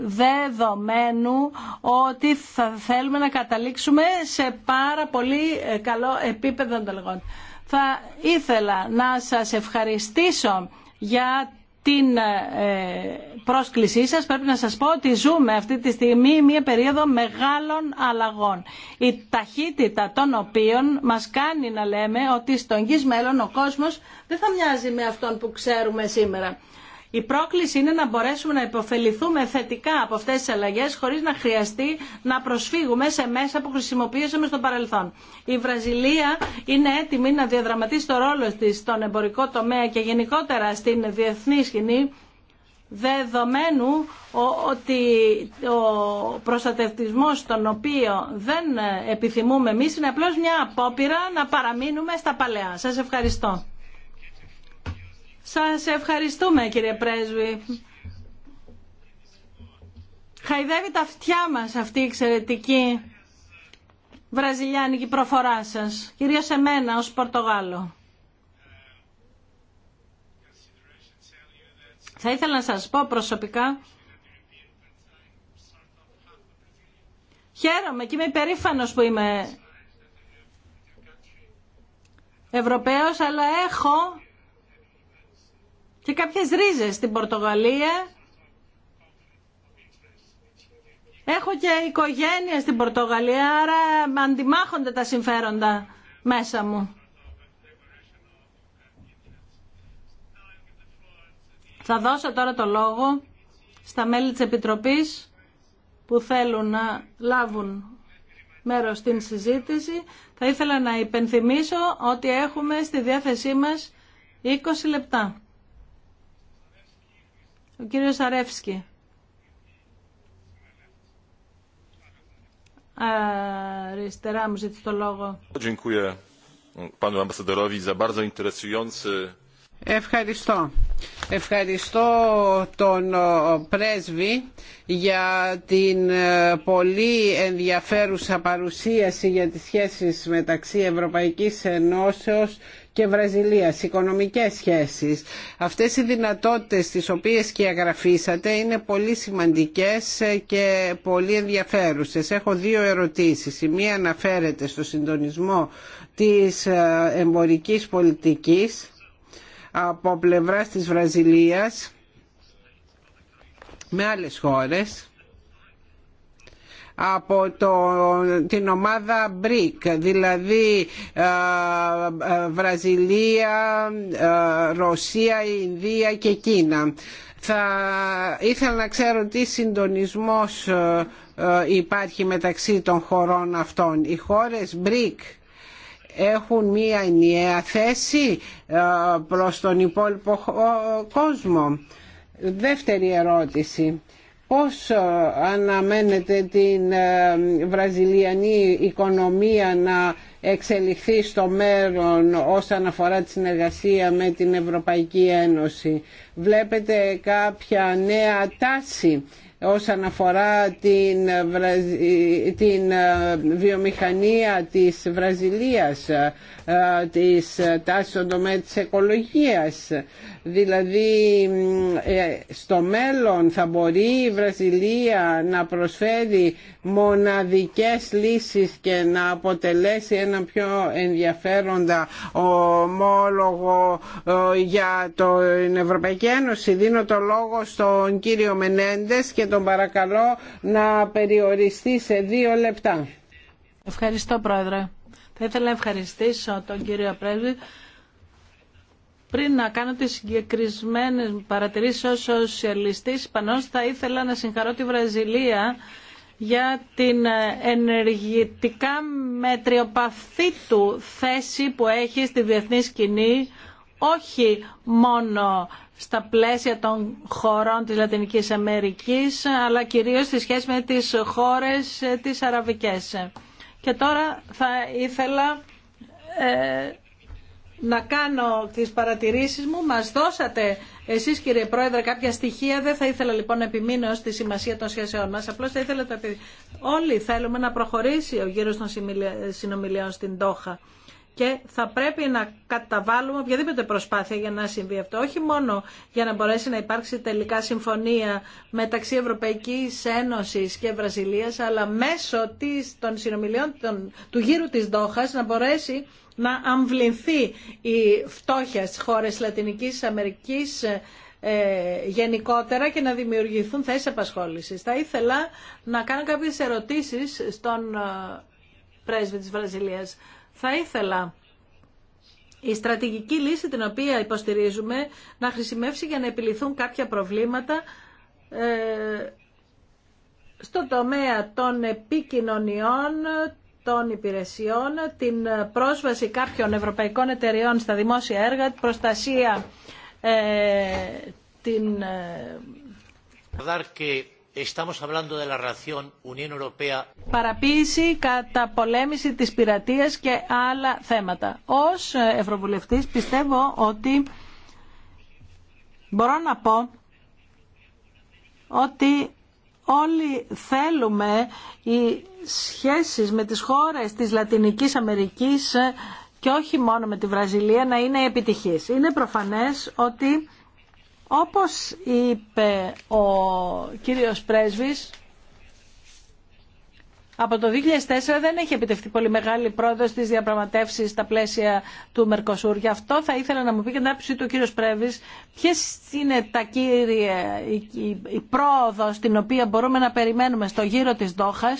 δεδομένου ότι θα θέλουμε να καταλήξουμε σε πάρα πολύ ε, καλό επίπεδο ανταλλαγών. Θα ήθελα να σας ευχαριστήσω για την ε, πρόσκλησή σας. Πρέπει να σας πω ότι ζούμε αυτή τη στιγμή μία περίοδο μεγάλων αλλαγών. Η ταχύτητα των οποίων μας κάνει να λέμε ότι στον γης μέλλον ο κόσμος δεν θα μοιάζει με αυτόν που ξέρουμε σήμερα. Η πρόκληση είναι να μπορέσουμε να υποφεληθούμε θετικά από αυτές τις αλλαγέ χωρίς να χρειαστεί να προσφύγουμε σε μέσα που χρησιμοποιήσαμε στο παρελθόν. Η Βραζιλία είναι έτοιμη να διαδραματίσει το ρόλο της στον εμπορικό τομέα και γενικότερα στην διεθνή σκηνή δεδομένου ότι ο προστατευτισμός τον οποίο δεν επιθυμούμε εμείς είναι απλώς μια απόπειρα να παραμείνουμε στα παλαιά. Σας ευχαριστώ. Σας ευχαριστούμε κύριε Πρέσβη. Χαϊδεύει τα αυτιά μας αυτή η εξαιρετική βραζιλιάνικη προφορά σας, κυρίως εμένα ως Πορτογάλο. Θα ήθελα να σας πω προσωπικά Χαίρομαι και είμαι υπερήφανος που είμαι Ευρωπαίος, αλλά έχω και κάποιες ρίζες στην Πορτογαλία. Έχω και οικογένεια στην Πορτογαλία, άρα αντιμάχονται τα συμφέροντα μέσα μου. Θα δώσω τώρα το λόγο στα μέλη της Επιτροπής που θέλουν να λάβουν μέρος στην συζήτηση. Θα ήθελα να υπενθυμίσω ότι έχουμε στη διάθεσή μας 20 λεπτά. Ο κύριος Αρεύσκη. Αριστερά μου ζήτησε το λόγο. Ευχαριστώ. Ευχαριστώ τον πρέσβη για την ε, πολύ ενδιαφέρουσα παρουσίαση για τις σχέσεις μεταξύ Ευρωπαϊκής Ενώσεως και Βραζιλίας, οικονομικές σχέσεις. Αυτές οι δυνατότητες τις οποίες και αγραφήσατε είναι πολύ σημαντικές και πολύ ενδιαφέρουσες. Έχω δύο ερωτήσεις. Η μία αναφέρεται στο συντονισμό της ε, εμπορικής πολιτικής από πλευράς της Βραζιλίας με άλλες χώρες από το, την ομάδα BRIC, δηλαδή ε, ε, Βραζιλία, ε, Ρωσία, Ινδία και Κίνα. Θα ήθελα να ξέρω τι συντονισμός υπάρχει μεταξύ των χωρών αυτών. Οι χώρες BRIC έχουν μία ενιαία θέση προς τον υπόλοιπο κόσμο. Δεύτερη ερώτηση. Πώς ε, αναμένετε την ε, βραζιλιανή οικονομία να εξελιχθεί στο μέλλον όσον αφορά τη συνεργασία με την Ευρωπαϊκή Ένωση. Βλέπετε κάποια νέα τάση όσον αφορά την, την ε, βιομηχανία της Βραζιλίας, της τάσης στον τομέα της οικολογίας. Δηλαδή ε, στο μέλλον θα μπορεί η Βραζιλία να προσφέρει μοναδικές λύσεις και να αποτελέσει ένα πιο ενδιαφέροντα ομόλογο ε, για την Ευρωπαϊκή Ένωση. Δίνω το λόγο στον κύριο Μενέντες και τον παρακαλώ να περιοριστεί σε δύο λεπτά. Ευχαριστώ Πρόεδρε. Θα ήθελα να ευχαριστήσω τον κύριο Πρέσβη πριν να κάνω τις συγκεκρισμένες παρατηρήσεις ως σοσιαλιστής, πανώς θα ήθελα να συγχαρώ τη Βραζιλία για την ενεργητικά μετριοπαθή του θέση που έχει στη διεθνή σκηνή, όχι μόνο στα πλαίσια των χωρών της Λατινικής Αμερικής, αλλά κυρίως στη σχέση με τις χώρες ε, τις αραβικές. Και τώρα θα ήθελα ε, να κάνω τις παρατηρήσεις μου. Μας δώσατε εσείς κύριε Πρόεδρε κάποια στοιχεία. Δεν θα ήθελα λοιπόν να επιμείνω στη σημασία των σχέσεών μας. Απλώς θα ήθελα να ότι Όλοι θέλουμε να προχωρήσει ο γύρος των συνομιλιών στην Τόχα. Και θα πρέπει να καταβάλουμε οποιαδήποτε προσπάθεια για να συμβεί αυτό. Όχι μόνο για να μπορέσει να υπάρξει τελικά συμφωνία μεταξύ Ευρωπαϊκής Ένωσης και Βραζιλίας, αλλά μέσω της, των συνομιλιών του γύρου της Δόχας να μπορέσει να αμβληνθεί η φτώχεια στις χώρες Λατινικής Αμερικής ε, γενικότερα και να δημιουργηθούν θέσεις απασχόλησης. Θα ήθελα να κάνω κάποιες ερωτήσεις στον ε, πρέσβη της Βραζιλίας. Θα ήθελα η στρατηγική λύση την οποία υποστηρίζουμε να χρησιμεύσει για να επιληθούν κάποια προβλήματα ε, στο τομέα των επικοινωνιών, των υπηρεσιών, την πρόσβαση κάποιων ευρωπαϊκών εταιριών στα δημόσια έργα, την προστασία ε, την... Ε, παραποίηση, πολέμηση της πειρατείας και άλλα θέματα. Ως ε, Ευρωβουλευτής πιστεύω ότι μπορώ να πω ότι όλοι θέλουμε οι σχέσεις με τις χώρες της Λατινικής Αμερικής και όχι μόνο με τη Βραζιλία να είναι επιτυχής. Είναι προφανές ότι όπως είπε ο κύριος πρέσβης από το 2004 δεν έχει επιτευχθεί πολύ μεγάλη πρόοδο στις διαπραγματεύσεις στα πλαίσια του Μερκοσούρ. Γι' αυτό θα ήθελα να μου πει και να ψήσει του κύριο Πρέβη ποιε είναι τα κύρια, η, η, πρόοδο στην οποία μπορούμε να περιμένουμε στο γύρο της Δόχα,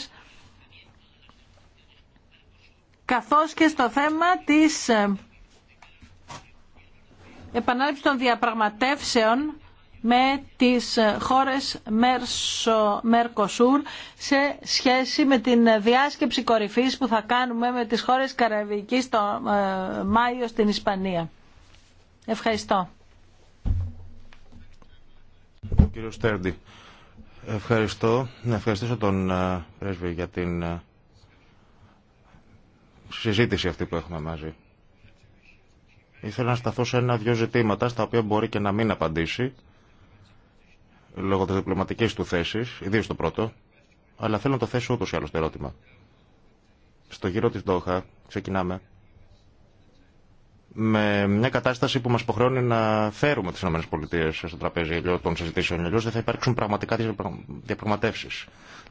καθώς και στο θέμα της ε, επανάληψης των διαπραγματεύσεων με τις χώρες Μερκοσούρ σε σχέση με την διάσκεψη κορυφής που θα κάνουμε με τις χώρες Καραβικής το ε, Μάιο στην Ισπανία. Ευχαριστώ. Κύριο Στέρντι, ευχαριστώ. Να ευχαριστήσω τον ε, πρέσβη για την ε, συζήτηση αυτή που έχουμε μαζί. Ήθελα να σταθώ σε ένα-δυο ζητήματα στα οποία μπορεί και να μην απαντήσει λόγω τη διπλωματική του θέση, ιδίω το πρώτο, αλλά θέλω να το θέσω ούτω ή άλλω το ερώτημα. Στο γύρο τη Ντόχα ξεκινάμε με μια κατάσταση που μα υποχρεώνει να φέρουμε τι ΗΠΑ στο τραπέζι αλλιώ των συζητήσεων. αλλιώ δεν θα υπάρξουν πραγματικά διαπραγματεύσει.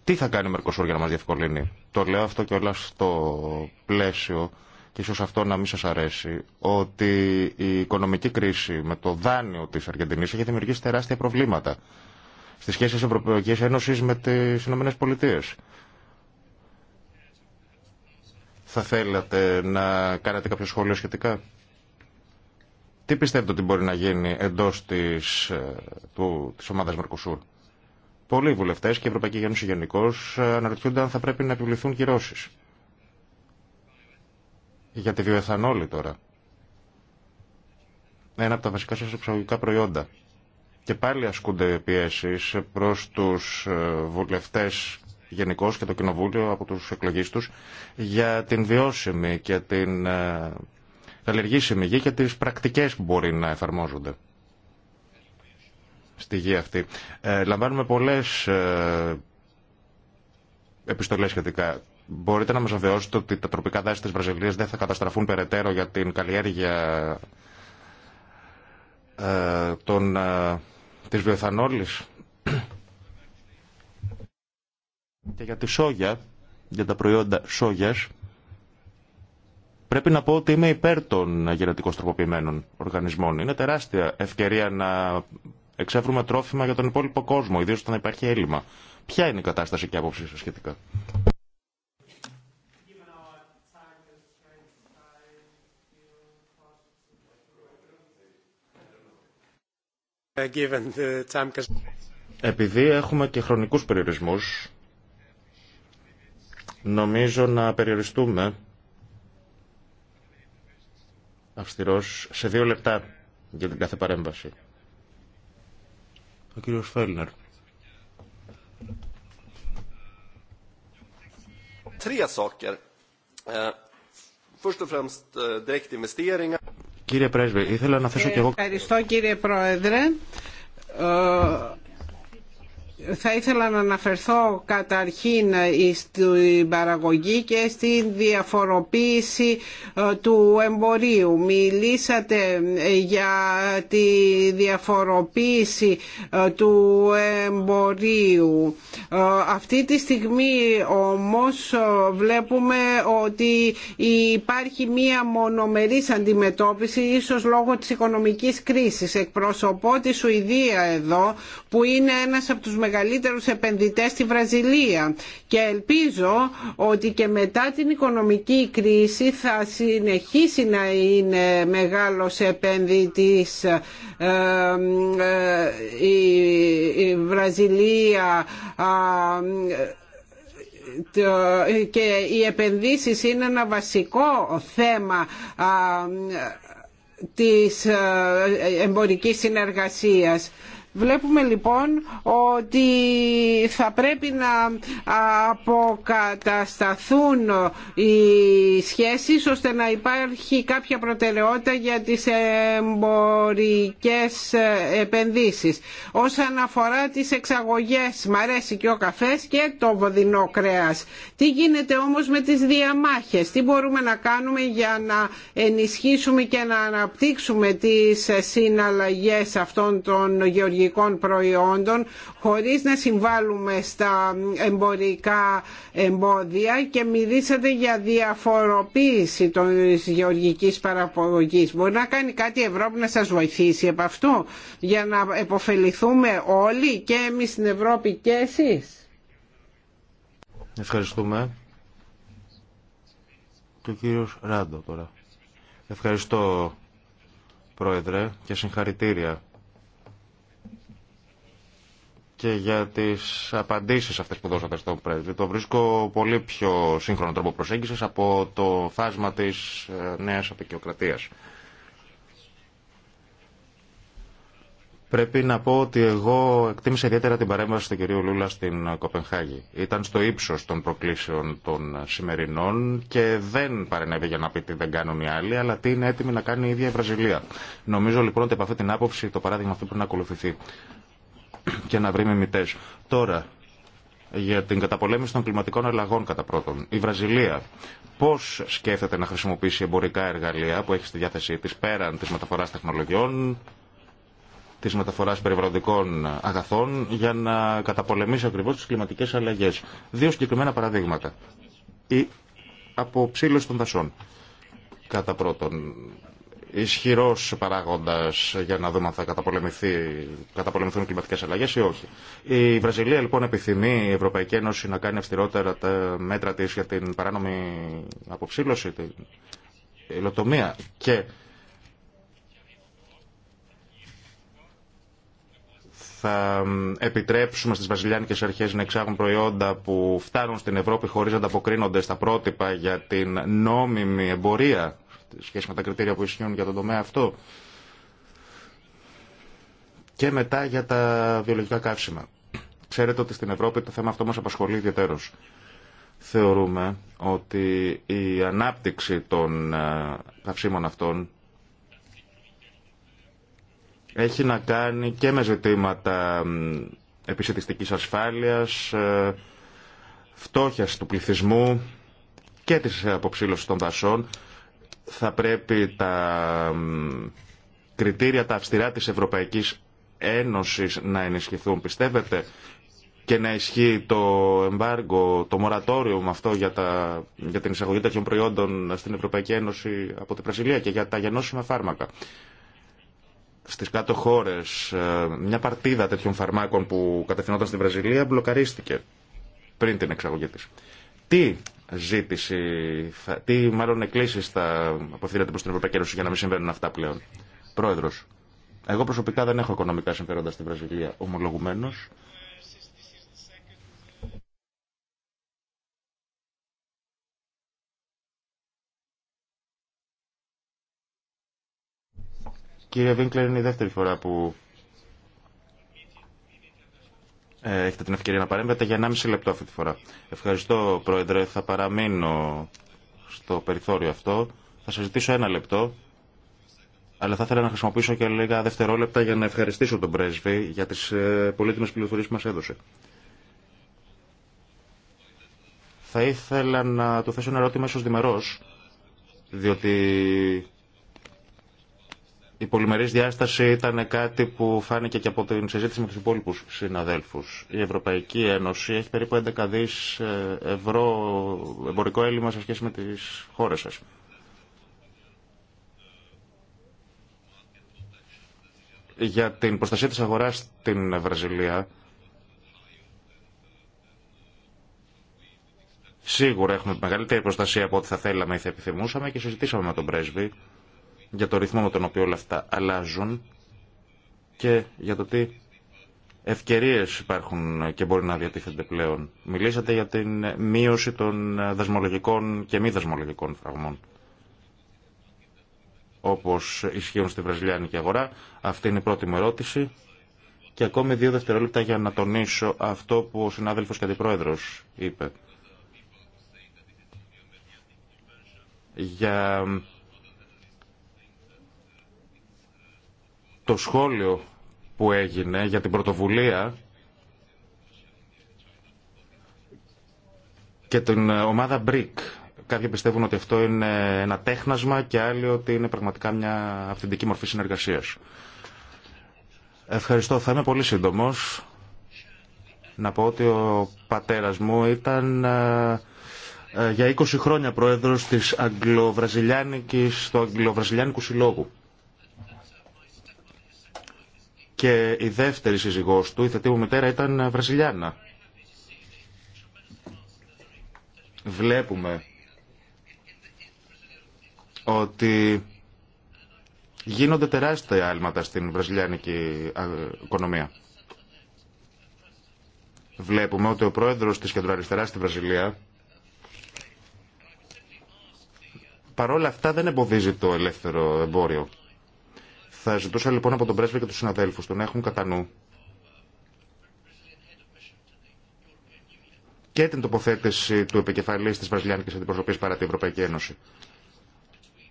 Τι θα κάνει η Μερκοσούρ για να μα διευκολύνει. Το λέω αυτό και όλα στο πλαίσιο και ίσω αυτό να μην σα αρέσει, ότι η οικονομική κρίση με το δάνειο τη Αργεντινή έχει δημιουργήσει τεράστια προβλήματα στις σχέσεις Ευρωπαϊκής Ένωσης με τις Ηνωμένες Πολιτείες. Θα θέλατε να κάνετε κάποιο σχόλιο σχετικά. Τι πιστεύετε ότι μπορεί να γίνει εντός της, ε, του, της ομάδας Μερκοσούρ. Πολλοί βουλευτές και η Ευρωπαϊκή Ένωση γενικώ ε, αναρωτιούνται αν θα πρέπει να επιβληθούν κυρώσεις. Για τη βιοεθανόλη τώρα. Ένα από τα βασικά σας εξαγωγικά προϊόντα και πάλι ασκούνται πιέσεις προς τους ε, βουλευτές γενικώ και το Κοινοβούλιο από τους εκλογείς του για την βιώσιμη και την καλλιεργήσιμη ε, γη και τις πρακτικές που μπορεί να εφαρμόζονται στη γη αυτή. Ε, λαμβάνουμε πολλές ε, επιστολές σχετικά. Μπορείτε να μας αβεβαιώσετε ότι τα τροπικά δάση της Βραζιλίας δεν θα καταστραφούν περαιτέρω για την καλλιέργεια ε, των, ε, της και για τη σόγια, για τα προϊόντα σόγιας, πρέπει να πω ότι είμαι υπέρ των γενετικώς τροποποιημένων οργανισμών. Είναι τεράστια ευκαιρία να εξεύρουμε τρόφιμα για τον υπόλοιπο κόσμο, ιδίως όταν υπάρχει έλλειμμα. Ποια είναι η κατάσταση και άποψή σας σχετικά. Uh, Επειδή έχουμε και χρονικούς περιορισμούς, νομίζω να περιοριστούμε αυστηρός σε δύο λεπτά για την κάθε παρέμβαση. Ο κύριος Φέλνερ. Τρία σόκερ. Eh, först och främst eh, direktinvesteringar. Κύριε Πρέσβη, ήθελα να θέσω και εγώ... Ε, ευχαριστώ κύριε Πρόεδρε. Ε, θα ήθελα να αναφερθώ καταρχήν στην παραγωγή και στη διαφοροποίηση ε, του εμπορίου. Μιλήσατε ε, για τη διαφοροποίηση ε, του εμπορίου. Αυτή τη στιγμή όμως βλέπουμε ότι υπάρχει μία μονομερής αντιμετώπιση ίσως λόγω της οικονομικής κρίσης. Εκπροσωπώ τη Σουηδία εδώ που είναι ένας από τους μεγαλύτερους επενδυτές στη Βραζιλία και ελπίζω ότι και μετά την οικονομική κρίση θα συνεχίσει να είναι μεγάλος επενδυτής ε, ε, η Βραζιλία και οι επενδύσεις είναι ένα βασικό θέμα της ε, εμπορικής συνεργασίας Βλέπουμε λοιπόν ότι θα πρέπει να αποκατασταθούν οι σχέσεις ώστε να υπάρχει κάποια προτεραιότητα για τις εμπορικές επενδύσεις. Όσον αφορά τις εξαγωγές, μ' αρέσει και ο καφές και το βοδινό κρέας. Τι γίνεται όμως με τις διαμάχες, τι μπορούμε να κάνουμε για να ενισχύσουμε και να αναπτύξουμε τις συναλλαγές αυτών των γεωργικών γεωργικών προϊόντων χωρίς να συμβάλλουμε στα εμπορικά εμπόδια και μιλήσατε για διαφοροποίηση των γεωργικής παραγωγής. Μπορεί να κάνει κάτι η Ευρώπη να σας βοηθήσει από αυτό για να επωφεληθούμε όλοι και εμείς στην Ευρώπη και εσείς. Ευχαριστούμε. Και κύριος Ράντο τώρα. Ευχαριστώ Πρόεδρε και συγχαρητήρια και για τι απαντήσει αυτέ που δώσατε στον πρέσβη. Το βρίσκω πολύ πιο σύγχρονο τρόπο προσέγγιση από το φάσμα της ε, νέα απεικιοκρατία. Πρέπει να πω ότι εγώ εκτίμησα ιδιαίτερα την παρέμβαση του κυρίου Λούλα στην Κοπενχάγη. Ήταν στο ύψο των προκλήσεων των σημερινών και δεν παρενέβη για να πει τι δεν κάνουν οι άλλοι, αλλά τι είναι έτοιμη να κάνει η ίδια η Βραζιλία. Νομίζω λοιπόν ότι από αυτή την άποψη το παράδειγμα αυτό πρέπει να ακολουθηθεί και να βρει μιμητέ. Τώρα, για την καταπολέμηση των κλιματικών αλλαγών κατά πρώτον. Η Βραζιλία πώ σκέφτεται να χρησιμοποιήσει εμπορικά εργαλεία που έχει στη διάθεσή τη πέραν τη μεταφορά τεχνολογιών, τη μεταφορά περιβαλλοντικών αγαθών για να καταπολεμήσει ακριβώ τι κλιματικέ αλλαγέ. Δύο συγκεκριμένα παραδείγματα. Η αποψήλωση των δασών. Κατά πρώτον, ισχυρό παράγοντα για να δούμε αν θα καταπολεμηθούν κλιματικέ αλλαγέ ή όχι. Η Βραζιλία λοιπόν επιθυμεί η Ευρωπαϊκή Ένωση να κάνει αυστηρότερα τα μέτρα τη για την παράνομη αποψήλωση, την υλοτομία και θα επιτρέψουμε στις βραζιλιάνικες αρχές να εξάγουν προϊόντα που φτάνουν στην Ευρώπη χωρίς να ανταποκρίνονται στα πρότυπα για την νόμιμη εμπορία σχέση με τα κριτήρια που ισχύουν για τον τομέα αυτό. Και μετά για τα βιολογικά καύσιμα. Ξέρετε ότι στην Ευρώπη το θέμα αυτό μας απασχολεί ιδιαίτερως. Θεωρούμε ότι η ανάπτυξη των ε, καυσίμων αυτών έχει να κάνει και με ζητήματα επισητιστικής ασφάλειας, ε, φτώχειας του πληθυσμού και της αποψήλωσης των δασών θα πρέπει τα κριτήρια τα αυστηρά της Ευρωπαϊκής Ένωσης να ενισχυθούν, πιστεύετε, και να ισχύει το εμπάργκο, το μορατόριο με αυτό για, τα, για την εισαγωγή τέτοιων προϊόντων στην Ευρωπαϊκή Ένωση από την Βραζιλία και για τα γενώσιμα φάρμακα. Στις κάτω χώρες ε, μια παρτίδα τέτοιων φαρμάκων που κατευθυνόταν στην Βραζιλία μπλοκαρίστηκε πριν την εξαγωγή της τι ζήτηση, τι μάλλον εκκλήσεις θα αποφύγετε προ την Ευρωπαϊκή Ένωση για να μην συμβαίνουν αυτά πλέον. Πρόεδρος, εγώ προσωπικά δεν έχω οικονομικά συμφέροντα στην Βραζιλία, Ομολογουμένω. Κύριε Βίνκλερ, είναι η δεύτερη φορά που ε, έχετε την ευκαιρία να παρέμβετε για 1,5 λεπτό αυτή τη φορά. Ευχαριστώ, Πρόεδρε. Θα παραμείνω στο περιθώριο αυτό. Θα σα ζητήσω ένα λεπτό, αλλά θα ήθελα να χρησιμοποιήσω και λίγα δευτερόλεπτα για να ευχαριστήσω τον πρέσβη για τις ε, πολύτιμε πληροφορίε που μας έδωσε. Θα ήθελα να του θέσω ένα ερώτημα ίσω διμερό, διότι η πολυμερής διάσταση ήταν κάτι που φάνηκε και από την συζήτηση με του υπόλοιπου συναδέλφου. Η Ευρωπαϊκή Ένωση έχει περίπου 11 δι ε, ευρώ εμπορικό έλλειμμα σε σχέση με τις χώρες σα. Για την προστασία της αγοράς στην Βραζιλία, σίγουρα έχουμε μεγαλύτερη προστασία από ό,τι θα θέλαμε ή θα επιθυμούσαμε και συζητήσαμε με τον πρέσβη για το ρυθμό με τον οποίο όλα αυτά αλλάζουν και για το τι ευκαιρίες υπάρχουν και μπορεί να διατίθενται πλέον. Μιλήσατε για την μείωση των δασμολογικών και μη δασμολογικών φραγμών όπως ισχύουν στη βραζιλιάνικη αγορά. Αυτή είναι η πρώτη μου ερώτηση. Και ακόμη δύο δευτερόλεπτα για να τονίσω αυτό που ο συνάδελφος και αντιπρόεδρος είπε. Για το σχόλιο που έγινε για την πρωτοβουλία και την ομάδα BRIC. Κάποιοι πιστεύουν ότι αυτό είναι ένα τέχνασμα και άλλοι ότι είναι πραγματικά μια αυθεντική μορφή συνεργασίας. Ευχαριστώ. Θα είμαι πολύ σύντομος. Να πω ότι ο πατέρας μου ήταν για 20 χρόνια πρόεδρος της Αγγλοβραζιλιάνικης, του Αγγλοβραζιλιάνικου Συλλόγου και η δεύτερη σύζυγός του, η θετή μου μητέρα, ήταν Βραζιλιάνα. Βλέπουμε ότι γίνονται τεράστια άλματα στην βραζιλιάνικη οικονομία. Βλέπουμε ότι ο πρόεδρος της κεντροαριστεράς στη Βραζιλία παρόλα αυτά δεν εμποδίζει το ελεύθερο εμπόριο. Θα ζητούσα λοιπόν από τον πρέσβη και τους συναδέλφους του να έχουν κατά νου και την τοποθέτηση του επικεφαλής της Βραζιλιάνικης Αντιπροσωπής παρά την Ευρωπαϊκή Ένωση.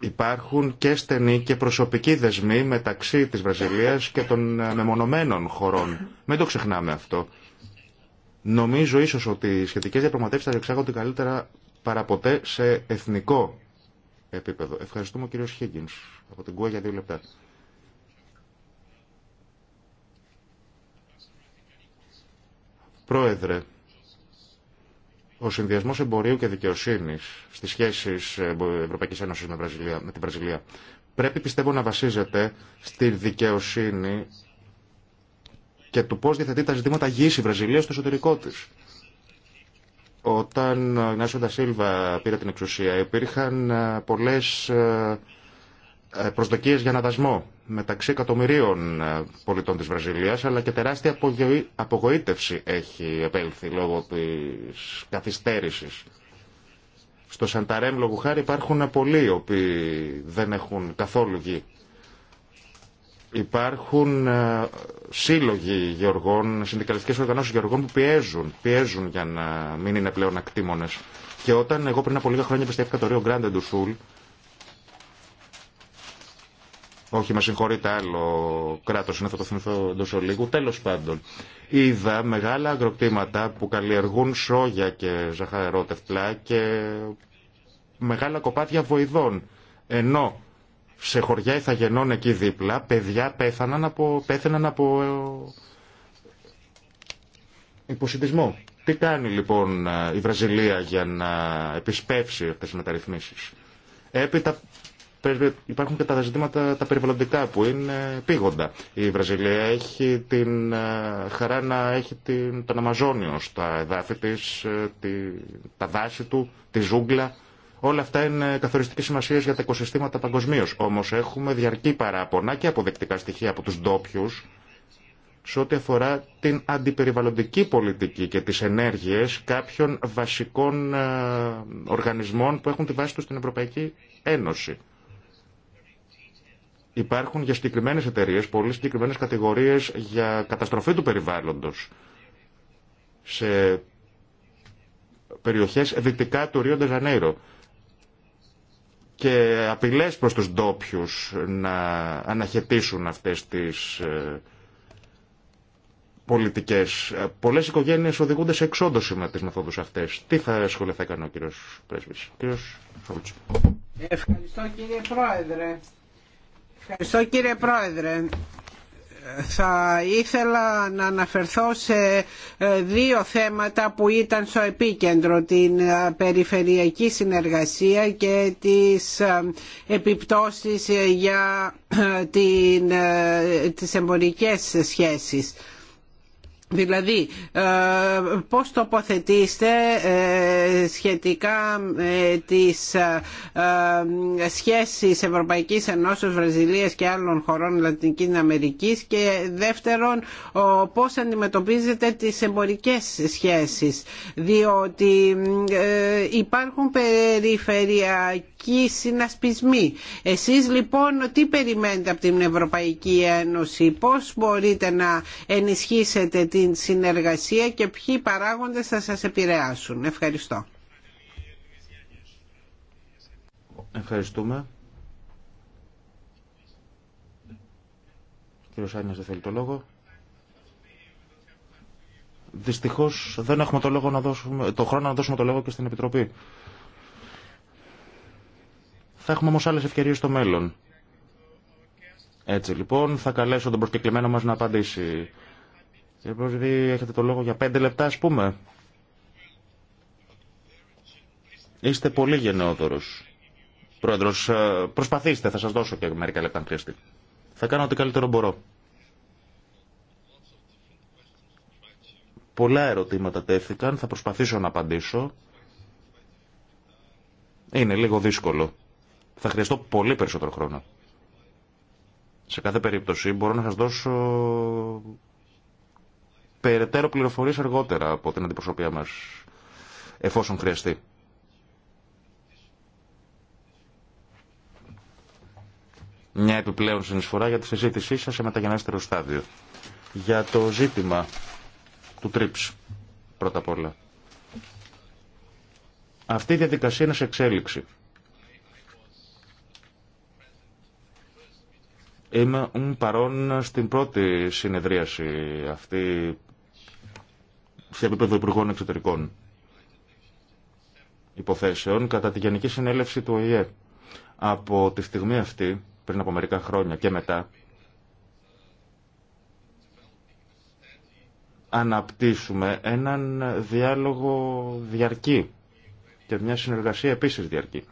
Υπάρχουν και στενοί και προσωπικοί δεσμοί μεταξύ της Βραζιλίας και των ε, μεμονωμένων χωρών. Μην το ξεχνάμε αυτό. Νομίζω ίσως ότι οι σχετικές διαπραγματεύσεις θα διεξάγονται καλύτερα παρά ποτέ σε εθνικό επίπεδο. Ευχαριστούμε ο κύριος Higgins από την ΚΟΕ για δύο λεπτά. Πρόεδρε, ο συνδυασμό εμπορίου και δικαιοσύνη στι σχέσει Ευρωπαϊκή Ένωση με, με την Βραζιλία πρέπει πιστεύω να βασίζεται στη δικαιοσύνη και του πώ διαθετεί τα ζητήματα γη η Βραζιλία στο εσωτερικό τη. Όταν ο Νάσο Ντασίλβα πήρε την εξουσία, υπήρχαν ε, πολλέ ε, ε, προσδοκίες για αναδασμό μεταξύ εκατομμυρίων ε, πολιτών της Βραζιλίας, αλλά και τεράστια απογοήτευση έχει επέλθει λόγω της καθυστέρησης. Στο Σανταρέμ, λόγου χάρη, υπάρχουν πολλοί οι οποίοι δεν έχουν καθόλου γη. Υπάρχουν ε, σύλλογοι γεωργών, συνδικαλιστικές οργανώσεις γεωργών που πιέζουν, πιέζουν για να μην είναι πλέον ακτήμονες. Και όταν εγώ πριν από λίγα χρόνια πιστεύτηκα το Ρίο Γκράντε του Σουλ, όχι, με συγχωρείτε, άλλο κράτο είναι, θα το θυμηθώ εντό ολίγου. Τέλο πάντων, είδα μεγάλα αγροκτήματα που καλλιεργούν σόγια και ζαχαρότευτλα και μεγάλα κοπάτια βοηδών. Ενώ σε χωριά ηθαγενών εκεί δίπλα, παιδιά πέθαναν από, πέθαναν από ε, υποσυντισμό. Τι κάνει λοιπόν ε, η Βραζιλία για να επισπεύσει αυτές τις μεταρρυθμίσεις. Έπειτα υπάρχουν και τα ζητήματα τα περιβαλλοντικά που είναι πήγοντα. Η Βραζιλία έχει την ε, χαρά να έχει την, τον Αμαζόνιο στα εδάφη της, ε, τη, τα δάση του, τη ζούγκλα. Όλα αυτά είναι καθοριστική σημασία για τα οικοσυστήματα παγκοσμίω. Όμω έχουμε διαρκή παράπονα και αποδεκτικά στοιχεία από του ντόπιου σε ό,τι αφορά την αντιπεριβαλλοντική πολιτική και τις ενέργειες κάποιων βασικών ε, οργανισμών που έχουν τη βάση τους στην Ευρωπαϊκή Ένωση υπάρχουν για συγκεκριμένες εταιρείε, πολύ συγκεκριμένες κατηγορίες για καταστροφή του περιβάλλοντος σε περιοχές δυτικά του Ρίο Ντεζανέιρο και απειλές προς τους ντόπιου να αναχαιτήσουν αυτές τις ε, πολιτικές. Ε, Πολλέ οικογένειε οδηγούνται σε εξόντωση με τι μεθόδους αυτές. Τι θα ασχοληθεί θα ο κύριο Πρέσβης. Ευχαριστώ κύριε Πρόεδρε. Ευχαριστώ κύριε Πρόεδρε. Θα ήθελα να αναφερθώ σε ε, δύο θέματα που ήταν στο επίκεντρο, την ε, περιφερειακή συνεργασία και τις ε, επιπτώσεις για την, τις εμπορικές σχέσεις. Δηλαδή, ε, πώς τοποθετήσετε ε, σχετικά με τις ε, σχέσεις Ευρωπαϊκής Ενώσεως Βραζιλίας και άλλων χωρών Λατινικής Αμερικής και δεύτερον, πώς αντιμετωπίζετε τις εμπορικές σχέσεις, διότι υπάρχουν περιφερειακές ευρωπαϊκοί συνασπισμοί. Εσείς λοιπόν τι περιμένετε από την Ευρωπαϊκή Ένωση, πώς μπορείτε να ενισχύσετε την συνεργασία και ποιοι παράγοντες θα σας επηρεάσουν. Ευχαριστώ. Ευχαριστούμε. κύριος Άνιας δεν θέλει το λόγο. Δυστυχώς δεν έχουμε το, λόγο να δώσουμε, το χρόνο να δώσουμε το λόγο και στην Επιτροπή. Θα έχουμε όμω άλλε ευκαιρίε στο μέλλον. Έτσι λοιπόν, θα καλέσω τον προσκεκλημένο μα να απαντήσει. Κύριε Πρόεδρε, έχετε το λόγο για πέντε λεπτά, α πούμε. Είστε πολύ γενναιόδωρο. Πρόεδρο, ε, προσπαθήστε, θα σα δώσω και μερικά λεπτά αν χρειαστεί. Θα κάνω ό,τι καλύτερο μπορώ. Πολλά ερωτήματα τέθηκαν, θα προσπαθήσω να απαντήσω. Είναι λίγο δύσκολο θα χρειαστώ πολύ περισσότερο χρόνο. Σε κάθε περίπτωση μπορώ να σας δώσω περαιτέρω πληροφορίες αργότερα από την αντιπροσωπεία μας, εφόσον χρειαστεί. Μια επιπλέον συνεισφορά για τη συζήτησή σας σε μεταγενέστερο στάδιο. Για το ζήτημα του TRIPS, πρώτα απ' όλα. Αυτή η διαδικασία είναι σε εξέλιξη. Είμαι παρόν στην πρώτη συνεδρίαση αυτή σε επίπεδο Υπουργών Εξωτερικών Υποθέσεων κατά τη Γενική Συνέλευση του ΟΗΕ. Από τη στιγμή αυτή, πριν από μερικά χρόνια και μετά, αναπτύσσουμε έναν διάλογο διαρκή και μια συνεργασία επίσης διαρκή.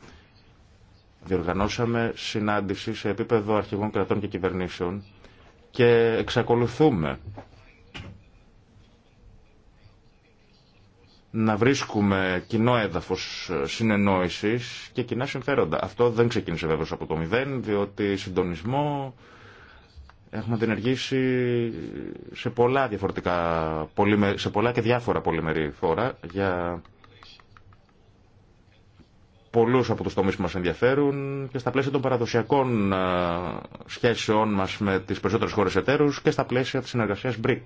Διοργανώσαμε συνάντηση σε επίπεδο αρχηγών κρατών και κυβερνήσεων και εξακολουθούμε να βρίσκουμε κοινό έδαφος συνεννόησης και κοινά συμφέροντα. Αυτό δεν ξεκίνησε βέβαια από το μηδέν, διότι συντονισμό έχουμε διενεργήσει σε πολλά, διαφορετικά, σε πολλά και διάφορα πολυμερή φόρα για Πολλού από του τομεί που μα ενδιαφέρουν και στα πλαίσια των παραδοσιακών ε, σχέσεών μα με τις περισσότερες χώρες εταίρου και στα πλαίσια της συνεργασία BRIC.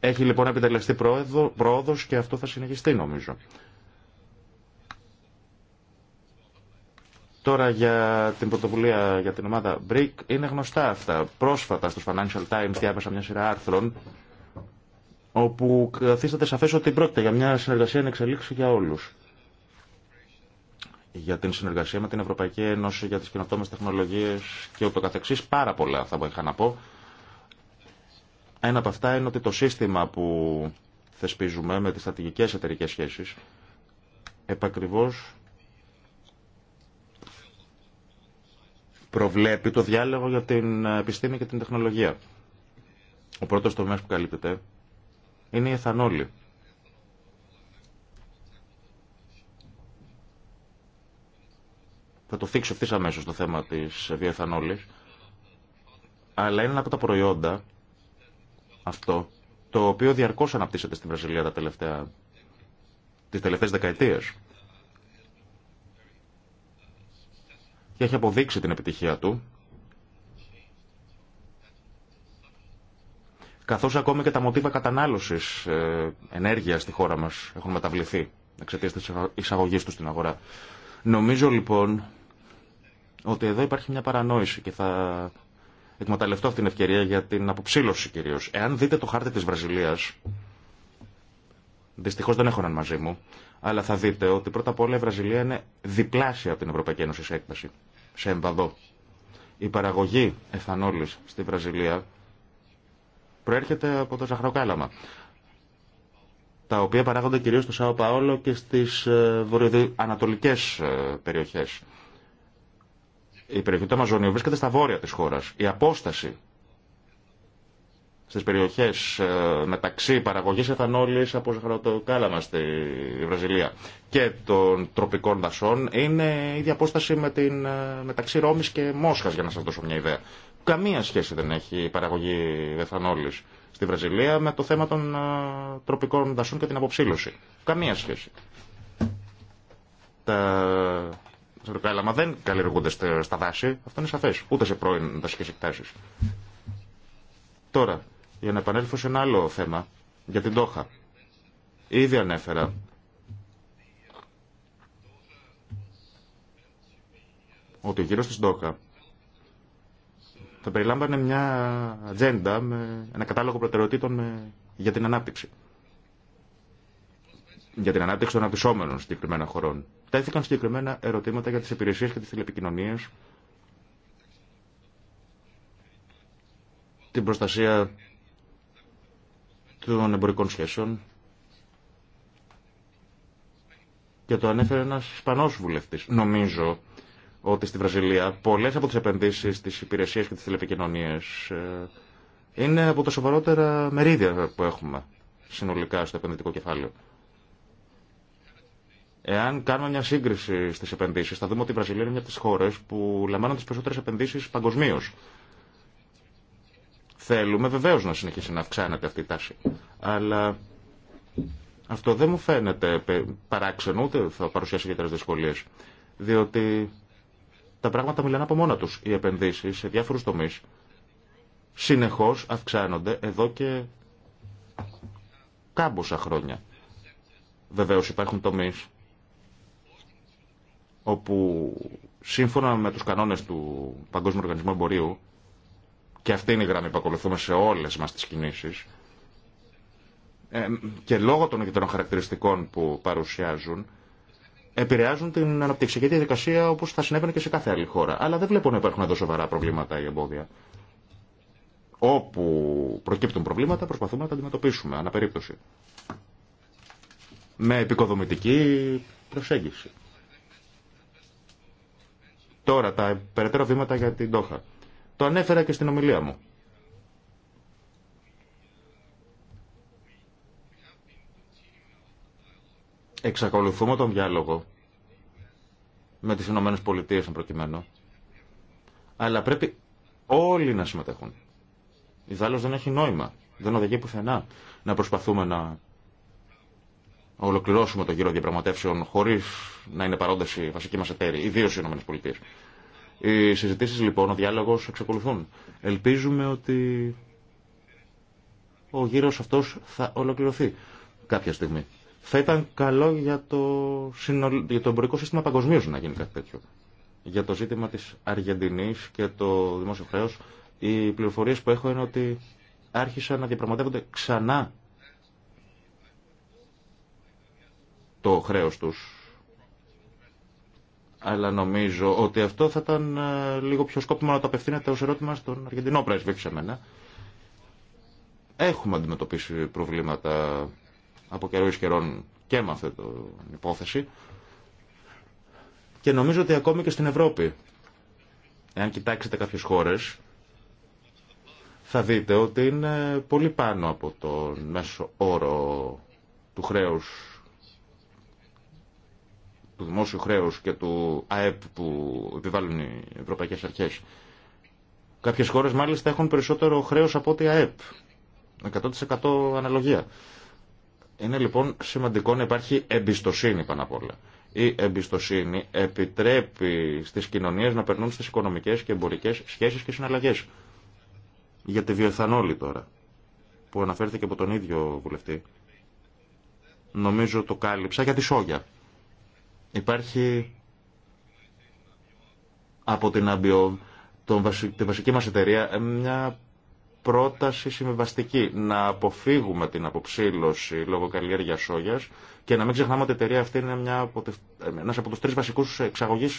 Έχει λοιπόν επιτελεστεί πρόοδο και αυτό θα συνεχιστεί νομίζω. Τώρα για την πρωτοβουλία για την ομάδα BRIC είναι γνωστά αυτά. Πρόσφατα στο Financial Times διάβασα μια σειρά άρθρων όπου καθίσταται σαφές ότι πρόκειται για μια συνεργασία εν εξελίξη για όλους. Για την συνεργασία με την Ευρωπαϊκή Ένωση, για τις κοινοτόμες τεχνολογίες και ούτω καθεξής, πάρα πολλά θα είχα να πω. Ένα από αυτά είναι ότι το σύστημα που θεσπίζουμε με τις στρατηγικές εταιρικές σχέσεις, επακριβώς προβλέπει το διάλογο για την επιστήμη και την τεχνολογία. Ο πρώτος τομέας που καλύπτεται είναι η εθανόλη. Θα το θίξω ευθύ αμέσω το θέμα τη βιοεθανόλη. Αλλά είναι ένα από τα προϊόντα αυτό το οποίο διαρκώ αναπτύσσεται στην Βραζιλία τα τελευταία, τις τελευταίες δεκαετίες. Και έχει αποδείξει την επιτυχία του καθώς ακόμη και τα μοτίβα κατανάλωσης ε, ενέργειας στη χώρα μας έχουν μεταβληθεί εξαιτία της εισαγωγή του στην αγορά. Νομίζω λοιπόν ότι εδώ υπάρχει μια παρανόηση και θα εκμεταλλευτώ αυτή την ευκαιρία για την αποψήλωση κυρίω. Εάν δείτε το χάρτη της Βραζιλίας, δυστυχώς δεν έχω έναν μαζί μου, αλλά θα δείτε ότι πρώτα απ' όλα η Βραζιλία είναι διπλάσια από την Ευρωπαϊκή Ένωση σε έκταση, σε εμπαδό. Η παραγωγή εθανόλης στη Βραζιλία προέρχεται από το ζαχαροκάλαμα, τα οποία παράγονται κυρίως στο Σάο Παόλο και στις ε, βορειοανατολικές ε, περιοχές. Η περιοχή του Αμαζονίου βρίσκεται στα βόρεια της χώρας. Η απόσταση στις περιοχές ε, μεταξύ παραγωγής εθανόλης από ζαχαροκάλαμα στη Βραζιλία και των τροπικών δασών είναι η ίδια απόσταση με την, μεταξύ Ρώμης και Μόσχας, για να σας δώσω μια ιδέα καμία σχέση δεν έχει η παραγωγή εθανόλης στη Βραζιλία με το θέμα των ε, τροπικών δασών και την αποψήλωση. Καμία σχέση. Τα μα δεν καλλιεργούνται στα δάση, αυτό είναι σαφές, ούτε σε πρώην δασικές εκτάσεις. Τώρα, για να επανέλθω σε ένα άλλο θέμα, για την Τόχα. Ήδη ανέφερα ότι γύρω στη Στόκα θα περιλάμβανε μια ατζέντα με ένα κατάλογο προτεραιοτήτων με, για την ανάπτυξη. Για την ανάπτυξη των αναπτυσσόμενων συγκεκριμένων χωρών. Τέθηκαν συγκεκριμένα ερωτήματα για τις υπηρεσίε και τι τηλεπικοινωνίε, την προστασία των εμπορικών σχέσεων και το ανέφερε ένας Ισπανός βουλευτής. Νομίζω ότι στη Βραζιλία πολλέ από τι επενδύσει στις υπηρεσίε και τηλεπικοινωνίε τηλεπικοινωνίες ε, είναι από τα σοβαρότερα μερίδια που έχουμε συνολικά στο επενδυτικό κεφάλαιο. Εάν κάνουμε μια σύγκριση στι επενδύσει, θα δούμε ότι η Βραζιλία είναι μια από τι χώρε που λαμβάνουν τι περισσότερε επενδύσει παγκοσμίω. Θέλουμε βεβαίω να συνεχίσει να αυξάνεται αυτή η τάση. Αλλά αυτό δεν μου φαίνεται παράξενο, ούτε θα παρουσιάσει ιδιαίτερε δυσκολίε. Διότι τα πράγματα μιλάνε από μόνα τους. Οι επενδύσεις σε διάφορους τομείς συνεχώς αυξάνονται εδώ και κάμποσα χρόνια. Βεβαίως υπάρχουν τομείς όπου σύμφωνα με τους κανόνες του Παγκόσμιου Οργανισμού Εμπορίου και αυτή είναι η γραμμή που ακολουθούμε σε όλες μας τις κινήσεις ε, και λόγω των ιδιαίτερων χαρακτηριστικών που παρουσιάζουν επηρεάζουν την αναπτυξιακή διαδικασία όπω θα συνέβαινε και σε κάθε άλλη χώρα. Αλλά δεν βλέπω να υπάρχουν εδώ σοβαρά προβλήματα ή εμπόδια. Όπου προκύπτουν προβλήματα προσπαθούμε να τα αντιμετωπίσουμε αναπερίπτωση. Με επικοδομητική προσέγγιση. Τώρα τα περαιτέρω βήματα για την Τόχα. Το ανέφερα και στην ομιλία μου. εξακολουθούμε τον διάλογο με τις Ηνωμένες Πολιτείες, εν προκειμένου, αλλά πρέπει όλοι να συμμετέχουν. Ιδάλλως δεν έχει νόημα, δεν οδηγεί πουθενά να προσπαθούμε να ολοκληρώσουμε το γύρο διαπραγματεύσεων χωρίς να είναι παρόντες οι βασικοί μας εταίροι, ιδίως οι Ηνωμένες Πολιτείες. Οι συζητήσεις λοιπόν, ο διάλογος εξακολουθούν. Ελπίζουμε ότι ο γύρος αυτός θα ολοκληρωθεί κάποια στιγμή. Θα ήταν καλό για το, για το εμπορικό σύστημα παγκοσμίω να γίνει κάτι τέτοιο. Για το ζήτημα της Αργεντινή και το δημόσιο χρέο. οι πληροφορίε που έχω είναι ότι άρχισαν να διαπραγματεύονται ξανά το χρέος τους. Αλλά νομίζω ότι αυτό θα ήταν ε, λίγο πιο σκόπιμο να το απευθύνεται ω ερώτημα στον Αργεντινό πρέσβη, σε μένα. Έχουμε αντιμετωπίσει προβλήματα από καιρό εις καιρόν και με αυτή την υπόθεση. Και νομίζω ότι ακόμη και στην Ευρώπη, εάν κοιτάξετε κάποιες χώρες, θα δείτε ότι είναι πολύ πάνω από το μέσο όρο του χρέους, του δημόσιου χρέους και του ΑΕΠ που επιβάλλουν οι ευρωπαϊκές αρχές. Κάποιες χώρες μάλιστα έχουν περισσότερο χρέος από ότι ΑΕΠ. 100% αναλογία. Είναι λοιπόν σημαντικό να υπάρχει εμπιστοσύνη πάνω απ' όλα. Η εμπιστοσύνη επιτρέπει στις κοινωνίες να περνούν στις οικονομικές και εμπορικές σχέσεις και συναλλαγές. Για τη βιοεθανόλη τώρα, που αναφέρθηκε από τον ίδιο βουλευτή, νομίζω το κάλυψα για τη σόγια. Υπάρχει από την Αμπιό, τη βασική μας εταιρεία, μια πρόταση συμβιβαστική. Να αποφύγουμε την αποψήλωση λόγω καλλιέργεια σόγια και να μην ξεχνάμε ότι η εταιρεία αυτή είναι μια από του ένας από τους τρεις βασικούς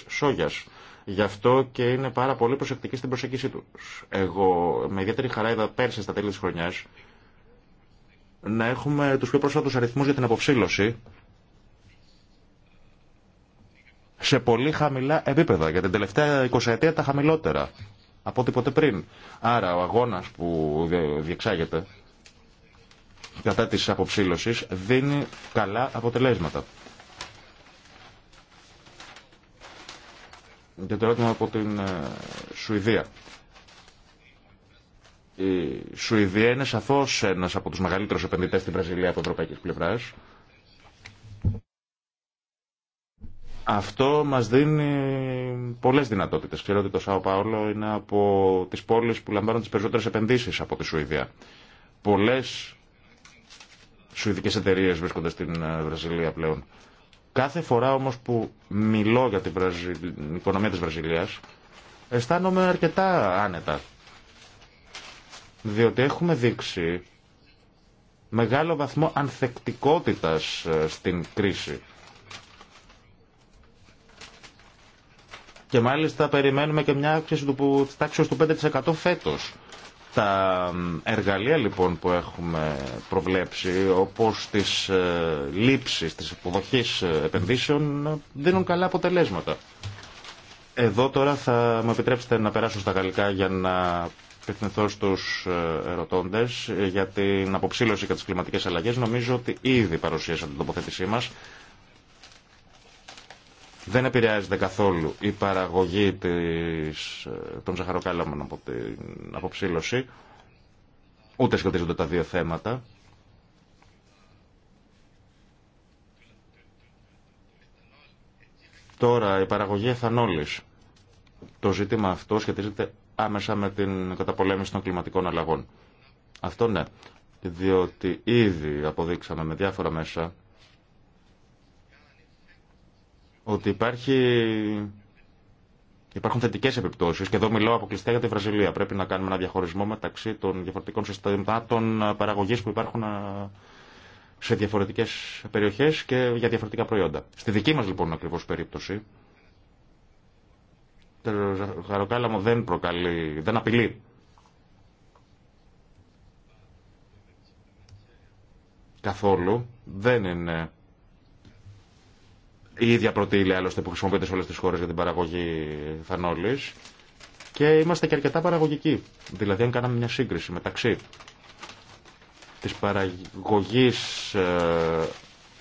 σόγιας. Γι' αυτό και είναι πάρα πολύ προσεκτική στην προσέγγιση του. Εγώ με ιδιαίτερη χαρά είδα πέρσι στα τέλη της χρονιάς να έχουμε τους πιο πρόσφατους αριθμούς για την αποψήλωση σε πολύ χαμηλά επίπεδα. Για την τελευταία 20 ετία τα χαμηλότερα από ό,τι ποτέ πριν. Άρα ο αγώνας που διεξάγεται κατά της αποψήλωσης δίνει καλά αποτελέσματα. Και το ερώτημα από την ε, Σουηδία. Η Σουηδία είναι σαφώς ένας από τους μεγαλύτερους επενδυτές στην Βραζιλία από ευρωπαϊκής πλευράς. Αυτό μας δίνει πολλές δυνατότητες. Ξέρω ότι το Σάο Παόλο είναι από τις πόλεις που λαμβάνουν τις περισσότερες επενδύσεις από τη Σουηδία. Πολλές σουηδικές εταιρείες βρίσκονται στην ε, Βραζιλία πλέον. Κάθε φορά όμως που μιλώ για την, οικονομία της Βραζιλίας, αισθάνομαι αρκετά άνετα. Διότι έχουμε δείξει μεγάλο βαθμό ανθεκτικότητας ε, στην κρίση. Και μάλιστα περιμένουμε και μια αύξηση του, της τάξης του 5% φέτος. Τα εργαλεία λοιπόν που έχουμε προβλέψει, όπως τις ε, λήψεις, τις υποδοχής ε, επενδύσεων, δίνουν καλά αποτελέσματα. Εδώ τώρα θα μου επιτρέψετε να περάσω στα γαλλικά για να πληθυνθώ στους ε, ερωτώντε ε, για την αποψήλωση και τι κλιματικέ αλλαγέ. Νομίζω ότι ήδη παρουσίασαν την τοποθέτησή μα δεν επηρεάζεται καθόλου η παραγωγή της, των ζαχαροκάλαμων από την αποψήλωση, ούτε σχετίζονται τα δύο θέματα. Τώρα, η παραγωγή εθανόλης. Το ζήτημα αυτό σχετίζεται άμεσα με την καταπολέμηση των κλιματικών αλλαγών. Αυτό ναι, διότι ήδη αποδείξαμε με διάφορα μέσα ότι υπάρχει... υπάρχουν θετικέ επιπτώσει και εδώ μιλώ αποκλειστικά για τη Βραζιλία. Πρέπει να κάνουμε ένα διαχωρισμό μεταξύ των διαφορετικών συστημάτων παραγωγή που υπάρχουν ε, σε διαφορετικέ περιοχέ και για διαφορετικά προϊόντα. Στη δική μα λοιπόν ακριβώ περίπτωση, το χαροκάλαμο δεν προκαλεί, δεν απειλεί καθόλου. Δεν είναι η ίδια πρώτη ύλη άλλωστε που χρησιμοποιείται σε όλες τις χώρες για την παραγωγή φανόλη και είμαστε και αρκετά παραγωγικοί. Δηλαδή αν κάναμε μια σύγκριση μεταξύ της παραγωγής ε,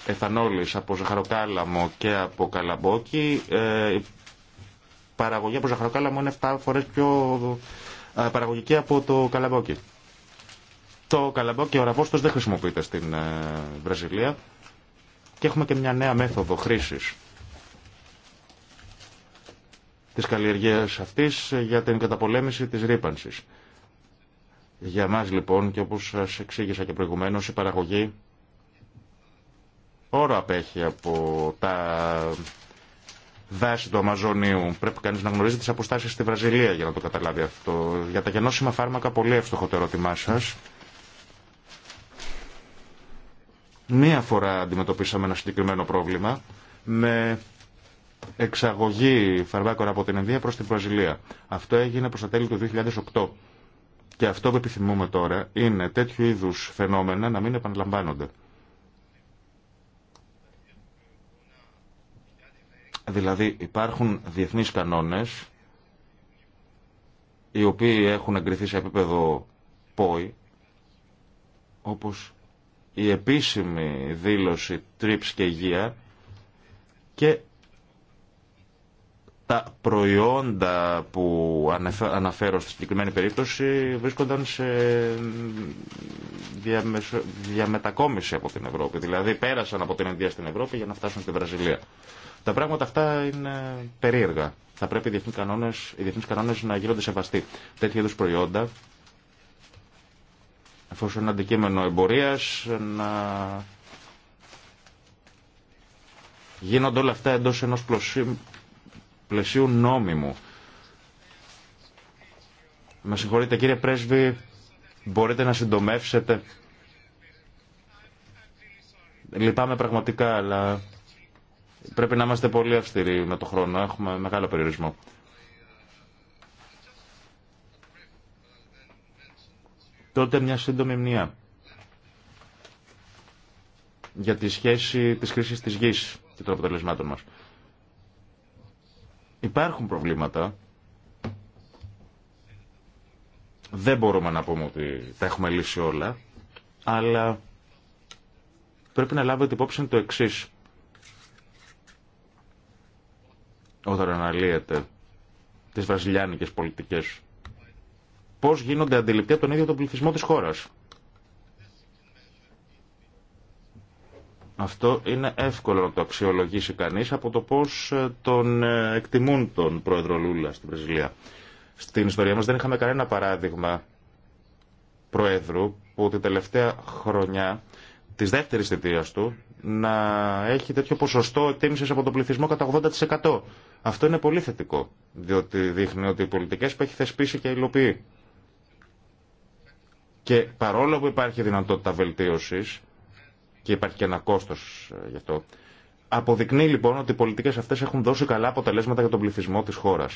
εθανόλης από ζαχαροκάλαμο και από καλαμπόκι ε, η παραγωγή από ζαχαροκάλαμο είναι 7 φορέ πιο ε, παραγωγική από το καλαμπόκι. Το καλαμπόκι ο δεν χρησιμοποιείται στην Βραζιλία και έχουμε και μια νέα μέθοδο χρήσης της καλλιεργίας αυτής για την καταπολέμηση της ρήπανσης. Για μας λοιπόν και όπως σας εξήγησα και προηγουμένως η παραγωγή όρο απέχει από τα δάση του Αμαζονίου. Πρέπει κανείς να γνωρίζει τις αποστάσεις στη Βραζιλία για να το καταλάβει αυτό. Για τα γενώσιμα φάρμακα πολύ εύστοχο το ερώτημά σας. Μία φορά αντιμετωπίσαμε ένα συγκεκριμένο πρόβλημα με εξαγωγή φαρμάκων από την Ενδία προς την Βραζιλία. Αυτό έγινε προς τα τέλη του 2008. Και αυτό που επιθυμούμε τώρα είναι τέτοιου είδους φαινόμενα να μην επαναλαμβάνονται. Δηλαδή υπάρχουν διεθνείς κανόνες οι οποίοι έχουν εγκριθεί σε επίπεδο ΠΟΗ όπως η επίσημη δήλωση τρίψ και υγεία και τα προϊόντα που αναφέρω στη συγκεκριμένη περίπτωση βρίσκονταν σε διαμετακόμιση από την Ευρώπη. Δηλαδή πέρασαν από την Ινδία στην Ευρώπη για να φτάσουν στη Βραζιλία. Τα πράγματα αυτά είναι περίεργα. Θα πρέπει οι διεθνείς κανόνες, οι κανόνες να γίνονται σεβαστοί. Τέτοιου είδους προϊόντα εφόσον είναι αντικείμενο εμπορίας, να γίνονται όλα αυτά εντός ενός πλαισίου νόμιμου. Με συγχωρείτε κύριε Πρέσβη, μπορείτε να συντομεύσετε. Λυπάμαι πραγματικά, αλλά πρέπει να είμαστε πολύ αυστηροί με το χρόνο. Έχουμε μεγάλο περιορισμό. Τότε μια σύντομη μνήμα για τη σχέση της κρίσης της γης και των αποτελεσμάτων μας. Υπάρχουν προβλήματα. Δεν μπορούμε να πούμε ότι τα έχουμε λύσει όλα, αλλά πρέπει να λάβετε υπόψη το εξής. Όταν αναλύεται τις βραζιλιάνικες πολιτικές πώς γίνονται αντιληπτοί από τον ίδιο τον πληθυσμό της χώρας. Αυτό είναι εύκολο να το αξιολογήσει κανείς από το πώς ε, τον ε, εκτιμούν τον πρόεδρο Λούλα στην Βραζιλία. Στην ιστορία μας δεν είχαμε κανένα παράδειγμα πρόεδρου που την τελευταία χρονιά της δεύτερης θητείας του να έχει τέτοιο ποσοστό εκτίμησης από τον πληθυσμό κατά 80%. Αυτό είναι πολύ θετικό, διότι δείχνει ότι οι πολιτικές που έχει θεσπίσει και υλοποιεί. Και παρόλο που υπάρχει δυνατότητα βελτίωση, και υπάρχει και ένα κόστο ε, γι' αυτό, αποδεικνύει λοιπόν ότι οι πολιτικέ αυτέ έχουν δώσει καλά αποτελέσματα για τον πληθυσμό τη χώρα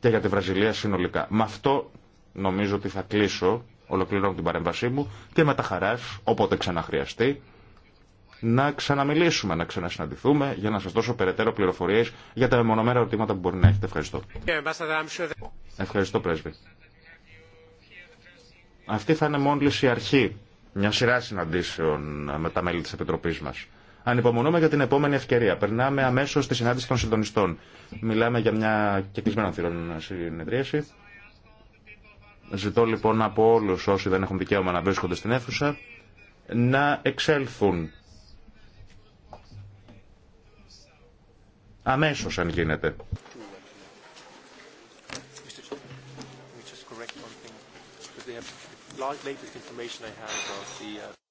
και για τη Βραζιλία συνολικά. Με αυτό νομίζω ότι θα κλείσω, ολοκληρώνω την παρέμβασή μου και με τα χαρά, όποτε ξαναχρειαστεί, να ξαναμιλήσουμε, να ξανασυναντηθούμε για να σα δώσω περαιτέρω πληροφορίε για τα μεμονωμένα ερωτήματα που μπορεί να έχετε. Ευχαριστώ. Ευχαριστώ πρέσβη. Αυτή θα είναι μόλι η αρχή μια σειρά συναντήσεων με τα μέλη τη Επιτροπής μας. Ανυπομονούμε για την επόμενη ευκαιρία. Περνάμε αμέσως στη συνάντηση των συντονιστών. Μιλάμε για μια κεκλεισμένη θηρών συνεδρίαση. Ζητώ λοιπόν από όλου όσοι δεν έχουν δικαίωμα να βρίσκονται στην αίθουσα να εξέλθουν αμέσως αν γίνεται. latest information I have about the